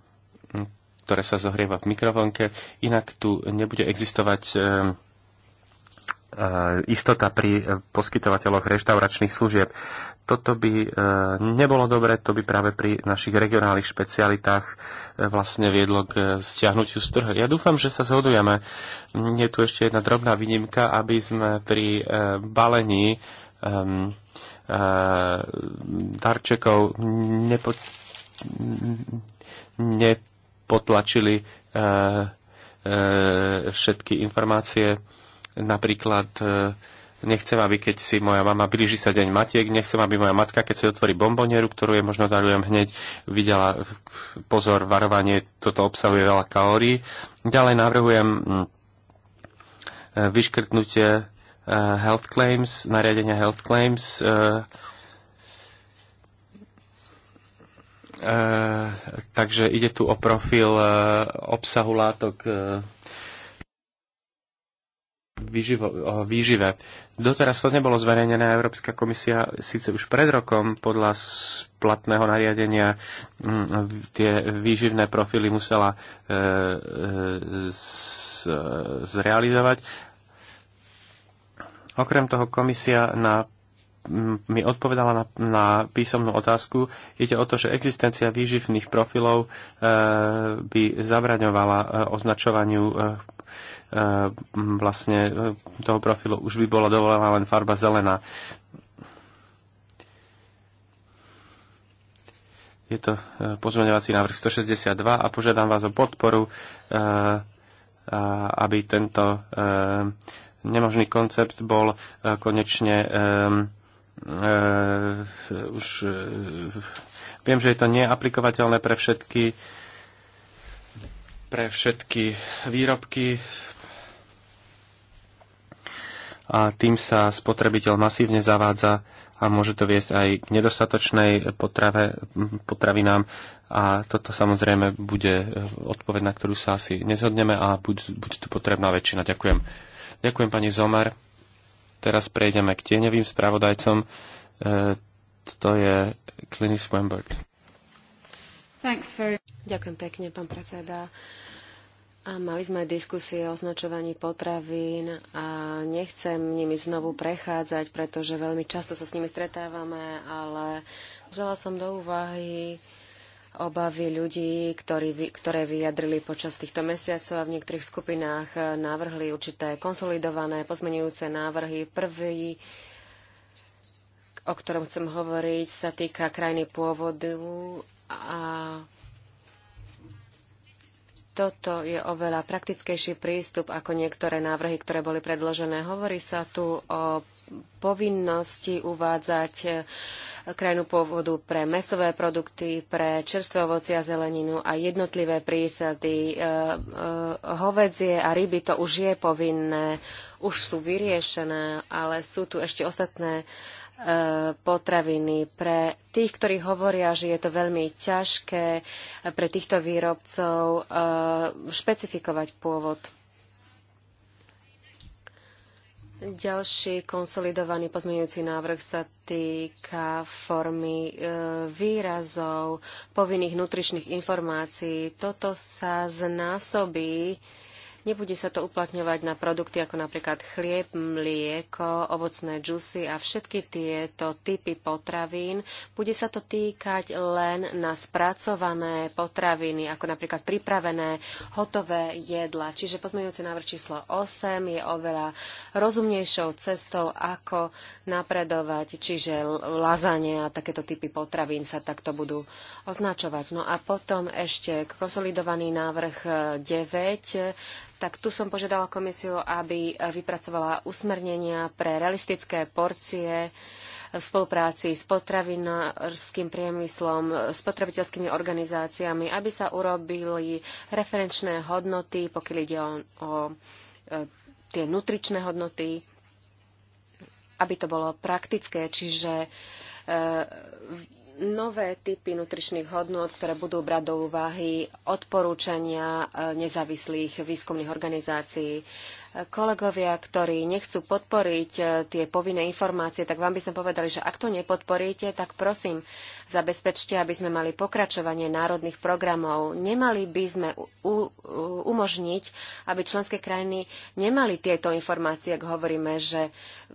ktoré sa zohrieva v mikrovlnke. Inak tu nebude existovať e, e, istota pri e, poskytovateľoch reštauračných služieb. Toto by nebolo dobre, to by práve pri našich regionálnych špecialitách vlastne viedlo k stiahnutiu z trhu. Ja dúfam, že sa zhodujeme. Je tu ešte jedna drobná výnimka, aby sme pri balení Eh, darčekov nepo, nepotlačili eh, eh, všetky informácie. Napríklad nechcem, aby keď si moja mama blíži sa deň matiek, nechcem, aby moja matka, keď si otvorí bombonieru, ktorú je možno darujem hneď, videla pozor, varovanie, toto obsahuje veľa kalórií. Ďalej navrhujem mm, vyškrtnutie Eh, health claims, nariadenia health claims, Uh, takže ide tu o profil uh, obsahu látok uh, o výžive. Doteraz to nebolo zverejnené. Európska komisia síce už pred rokom podľa platného nariadenia um, tie výživné profily musela uh, z, zrealizovať, Okrem toho komisia na mi odpovedala na, na písomnú otázku. Ide o to, že existencia výživných profilov e, by zabraňovala e, označovaniu e, e, vlastne e, toho profilu. Už by bola dovolená len farba zelená. Je to e, pozmeňovací návrh 162 a požiadam vás o podporu, e, a, aby tento e, nemožný koncept bol e, konečne e, už e, viem, že je to neaplikovateľné pre všetky pre všetky výrobky a tým sa spotrebiteľ masívne zavádza a môže to viesť aj k nedostatočnej potrave, potravinám a toto samozrejme bude odpoveď, na ktorú sa asi nezhodneme a bude, bude tu potrebná väčšina. Ďakujem. Ďakujem pani Zomar. Teraz prejdeme k tieňovým spravodajcom. E, to je Clinis Wembert. Ďakujem pekne, pán predseda. A mali sme diskusie o označovaní potravín a nechcem nimi znovu prechádzať, pretože veľmi často sa s nimi stretávame, ale vzala som do úvahy obavy ľudí, ktorí, ktoré vyjadrili počas týchto mesiacov a v niektorých skupinách eh, navrhli určité konsolidované pozmenujúce návrhy. Prvý, o ktorom chcem hovoriť, sa týka krajiny pôvodu a toto je oveľa praktickejší prístup ako niektoré návrhy, ktoré boli predložené. Hovorí sa tu o povinnosti uvádzať e, krajinu pôvodu pre mesové produkty, pre čerstvé ovoci a zeleninu a jednotlivé prísady. E, e, hovedzie a ryby to už je povinné, už sú vyriešené, ale sú tu ešte ostatné potraviny. Pre tých, ktorí hovoria, že je to veľmi ťažké pre týchto výrobcov špecifikovať pôvod ďalší konsolidovaný pozmeňujúci návrh sa týka formy e, výrazov povinných nutričných informácií. Toto sa znásobí Nebude sa to uplatňovať na produkty ako napríklad chlieb, mlieko, ovocné džusy a všetky tieto typy potravín. Bude sa to týkať len na spracované potraviny, ako napríklad pripravené hotové jedla. Čiže pozmeňujúci návrh číslo 8 je oveľa rozumnejšou cestou, ako napredovať, čiže lazanie a takéto typy potravín sa takto budú označovať. No a potom ešte konsolidovaný návrh 9 eh, tak tu som požiadala komisiu, aby eh, vypracovala usmernenia pre realistické porcie v eh, spolupráci s potravinárským priemyslom, eh, s potraviteľskými organizáciami, aby sa urobili referenčné hodnoty, pokiaľ ide o, o tie nutričné hodnoty, aby to bolo praktické, čiže nové typy nutričných hodnôt, ktoré budú brať do úvahy odporúčania e, nezávislých výskumných organizácií. E, kolegovia, ktorí nechcú podporiť e, tie povinné informácie, tak vám by som povedali, že ak to nepodporíte, tak prosím, zabezpečte, aby sme mali pokračovanie národných programov. Nemali by sme umožniť, aby členské krajiny nemali tieto informácie, ak hovoríme, že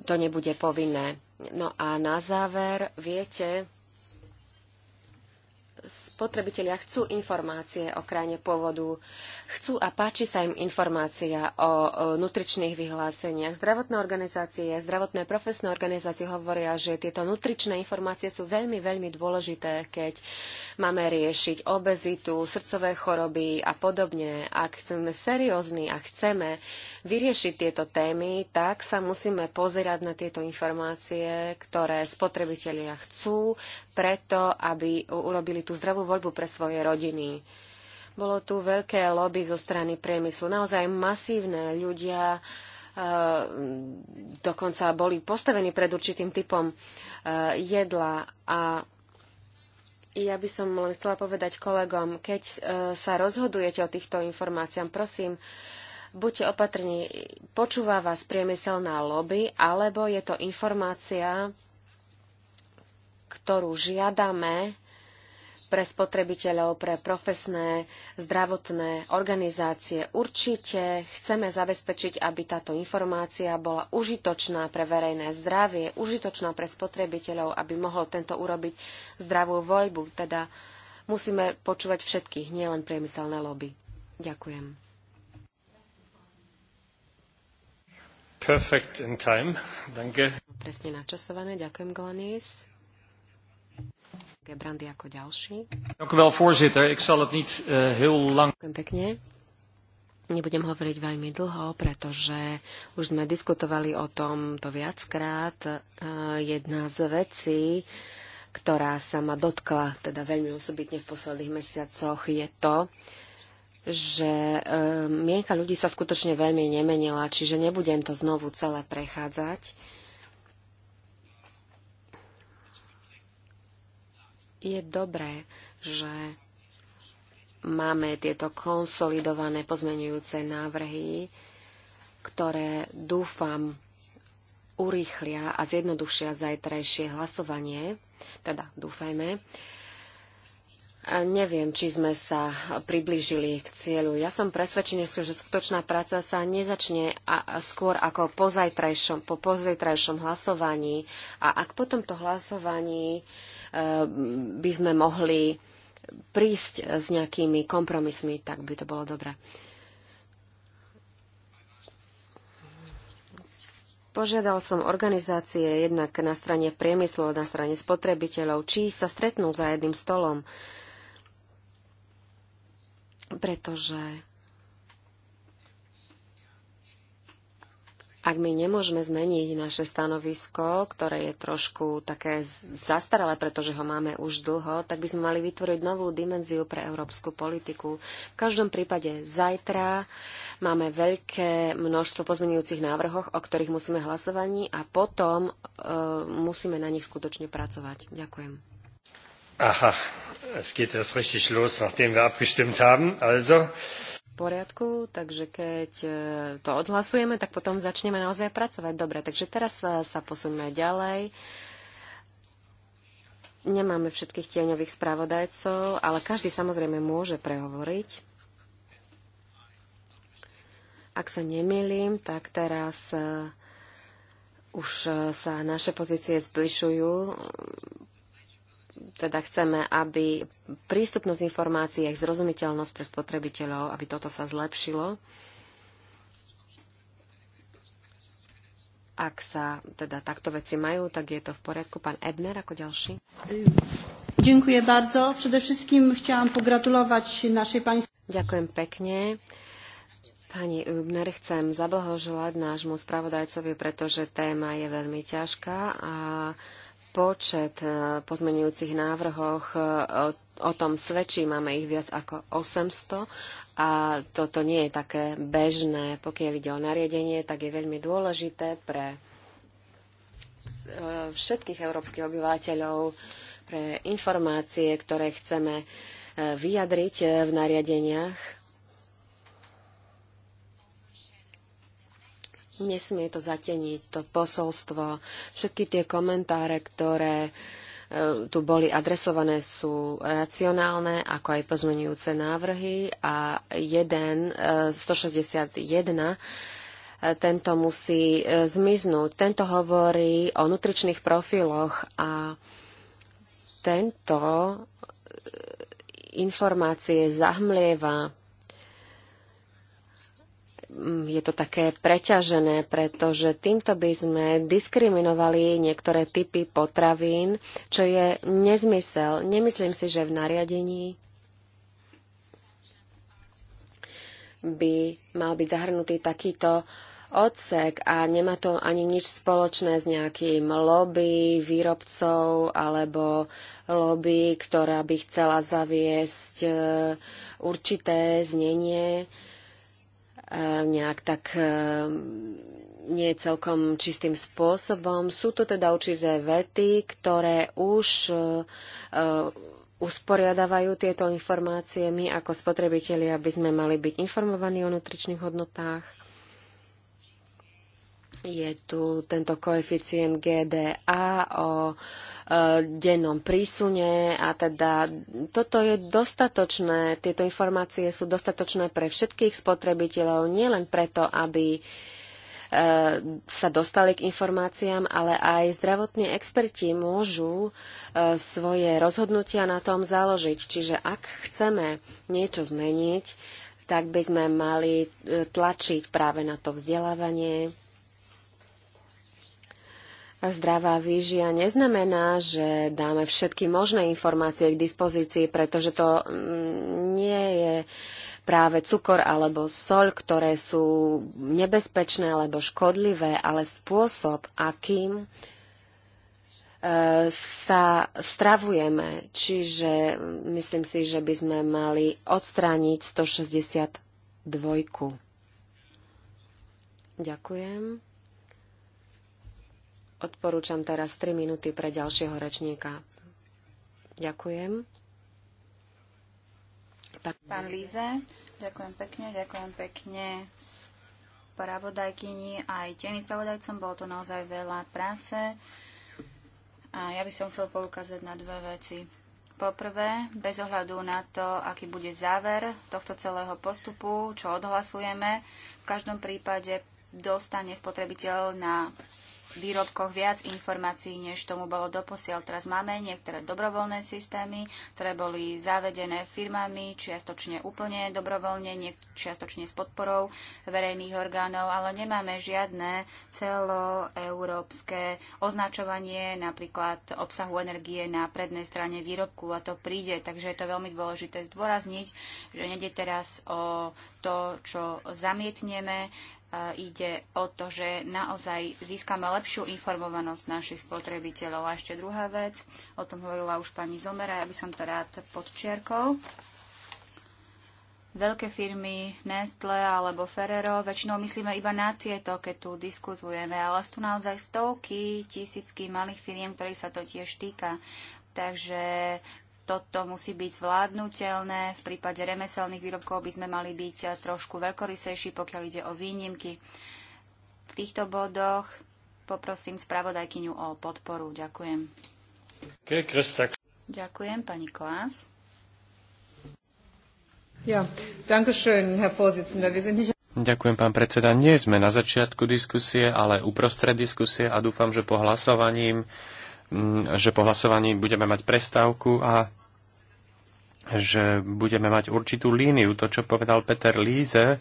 to nebude povinné. No a na záver, viete, spotrebitelia chcú informácie o krajine pôvodu, chcú a páči sa im informácia o, nutričných vyhláseniach. Zdravotné organizácie, zdravotné profesné organizácie hovoria, že tieto nutričné informácie sú veľmi, veľmi dôležité, keď máme riešiť obezitu, srdcové choroby a podobne. Ak chceme seriózni a chceme vyriešiť tieto témy, tak sa musíme pozerať na tieto informácie, ktoré spotrebitelia chcú, preto, aby urobili tú zdravú voľbu pre svoje rodiny. Bolo tu veľké lobby zo strany priemyslu, naozaj masívne ľudia, e, dokonca boli postavení pred určitým typom e, jedla. A ja by som len chcela povedať kolegom, keď e, sa rozhodujete o týchto informáciám, prosím, buďte opatrní, počúva vás priemyselná lobby, alebo je to informácia, ktorú žiadame pre spotrebiteľov, pre profesné zdravotné organizácie. Určite chceme zabezpečiť, aby táto informácia bola užitočná pre verejné zdravie, užitočná pre spotrebiteľov, aby mohol tento urobiť zdravú voľbu. Teda musíme počúvať všetkých, nielen priemyselné lobby. Ďakujem. Perfect in time. Danke. Presne načasované. Ďakujem, Glanis. Gebrandy ako ďalší. Ďakujem pekne. Nebudem hovoriť veľmi dlho, pretože už sme diskutovali o tom to viackrát. Eh, jedna z vecí, ktorá sa ma dotkla teda veľmi osobitne v posledných mesiacoch, je to, že eh, mienka ľudí sa skutočne veľmi nemenila, čiže nebudem to znovu celé prechádzať je dobré, že máme tieto konsolidované pozmenujúce návrhy, ktoré dúfam urýchlia a zjednodušia zajtrajšie hlasovanie. Teda dúfajme. A neviem, či sme sa priblížili k cieľu. Ja som presvedčený, že skutočná práca sa nezačne a, skôr ako po, zajtrajšom, po pozajtrajšom hlasovaní. A ak po tomto hlasovaní uh, by sme mohli prísť s nejakými kompromismi, tak by to bolo dobré. Požiadal som organizácie jednak na strane priemyslu, na strane spotrebiteľov, či sa stretnú za jedným stolom, pretože Ak my nemôžeme zmeniť naše stanovisko, ktoré je trošku také zastaralé, pretože ho máme už dlho, tak by sme mali vytvoriť novú dimenziu pre európsku politiku. V každom prípade zajtra máme veľké množstvo pozmenujúcich návrhoch, o ktorých musíme hlasovaní a potom e, musíme na nich skutočne pracovať. Ďakujem. Aha, es geht erst richtig los, nachdem wir abgestimmt haben. Also poriadku, takže keď e, to odhlasujeme, tak potom začneme naozaj pracovať. Dobre, takže teraz e, sa, posuňme ďalej. Nemáme všetkých tieňových správodajcov, ale každý samozrejme môže prehovoriť. Ak sa nemýlim, tak teraz e, už sa naše pozície zbližujú teda chceme, aby prístupnosť informácií a ich zrozumiteľnosť pre spotrebiteľov, aby toto sa zlepšilo. Ak sa teda takto veci majú, tak je to v poriadku. Pán Ebner ako ďalší. Ďakujem bardzo. Przede wszystkim chciałam pogratulować našej pani... Ďakujem pekne. Pani Übner, chcem zablahoželať nášmu spravodajcovi, pretože téma je veľmi ťažká a počet e, pozmenujúcich návrhoch e, o tom svedčí, máme ich viac ako 800 a toto nie je také bežné. Pokiaľ ide o nariadenie, tak je veľmi dôležité pre e, všetkých európskych obyvateľov, pre informácie, ktoré chceme vyjadriť v nariadeniach Nesmie to zateniť, to posolstvo. Všetky tie komentáre, ktoré e, tu boli adresované, sú racionálne, ako aj pozmenujúce návrhy a jeden, 161 e, e, tento musí zmiznúť. Tento hovorí o nutričných profiloch a tento informácie zahmlieva Mm, je to také preťažené, pretože týmto by sme diskriminovali niektoré typy potravín, čo je nezmysel. Nemyslím si, že v nariadení by mal byť zahrnutý takýto odsek a nemá to ani nič spoločné s nejakým lobby výrobcov alebo lobby, ktorá by chcela zaviesť e, určité znenie Eh, nejak tak eh, nie celkom čistým spôsobom. Sú to teda určité vety, ktoré už eh, usporiadávajú tieto informácie my ako spotrebitelia, aby sme mali byť informovaní o nutričných hodnotách je tu tento koeficient GDA o e, dennom prísune a teda toto je dostatočné, tieto informácie sú dostatočné pre všetkých spotrebiteľov, nielen preto, aby e, sa dostali k informáciám, ale aj zdravotní experti môžu e, svoje rozhodnutia na tom založiť. Čiže ak chceme niečo zmeniť, tak by sme mali tlačiť práve na to vzdelávanie, zdravá výžia neznamená, že dáme všetky možné informácie k dispozícii, pretože to mm, nie je práve cukor alebo sol, ktoré sú nebezpečné alebo škodlivé, ale spôsob, akým e, sa stravujeme. Čiže mm, myslím si, že by sme mali odstrániť 162. Ďakujem. Odporúčam teraz 3 minúty pre ďalšieho rečníka. Ďakujem. Pán, Pán Líze, ďakujem pekne, ďakujem pekne spravodajkyni aj tým spravodajcom. Bolo to naozaj veľa práce. A ja by som chcel poukázať na dve veci. Poprvé, bez ohľadu na to, aký bude záver tohto celého postupu, čo odhlasujeme, v každom prípade dostane spotrebiteľ na výrobkoch viac informácií, než tomu bolo doposiaľ. Teraz máme niektoré dobrovoľné systémy, ktoré boli zavedené firmami, čiastočne úplne dobrovoľne, čiastočne s podporou verejných orgánov, ale nemáme žiadne celoeurópske označovanie napríklad obsahu energie na prednej strane výrobku a to príde, takže je to veľmi dôležité zdôrazniť, že nede teraz o to, čo zamietneme, ide o to, že naozaj získame lepšiu informovanosť našich spotrebiteľov. A ešte druhá vec, o tom hovorila už pani Zomera, ja by som to rád podčiarkol. Veľké firmy Nestle alebo Ferrero, väčšinou myslíme iba na tieto, keď tu diskutujeme, ale sú tu naozaj stovky, tisícky malých firiem, ktorých sa to tiež týka. Takže toto musí byť zvládnutelné. V prípade remeselných výrobkov by sme mali byť trošku veľkorysejší, pokiaľ ide o výnimky. V týchto bodoch poprosím spravodajkyňu o podporu. Ďakujem. Ďakujem, pani Klás. Ja, Herr Vorsitzender. Wir sind nicht Ďakujem, pán predseda. Nie sme na začiatku diskusie, ale uprostred diskusie a dúfam, že po hlasovaním mm, že po hlasovaní budeme mať prestávku a že budeme mať určitú líniu. To, čo povedal Peter Líze,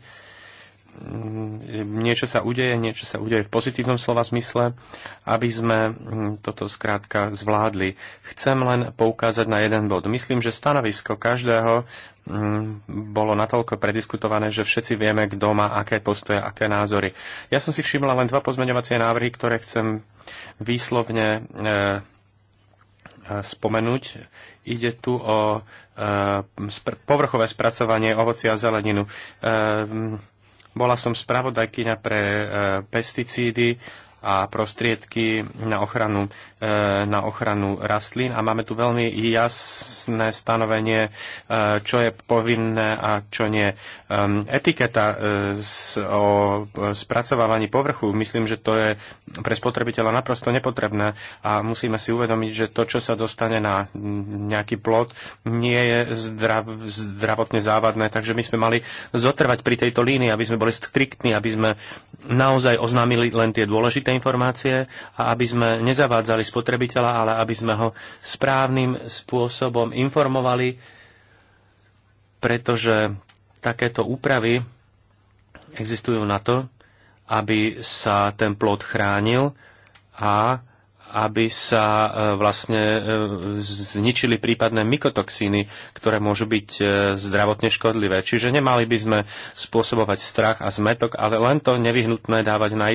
mm, niečo sa udeje, niečo sa udeje v pozitívnom slova zmysle, aby sme mm, toto skrátka zvládli. Chcem len poukázať na jeden bod. Myslím, že stanovisko každého mm, bolo natoľko prediskutované, že všetci vieme, kto má aké postoje, aké názory. Ja som si všimla len dva pozmeňovacie návrhy, ktoré chcem výslovne e, e spomenúť. Ide tu o e, povrchové spracovanie ovocia a zeleninu. E, bola som spravodajkyňa pre e, pesticídy a prostriedky na ochranu, e, na ochranu rastlín a máme tu veľmi jasné stanovenie, e, čo je povinné a čo nie. E, etiketa o spracovávaní povrchu, myslím, že to je pre spotrebiteľa naprosto nepotrebné a musíme si uvedomiť, že to, čo sa dostane na nejaký plot, nie je zdrav, zdravotne závadné, takže my sme mali zotrvať pri tejto línii, aby sme boli striktní, aby sme naozaj oznámili len tie dôležité dôležité informácie a aby sme nezavádzali spotrebiteľa, ale aby sme ho správnym spôsobom informovali, pretože takéto úpravy existujú na to, aby sa ten plod chránil a aby sa e, vlastne e, zničili prípadné mykotoxíny, ktoré môžu byť e, zdravotne škodlivé. Čiže nemali by sme spôsobovať strach a zmetok, ale len to nevyhnutné dávať na,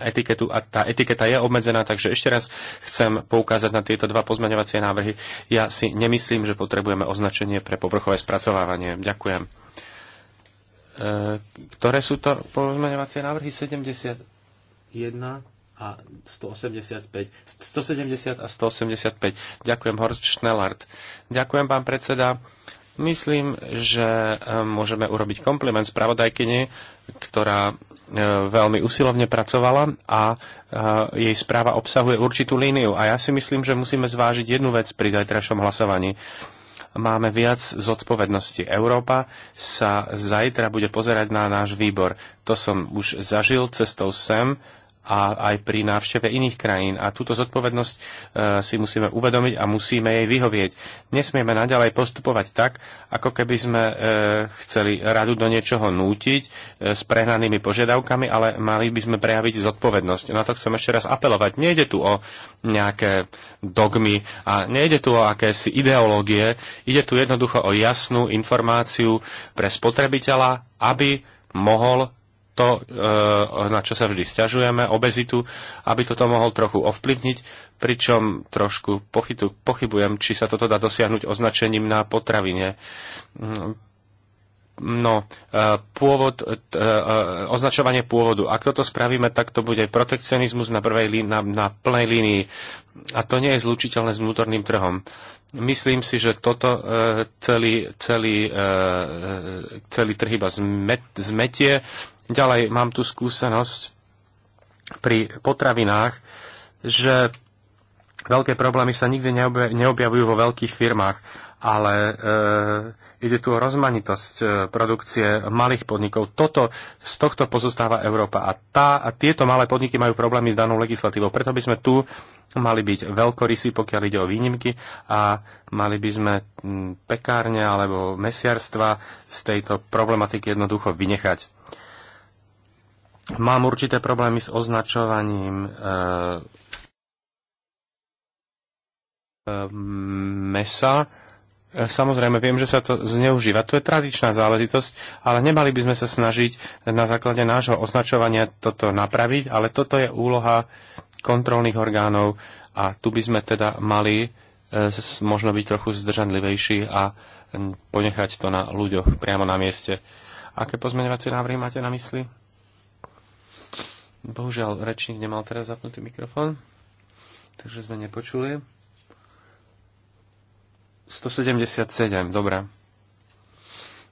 etiketu a tá etiketa je obmedzená, takže ešte raz chcem poukázať na tieto dva pozmeňovacie návrhy. Ja si nemyslím, že potrebujeme označenie pre povrchové spracovávanie. Ďakujem. Ktoré sú to pozmeňovacie návrhy? 71 a 185, 170 a 185. Ďakujem, Horst Schnellart. Ďakujem, pán predseda. Myslím, že e, môžeme urobiť kompliment spravodajkyni, ktorá e, veľmi usilovne pracovala a e, jej správa obsahuje určitú líniu. A ja si myslím, že musíme zvážiť jednu vec pri zajtrajšom hlasovaní máme viac zodpovednosti. Európa sa zajtra bude pozerať na náš výbor. To som už zažil cestou sem a aj pri návšteve iných krajín. A túto zodpovednosť e, si musíme uvedomiť a musíme jej vyhovieť. Nesmieme naďalej postupovať tak, ako keby sme e, chceli radu do niečoho nútiť e, s prehnanými požiadavkami, ale mali by sme prejaviť zodpovednosť. Na to chcem ešte raz apelovať. Nejde tu o nejaké dogmy a nejde tu o akési ideológie. Ide tu jednoducho o jasnú informáciu pre spotrebiteľa, aby mohol to, eh, na čo sa vždy stiažujeme, obezitu, aby toto mohol trochu ovplyvniť, pričom trošku pochytu, pochybujem, či sa toto dá dosiahnuť označením na potravine. Mm. No, eh, pôvod, eh, označovanie pôvodu. Ak toto spravíme, tak to bude protekcionizmus na, prvej, na, na plnej línii. A to nie je zlučiteľné s vnútorným trhom. Myslím si, že toto celý, celý, celý trh iba zmetie Ďalej mám tu skúsenosť pri potravinách, že veľké problémy sa nikdy neobjavujú vo veľkých firmách, ale e, ide tu o rozmanitosť e, produkcie malých podnikov. Toto, z tohto pozostáva Európa a, tá, a tieto malé podniky majú problémy s danou legislatívou. Preto by sme tu mali byť veľkorysí, pokiaľ ide o výnimky a mali by sme pekárne alebo mesiarstva z tejto problematiky jednoducho vynechať. Mám určité problémy s označovaním e, mesa. Eh, samozrejme, viem, že sa to zneužíva. To je tradičná záležitosť, ale nemali by sme sa snažiť na základe nášho označovania toto napraviť, ale toto je úloha kontrolných orgánov a tu by sme teda mali možno byť trochu zdržanlivejší a hm, ponechať to na ľuďoch priamo na mieste. Aké pozmeňovacie návrhy máte na mysli? Bohužiaľ, rečník nemal teraz zapnutý mikrofón, takže sme nepočuli. 177, dobre.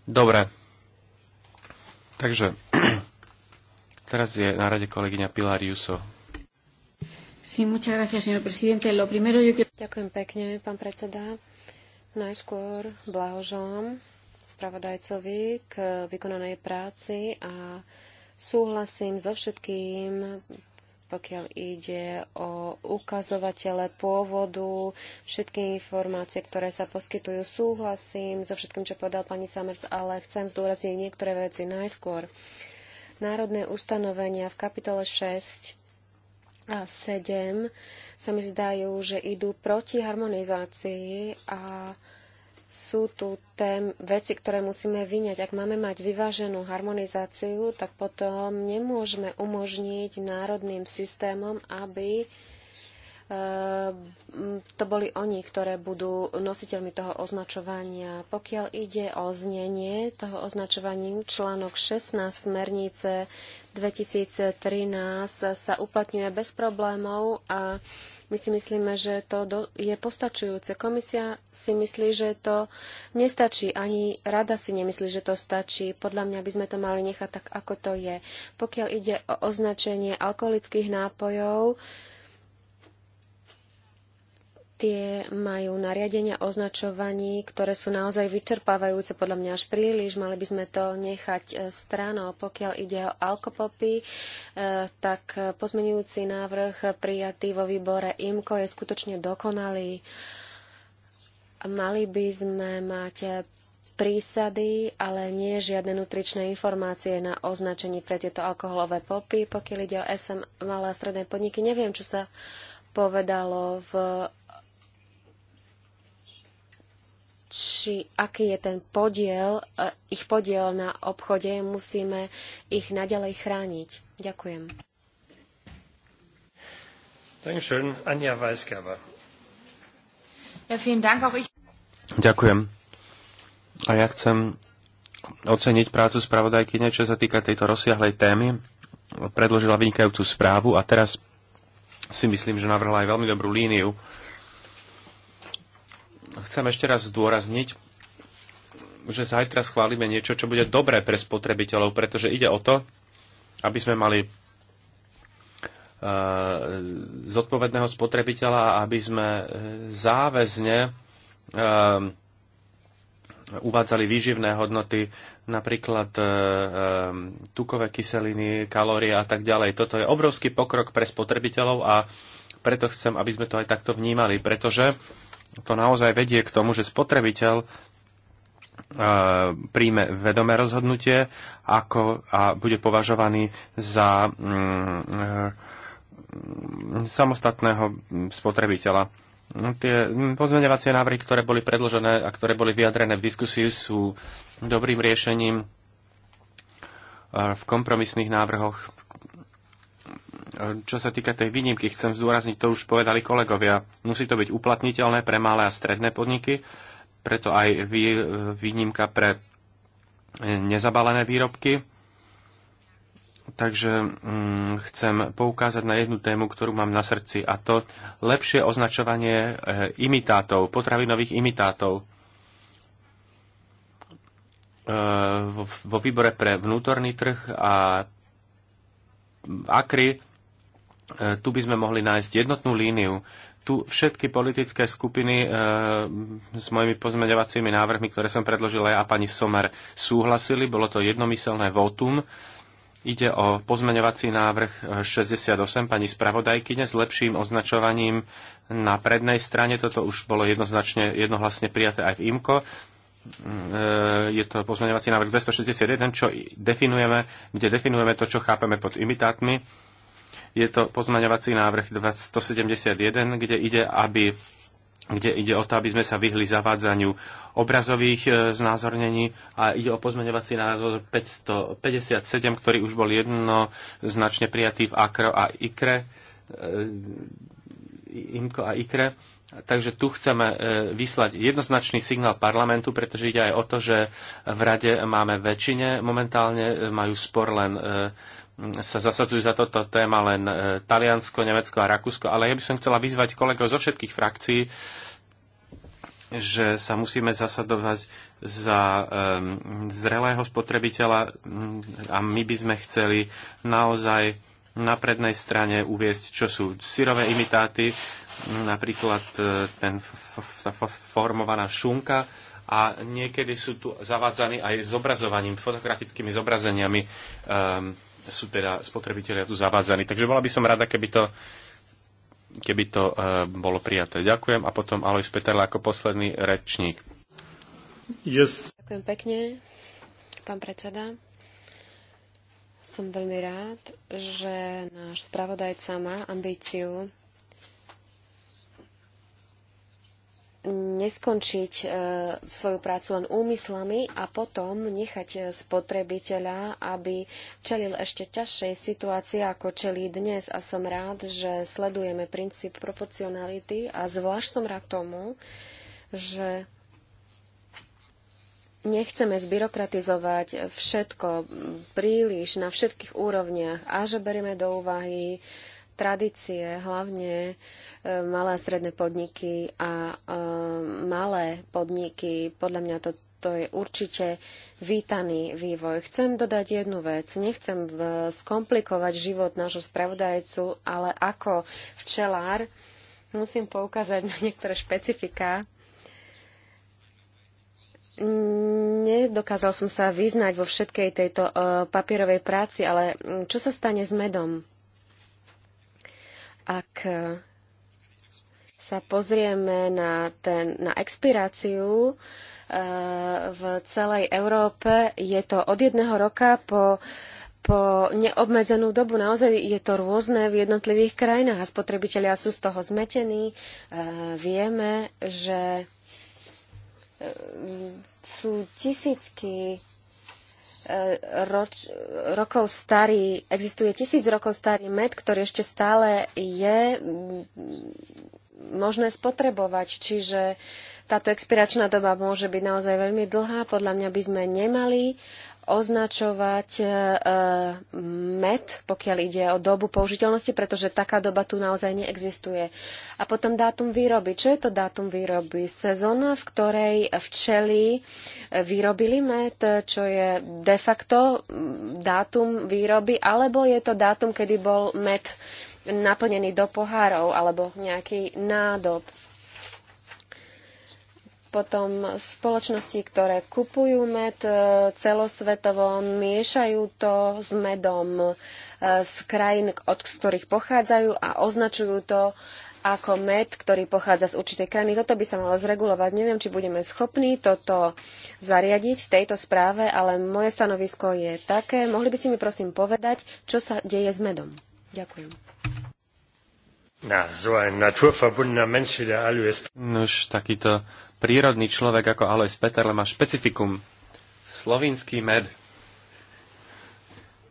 Dobre. Takže, teraz je na rade kolegyňa Pilar Juso. Sí, muchas gracias, señor presidente. Lo primero yo quiero... Ďakujem pekne, pán predseda. Najskôr blahoželám spravodajcovi k vykonanej práci a Súhlasím so všetkým, pokiaľ ide o ukazovatele pôvodu, všetky informácie, ktoré sa poskytujú, súhlasím so všetkým, čo povedal pani Summers, ale chcem zdôrazniť niektoré veci najskôr. Národné ustanovenia v kapitole 6 a 7 sa mi zdajú, že idú proti harmonizácii a sú tu tém, veci, ktoré musíme vyňať. Ak máme mať vyváženú harmonizáciu, tak potom nemôžeme umožniť národným systémom, aby eh, to boli oni, ktoré budú nositeľmi toho označovania. Pokiaľ ide o znenie toho označovania, článok 16 smernice 2013 sa uplatňuje bez problémov a my si myslíme, že to do, je postačujúce. Komisia si myslí, že to nestačí. Ani rada si nemyslí, že to stačí. Podľa mňa by sme to mali nechať tak, ako to je. Pokiaľ ide o označenie alkoholických nápojov, Tie majú nariadenia označovaní, ktoré sú naozaj vyčerpávajúce, podľa mňa až príliš. Mali by sme to nechať e, stranou. Pokiaľ ide o alkopopy, e, tak pozmenujúci návrh prijatý vo výbore IMKO je skutočne dokonalý. Mali by sme mať prísady, ale nie žiadne nutričné informácie na označení pre tieto alkoholové popy. Pokiaľ ide o SM malé a stredné podniky, neviem, čo sa povedalo v či aký je ten podiel, e, ich podiel na obchode, musíme ich naďalej chrániť. Ďakujem. Dankeschön, Anja Weisgerber. Ja, vielen Dank auch ich. Ďakujem. A ja chcem oceniť prácu spravodajkyne, čo sa týka tejto rozsiahlej témy. Predložila vynikajúcu správu a teraz si myslím, že navrhla aj veľmi dobrú líniu chcem ešte raz zdôrazniť, že zajtra schválime niečo, čo bude dobré pre spotrebiteľov, pretože ide o to, aby sme mali e, zodpovedného spotrebiteľa, a aby sme e, záväzne e, uvádzali výživné hodnoty, napríklad tukové kyseliny, kalórie a tak ďalej. Toto je obrovský pokrok pre spotrebiteľov a preto chcem, aby sme to aj takto vnímali, pretože to naozaj vedie k tomu, že spotrebiteľ e, príjme vedomé rozhodnutie ako, a bude považovaný za mm, e, samostatného spotrebiteľa. No, tie pozmeňovacie návrhy, ktoré boli predložené a ktoré boli vyjadrené v diskusii, sú dobrým riešením e, v kompromisných návrhoch, čo sa týka tej výnimky, chcem zdôrazniť, to už povedali kolegovia, musí to byť uplatniteľné pre malé a stredné podniky, preto aj výnimka pre nezabalené výrobky. Takže mm, chcem poukázať na jednu tému, ktorú mám na srdci, a to lepšie označovanie e, imitátov, potravinových imitátov. E, vo výbore pre vnútorný trh a Akry E, tu by sme mohli nájsť jednotnú líniu. Tu všetky politické skupiny e, s mojimi pozmeňovacími návrhmi, ktoré som predložila ja a pani Somer, súhlasili. Bolo to jednomyselné votum. Ide o pozmeňovací návrh 68 e, pani spravodajkyne s lepším označovaním na prednej strane. Toto už bolo jednoznačne, jednohlasne prijaté aj v IMKO e, je to pozmeňovací návrh 261, čo definujeme, kde definujeme to, čo chápeme pod imitátmi je to pozmaňovací návrh 271, kde ide, aby kde ide o to, aby sme sa vyhli zavádzaniu obrazových e, znázornení a ide o pozmeňovací názor 557, ktorý už bol jednoznačne prijatý v AKRO a IKRE, e, IMKO a IKRE. Takže tu chceme e, vyslať jednoznačný signál parlamentu, pretože ide aj o to, že v rade máme väčšine, momentálne e, majú spor len e, sa zasadzujú za toto téma len e, Taliansko, Nemecko a Rakúsko, ale ja by som chcela vyzvať kolegov zo všetkých frakcií, že sa musíme zasadovať za um, zrelého spotrebiteľa mm, a my by sme chceli naozaj na prednej strane uviesť, čo sú syrové imitáty, mm, napríklad e, ten, tá formovaná šunka a niekedy sú tu zavádzaní aj zobrazovaním, fotografickými zobrazeniami um, sú teda spotrebitelia tu zavádzaní. Takže bola by som rada, keby to, keby to e, bolo prijaté. Ďakujem a potom Alois Peterla ako posledný rečník. Yes. Ďakujem pekne, pán predseda. Som veľmi rád, že náš spravodajca má ambíciu neskončiť e, svoju prácu len úmyslami a potom nechať e, spotrebiteľa, aby čelil ešte ťažšej situácii, ako čelí dnes. A som rád, že sledujeme princíp proporcionality a zvlášť som rád tomu, že nechceme zbyrokratizovať všetko príliš na všetkých úrovniach a že berieme do úvahy tradície, hlavne e, malé a stredné podniky a e, malé podniky. Podľa mňa to, to je určite vítaný vývoj. Chcem dodať jednu vec. Nechcem e, skomplikovať život nášho spravodajcu, ale ako včelár musím poukázať na niektoré špecifiká Nedokázal som sa vyznať vo všetkej tejto papierovej práci, ale čo sa stane s medom? Ak e, sa pozrieme na, ten, na expiráciu e, v celej Európe, je to od jedného roka po, po neobmedzenú dobu. Naozaj je to rôzne v jednotlivých krajinách a spotrebitelia sú z toho zmetení. E, vieme, že e, sú tisícky roč, rokov starý, existuje tisíc rokov starý med, ktorý ešte stále je mm, možné spotrebovať, čiže táto expiračná doba môže byť naozaj veľmi dlhá. Podľa mňa by sme nemali uh, označovať e, e, med, pokiaľ ide o dobu použiteľnosti, pretože taká doba tu naozaj neexistuje. A potom dátum výroby. Čo je to dátum výroby? Sezóna, v ktorej včeli e, vyrobili med, čo je de facto mm, dátum výroby, alebo je to dátum, kedy bol med naplnený do pohárov alebo nejaký nádob potom spoločnosti, ktoré kupujú med e, celosvetovo, miešajú to s medom e, z krajín, od ktorých pochádzajú a označujú to ako med, ktorý pochádza z určitej krajiny. Toto by sa malo zregulovať. Neviem, či budeme schopní toto zariadiť v tejto správe, ale moje stanovisko je také. Mohli by ste mi prosím povedať, čo sa deje s medom? Ďakujem. Na, so ein naturverbundener Mensch wie der Alois. Nuž, takýto prírodný človek ako Alois Peterle má špecifikum. Slovinský med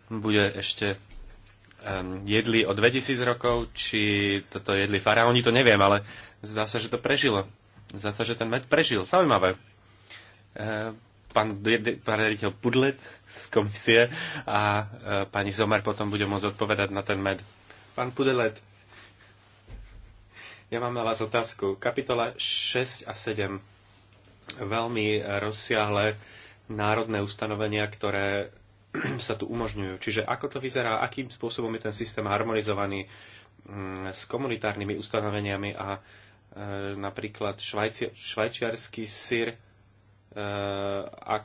bude ešte um, jedli o 2000 rokov, či toto jedli faraóni, to neviem, ale zdá sa, že to prežilo. Zdá sa, že ten med prežil. Zaujímavé. E, pán, pán rediteľ Pudlet z komisie a e, pani Zomer potom bude môcť odpovedať na ten med. Pán Pudelet, ja mám na vás otázku. Kapitola 6 a 7. Veľmi rozsiahle národné ustanovenia, ktoré sa tu umožňujú. Čiže ako to vyzerá, akým spôsobom je ten systém harmonizovaný mm, s komunitárnymi ustanoveniami a e, napríklad švajci, švajčiarsky syr, e, a,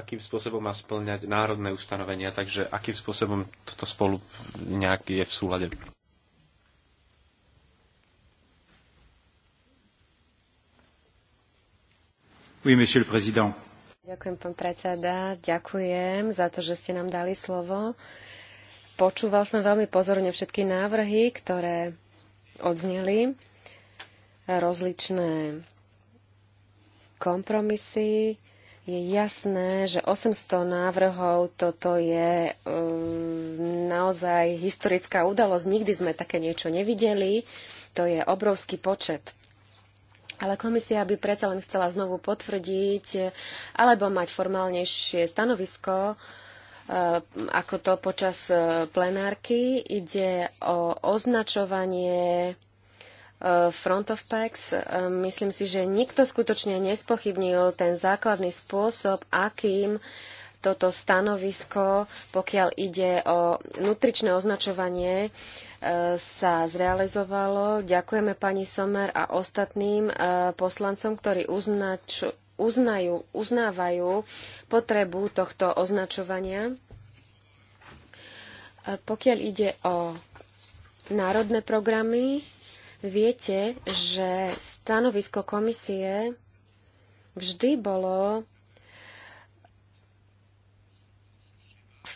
akým spôsobom má splňať národné ustanovenia, takže akým spôsobom toto spolu nejak je v súlade. Oui, monsieur le président. Ďakujem, pán predseda. Ďakujem za to, že ste nám dali slovo. Počúval som veľmi pozorne všetky návrhy, ktoré odzneli. Rozličné kompromisy. Je jasné, že 800 návrhov toto je um, naozaj historická udalosť. Nikdy sme také niečo nevideli. To je obrovský počet. Ale komisia by predsa len chcela znovu potvrdiť alebo mať formálnejšie stanovisko, e, ako to počas e, plenárky. Ide o označovanie e, front of packs. Myslím si, že nikto skutočne nespochybnil ten základný spôsob, akým toto stanovisko, pokiaľ ide o nutričné označovanie, sa zrealizovalo. Ďakujeme pani Somer a ostatným e, poslancom, ktorí uznač, uznajú, uznávajú potrebu tohto označovania. E, pokiaľ ide o národné programy, viete, že stanovisko komisie vždy bolo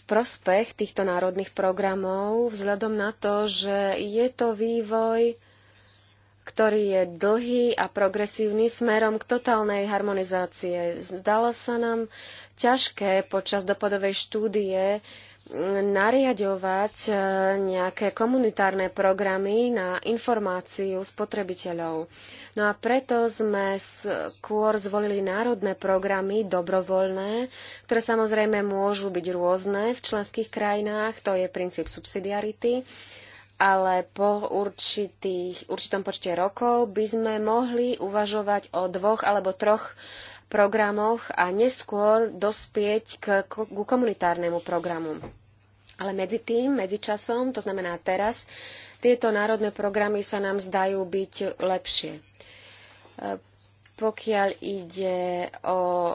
prospech týchto národných programov, vzhľadom na to, že je to vývoj, ktorý je dlhý a progresívny smerom k totálnej harmonizácie. Zdalo sa nám ťažké počas dopadovej štúdie nariadovať e, nejaké komunitárne programy na informáciu spotrebiteľov. No a preto sme skôr zvolili národné programy dobrovoľné, ktoré samozrejme môžu byť rôzne v členských krajinách, to je princíp subsidiarity, ale po určitých, určitom počte rokov by sme mohli uvažovať o dvoch alebo troch programoch a neskôr dospieť k, ku komunitárnemu programu. Ale medzi tým, medzi časom, to znamená teraz, tieto národné programy sa nám zdajú byť lepšie. E, pokiaľ ide o e,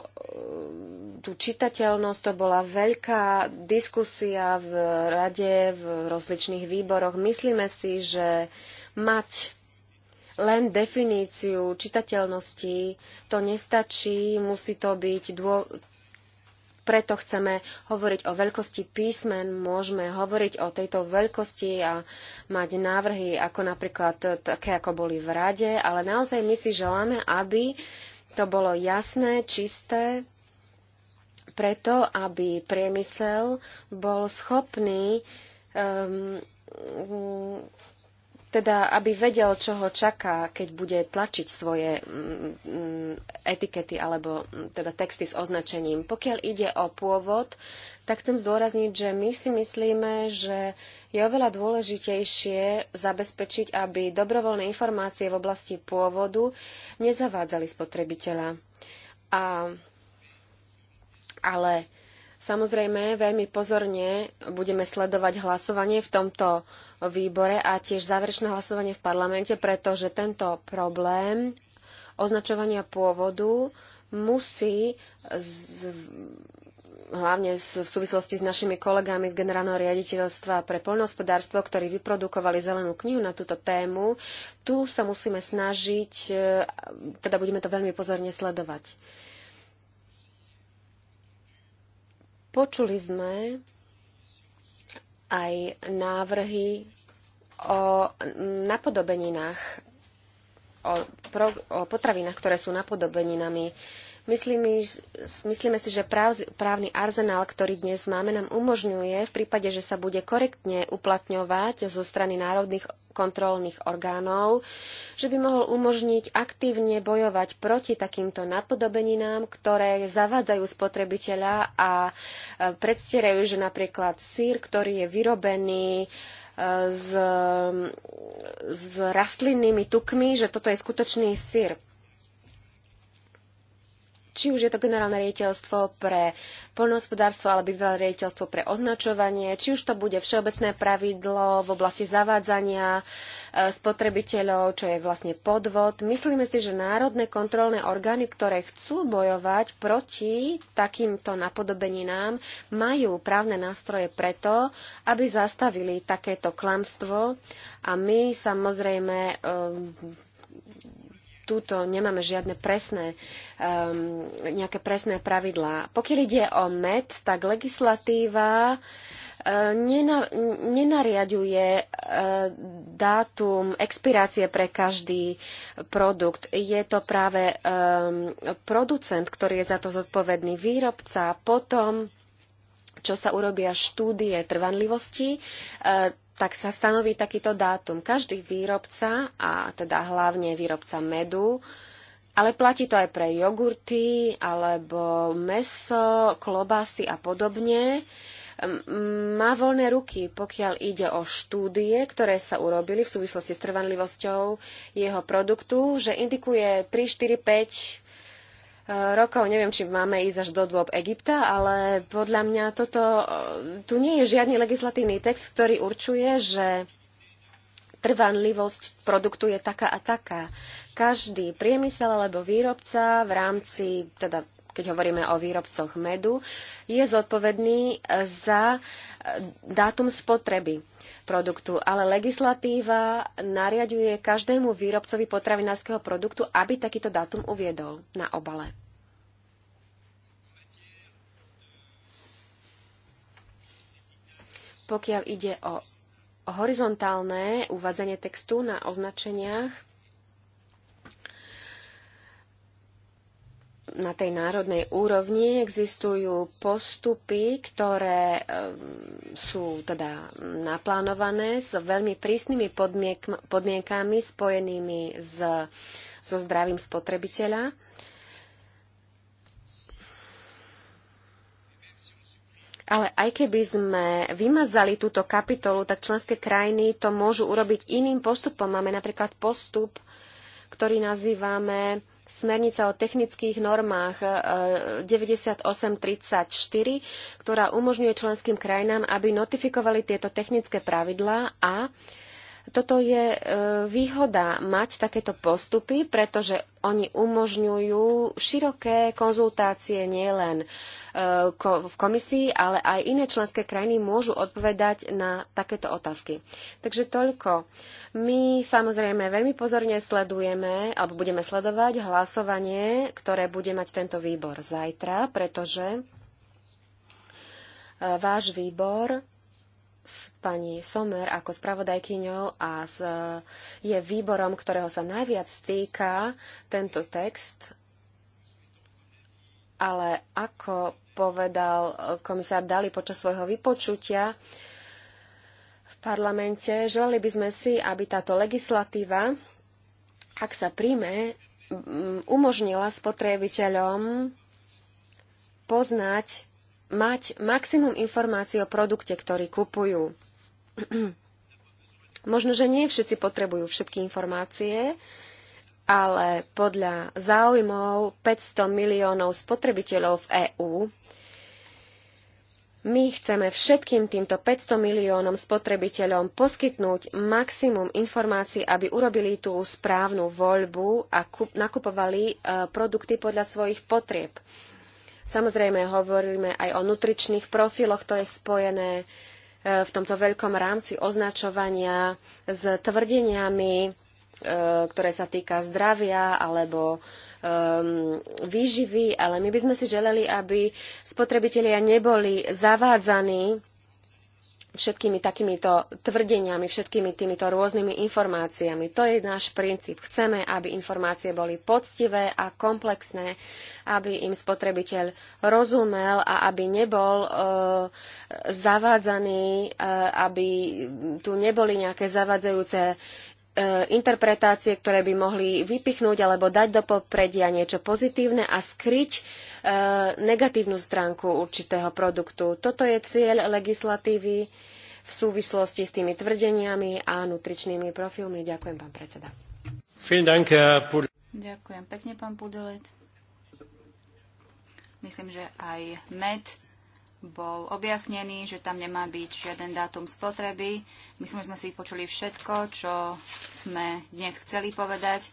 tú čitateľnosť, to bola veľká diskusia v rade, v rozličných výboroch. Myslíme si, že mať len definíciu čitateľnosti. To nestačí, musí to byť dô... Preto chceme hovoriť o veľkosti písmen, môžeme hovoriť o tejto veľkosti a mať návrhy ako napríklad také, ako boli v rade, ale naozaj my si želáme, aby to bolo jasné, čisté, preto, aby priemysel bol schopný um, teda aby vedel, čo ho čaká, keď bude tlačiť svoje mm, mm, etikety alebo mm, teda texty s označením. Pokiaľ ide o pôvod, tak chcem zdôrazniť, že my si myslíme, že je oveľa dôležitejšie zabezpečiť, aby dobrovoľné informácie v oblasti pôvodu nezavádzali spotrebiteľa. A, ale Samozrejme, veľmi pozorne budeme sledovať hlasovanie v tomto výbore a tiež záverečné hlasovanie v parlamente, pretože tento problém označovania pôvodu musí z, hlavne v súvislosti s našimi kolegami z Generálneho riaditeľstva pre poľnohospodárstvo, ktorí vyprodukovali zelenú knihu na túto tému. Tu sa musíme snažiť, e, teda budeme to veľmi pozorne sledovať. Počuli sme aj návrhy o napodobeninách, o, pro, o potravinách, ktoré sú napodobeninami Myslím, myslíme si, že právny arzenál, ktorý dnes máme, nám umožňuje v prípade, že sa bude korektne uplatňovať zo strany národných kontrolných orgánov, že by mohol umožniť aktívne bojovať proti takýmto napodobeninám, ktoré zavádzajú spotrebiteľa a e, predstierajú, že napríklad sír, ktorý je vyrobený s, e, s rastlinnými tukmi, že toto je skutočný sír či už je to generálne riaditeľstvo pre poľnohospodárstvo alebo bývalé riaditeľstvo pre označovanie, či už to bude všeobecné pravidlo v oblasti zavádzania e, spotrebiteľov, čo je vlastne podvod. Myslíme si, že národné kontrolné orgány, ktoré chcú bojovať proti takýmto napodobeninám, majú právne nástroje preto, aby zastavili takéto klamstvo a my samozrejme e, túto nemáme žiadne presné, um, nejaké presné pravidlá. Pokiaľ ide o med, tak legislatíva e, nenariaduje e, dátum expirácie pre každý produkt. Je to práve ehm, producent, ktorý je za to zodpovedný výrobca, potom čo sa urobia štúdie trvanlivosti. E, tak sa stanoví takýto dátum. Každý výrobca, a teda hlavne výrobca medu, ale platí to aj pre jogurty, alebo meso, klobásy a podobne, má voľné ruky, pokiaľ ide o štúdie, ktoré sa urobili v súvislosti s trvanlivosťou jeho produktu, že indikuje 3, 4, 5 rokov. Neviem, či máme ísť až do dôb Egypta, ale podľa mňa toto, e, tu nie je žiadny legislatívny text, ktorý určuje, že trvanlivosť produktu je taká a taká. Každý priemysel alebo výrobca v rámci, teda keď hovoríme o výrobcoch medu, je zodpovedný za e, dátum spotreby produktu, ale legislatíva nariaduje každému výrobcovi potravinárskeho produktu, aby takýto dátum uviedol na obale. Pokiaľ ide o horizontálne uvádzanie textu na označeniach na tej národnej úrovni existujú postupy, ktoré sú teda naplánované s veľmi prísnymi podmienkami spojenými s, so zdravím spotrebiteľa. Ale aj keby sme vymazali túto kapitolu, tak členské krajiny to môžu urobiť iným postupom. Máme napríklad postup, ktorý nazývame Smernica o technických normách 9834, e, ktorá umožňuje členským krajinám, aby notifikovali tieto technické pravidlá a toto je e, výhoda mať takéto postupy, pretože oni umožňujú široké konzultácie nielen e, v komisii, ale aj iné členské krajiny môžu odpovedať na takéto otázky. Takže toľko. My samozrejme veľmi pozorne sledujeme, alebo budeme sledovať hlasovanie, ktoré bude mať tento výbor zajtra, pretože e, váš výbor s pani Somer ako spravodajkyňou a s, je výborom, ktorého sa najviac týka tento text. Ale ako povedal komisár Dali počas svojho vypočutia v parlamente, želali by sme si, aby táto legislatíva, ak sa príjme, umožnila spotrebiteľom poznať mať maximum informácií o produkte, ktorý kupujú. Možno, že nie všetci potrebujú všetky informácie, ale podľa záujmov 500 miliónov spotrebiteľov v EÚ my chceme všetkým týmto 500 miliónom spotrebiteľom poskytnúť maximum informácií, aby urobili tú správnu voľbu a nakupovali eh, produkty podľa svojich potrieb. Samozrejme, hovoríme aj o nutričných profiloch, to je spojené e, v tomto veľkom rámci označovania s tvrdeniami, e, ktoré sa týka zdravia alebo ehm, výživy, ale my by sme si želeli, aby spotrebitelia neboli zavádzaní všetkými takýmito tvrdeniami, všetkými týmito rôznymi informáciami. To je náš princíp. Chceme, aby informácie boli poctivé a komplexné, aby im spotrebiteľ rozumel a aby nebol e, zavádzaný, e, aby tu neboli nejaké zavádzajúce E, interpretácie, ktoré by mohli vypichnúť alebo dať do popredia niečo pozitívne a skryť e, negatívnu stránku určitého produktu. Toto je cieľ legislatívy v súvislosti s tými tvrdeniami a nutričnými profilmi. Ďakujem, pán predseda. Ďakujem pekne, pán Pudelet. Myslím, že aj med bol objasnený, že tam nemá byť žiaden dátum spotreby. Myslím, že sme si počuli všetko, čo sme dnes chceli povedať.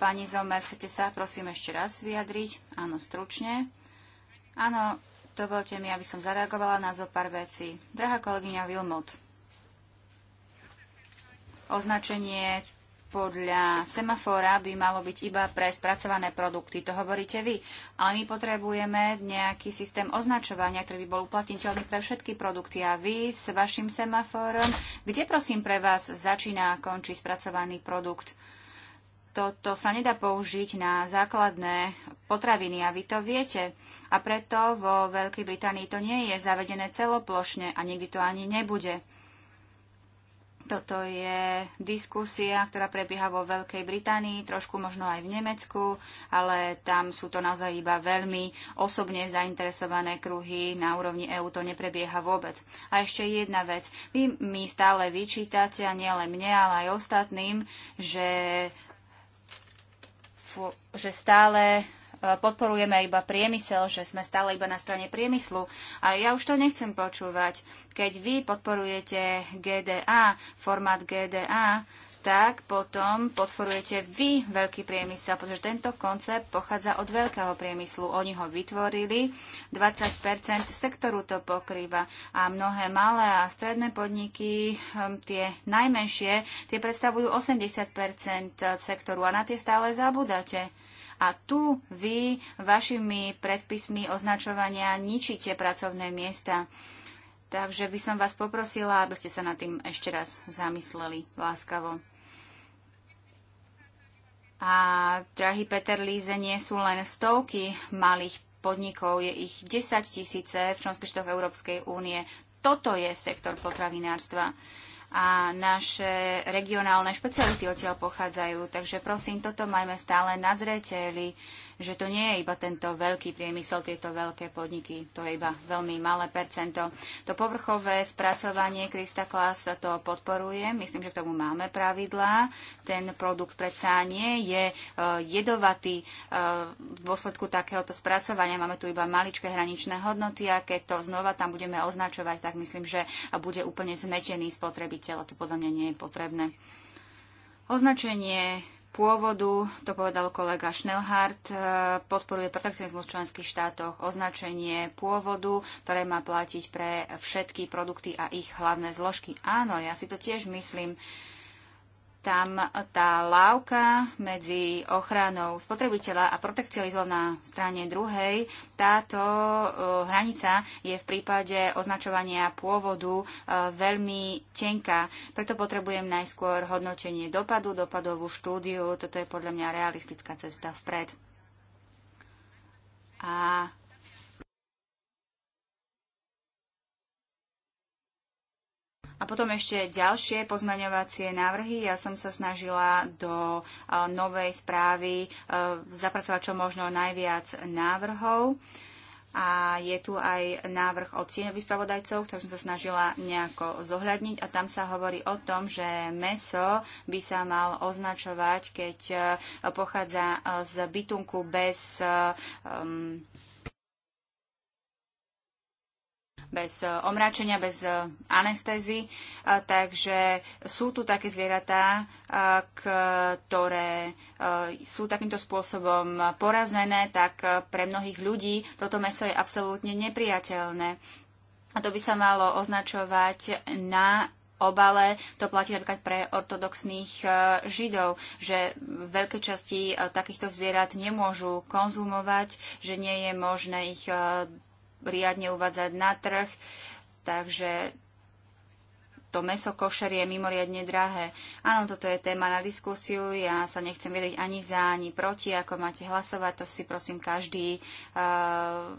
Pani Zomer, chcete sa prosím ešte raz vyjadriť? Áno, stručne. Áno, dovolte mi, aby som zareagovala na zo pár vecí. Drahá kolegyňa Vilmot, označenie podľa semafóra by malo byť iba pre spracované produkty. To hovoríte vy. Ale my potrebujeme nejaký systém označovania, ktorý by bol uplatniteľný pre všetky produkty. A vy s vašim semaforom, kde prosím pre vás začína a končí spracovaný produkt? Toto sa nedá použiť na základné potraviny a vy to viete. A preto vo Veľkej Británii to nie je zavedené celoplošne a nikdy to ani nebude. Toto je diskusia, ktorá prebieha vo Veľkej Británii, trošku možno aj v Nemecku, ale tam sú to naozaj iba veľmi osobne zainteresované kruhy. Na úrovni EÚ to neprebieha vôbec. A ešte jedna vec. Vy mi stále vyčítate, a nielen mne, ale aj ostatným, že že stále podporujeme iba priemysel, že sme stále iba na strane priemyslu. A ja už to nechcem počúvať. Keď vy podporujete GDA, formát GDA, tak potom podporujete vy veľký priemysel, pretože tento koncept pochádza od veľkého priemyslu. Oni ho vytvorili, 20 sektoru to pokrýva a mnohé malé a stredné podniky, hm, tie najmenšie, tie predstavujú 80 sektoru a na tie stále zabudáte. A tu vy vašimi predpismi označovania ničíte pracovné miesta. Takže by som vás poprosila, aby ste sa nad tým ešte raz zamysleli láskavo. A, drahý Peter Líze, nie sú len stovky malých podnikov, je ich 10 tisíce v členských štátoch Európskej únie. Toto je sektor potravinárstva a naše regionálne špeciality odtiaľ pochádzajú. Takže prosím, toto majme stále na zreteli že to nie je iba tento veľký priemysel, tieto veľké podniky, to je iba veľmi malé percento. To povrchové spracovanie Krista Klas to podporuje, myslím, že k tomu máme pravidlá. Ten produkt predsa nie je e, jedovatý e, v dôsledku takéhoto spracovania. Máme tu iba maličké hraničné hodnoty a keď to znova tam budeme označovať, tak myslím, že bude úplne zmetený spotrebiteľ a to podľa mňa nie je potrebné. Označenie pôvodu, to povedal kolega Schnellhardt, e, podporuje protekcionizmus v členských štátoch označenie pôvodu, ktoré má platiť pre všetky produkty a ich hlavné zložky. Áno, ja si to tiež myslím. Uh, tam tá lávka medzi ochranou spotrebiteľa a protekcionizmom na strane druhej, táto e, hranica je v prípade označovania pôvodu e, veľmi tenká. Preto potrebujem najskôr hodnotenie dopadu, dopadovú štúdiu. Toto je podľa mňa realistická cesta vpred. A A potom ešte ďalšie pozmaňovacie návrhy. Ja som sa snažila do e, novej správy e, zapracovať čo možno najviac návrhov. A je tu aj návrh od tieňových spravodajcov, ktorý som sa snažila nejako zohľadniť. A tam sa hovorí o tom, že meso by sa mal označovať, keď e, pochádza z bytunku bez um, bez eh, omráčenia, bez eh, anestézy. Eh, takže sú tu také zvieratá, ktoré sú takýmto spôsobom porazené, tak pre mnohých ľudí toto meso je absolútne nepriateľné. A to by sa malo označovať na obale. To platí napríklad pre ortodoxných židov, že veľké časti takýchto zvierat nemôžu konzumovať, že nie je možné ich riadne uvádzať na trh, takže to meso košer je mimoriadne drahé. Áno, toto je téma na diskusiu, ja sa nechcem vedieť ani za, ani proti, ako máte hlasovať, to si prosím každý uh,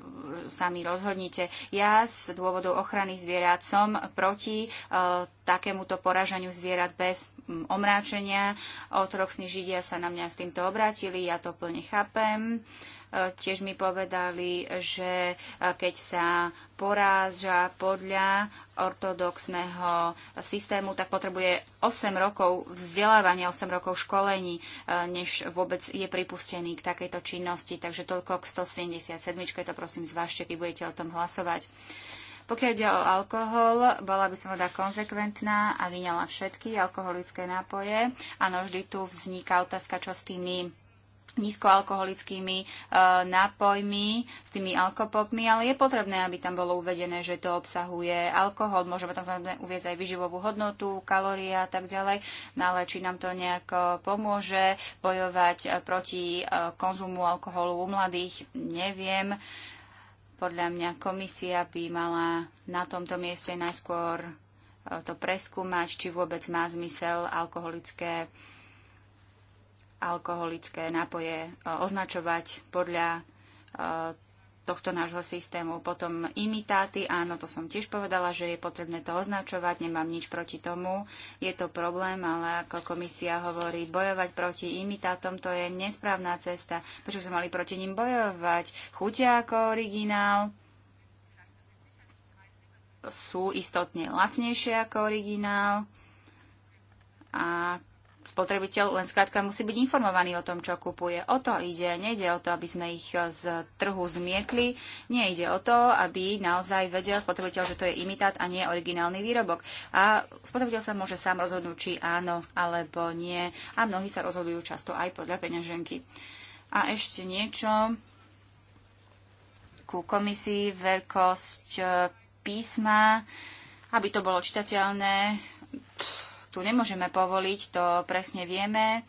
sami rozhodnite. Ja z dôvodov ochrany zvierat som proti uh, takémuto poražaniu zvierat bez mm, omráčenia. Otroxní židia sa na mňa s týmto obrátili, ja to plne chápem. E, tiež mi povedali, že e, keď sa poráža podľa ortodoxného systému, tak potrebuje 8 rokov vzdelávania, 8 rokov školení, e, než vôbec je pripustený k takejto činnosti. Takže toľko k 177. To prosím zvážte, keď budete o tom hlasovať. Pokiaľ ide o alkohol, bola by som teda konzekventná a vyňala všetky alkoholické nápoje. Áno, vždy tu vzniká otázka, čo s tými nízkoalkoholickými e, nápojmi, s tými alkopopmi, ale je potrebné, aby tam bolo uvedené, že to obsahuje alkohol. Môžeme tam samozrejme uviezť aj vyživovú hodnotu, kalórie a tak ďalej, no ale či nám to nejako pomôže bojovať e, proti e, konzumu alkoholu u mladých, neviem. E, podľa mňa komisia by mala na tomto mieste najskôr e, to preskúmať, či vôbec má zmysel alkoholické, alkoholické nápoje e, označovať podľa e, tohto nášho systému. Potom imitáty, áno, to som tiež povedala, že je potrebné to označovať, nemám nič proti tomu, je to problém, ale ako komisia hovorí, bojovať proti imitátom to je nesprávna cesta. Prečo sme mali proti ním bojovať? Chutia ako originál, sú istotne lacnejšie ako originál a spotrebiteľ len skrátka musí byť informovaný o tom, čo kupuje. O to ide. Nejde o to, aby sme ich z trhu zmietli. Nie ide o to, aby naozaj vedel spotrebiteľ, že to je imitát a nie originálny výrobok. A spotrebiteľ sa môže sám rozhodnúť, či áno alebo nie. A mnohí sa rozhodujú často aj podľa peňaženky. A ešte niečo ku komisii, veľkosť eh, písma, aby to bolo čitateľné. Pff tu nemôžeme povoliť, to presne vieme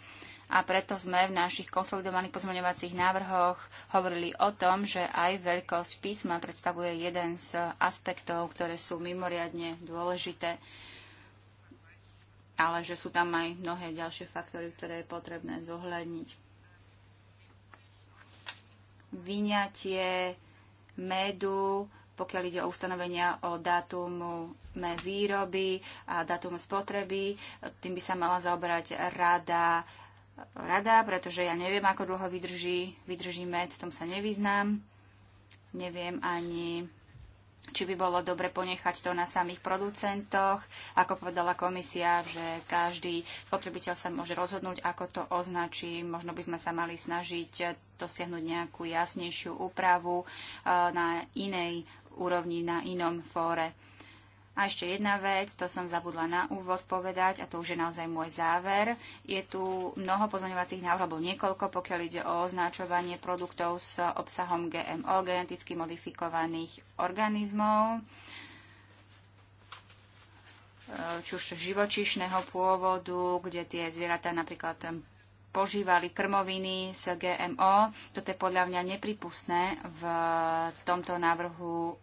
a preto sme v našich konsolidovaných pozmeňovacích návrhoch hovorili o tom, že aj veľkosť písma predstavuje jeden z aspektov, ktoré sú mimoriadne dôležité, ale že sú tam aj mnohé ďalšie faktory, ktoré je potrebné zohľadniť. Vyňatie médu, pokiaľ ide o ustanovenia o dátumu výroby a datum spotreby. Tým by sa mala zaoberať rada, rada, pretože ja neviem, ako dlho vydrží, vydrží med, v tom sa nevyznám. Neviem ani, či by bolo dobre ponechať to na samých producentoch. Ako povedala komisia, že každý spotrebiteľ sa môže rozhodnúť, ako to označí. Možno by sme sa mali snažiť dosiahnuť nejakú jasnejšiu úpravu eh, na inej úrovni, na inom fóre. A ešte jedna vec, to som zabudla na úvod povedať, a to už je naozaj môj záver. Je tu mnoho pozorňovacích návrhov, alebo niekoľko, pokiaľ ide o označovanie produktov s obsahom GMO, geneticky modifikovaných organizmov eh, či už živočíšneho pôvodu, kde tie zvieratá napríklad eh, požívali krmoviny z GMO. Toto je podľa mňa nepripustné v tomto návrhu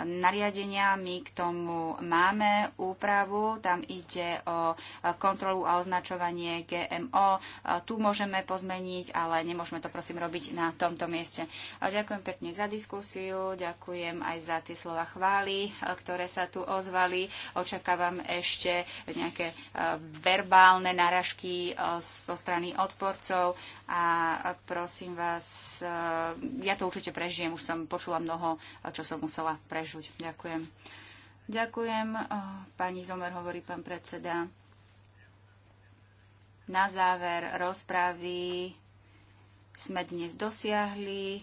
nariadenia. My k tomu máme úpravu, tam ide o kontrolu a označovanie GMO. Tu môžeme pozmeniť, ale nemôžeme to prosím robiť na tomto mieste. Ďakujem pekne za diskusiu, ďakujem aj za tie slova chvály, ktoré sa tu ozvali. Očakávam ešte nejaké e, verbálne náražky e, zo strany odporcov a prosím vás, e, ja to určite prežijem, už som počula mnoho, čo som musela prežiť prežuť. Ďakujem. Ďakujem. Eh, pani Zomer hovorí pán predseda. Na záver rozpravy sme dnes dosiahli.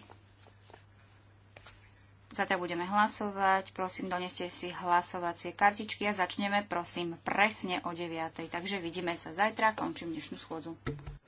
Zatiaľ budeme hlasovať. Prosím, doneste si hlasovacie kartičky a začneme, prosím, presne o 9. Takže vidíme sa zajtra. Končím dnešnú schôdzu.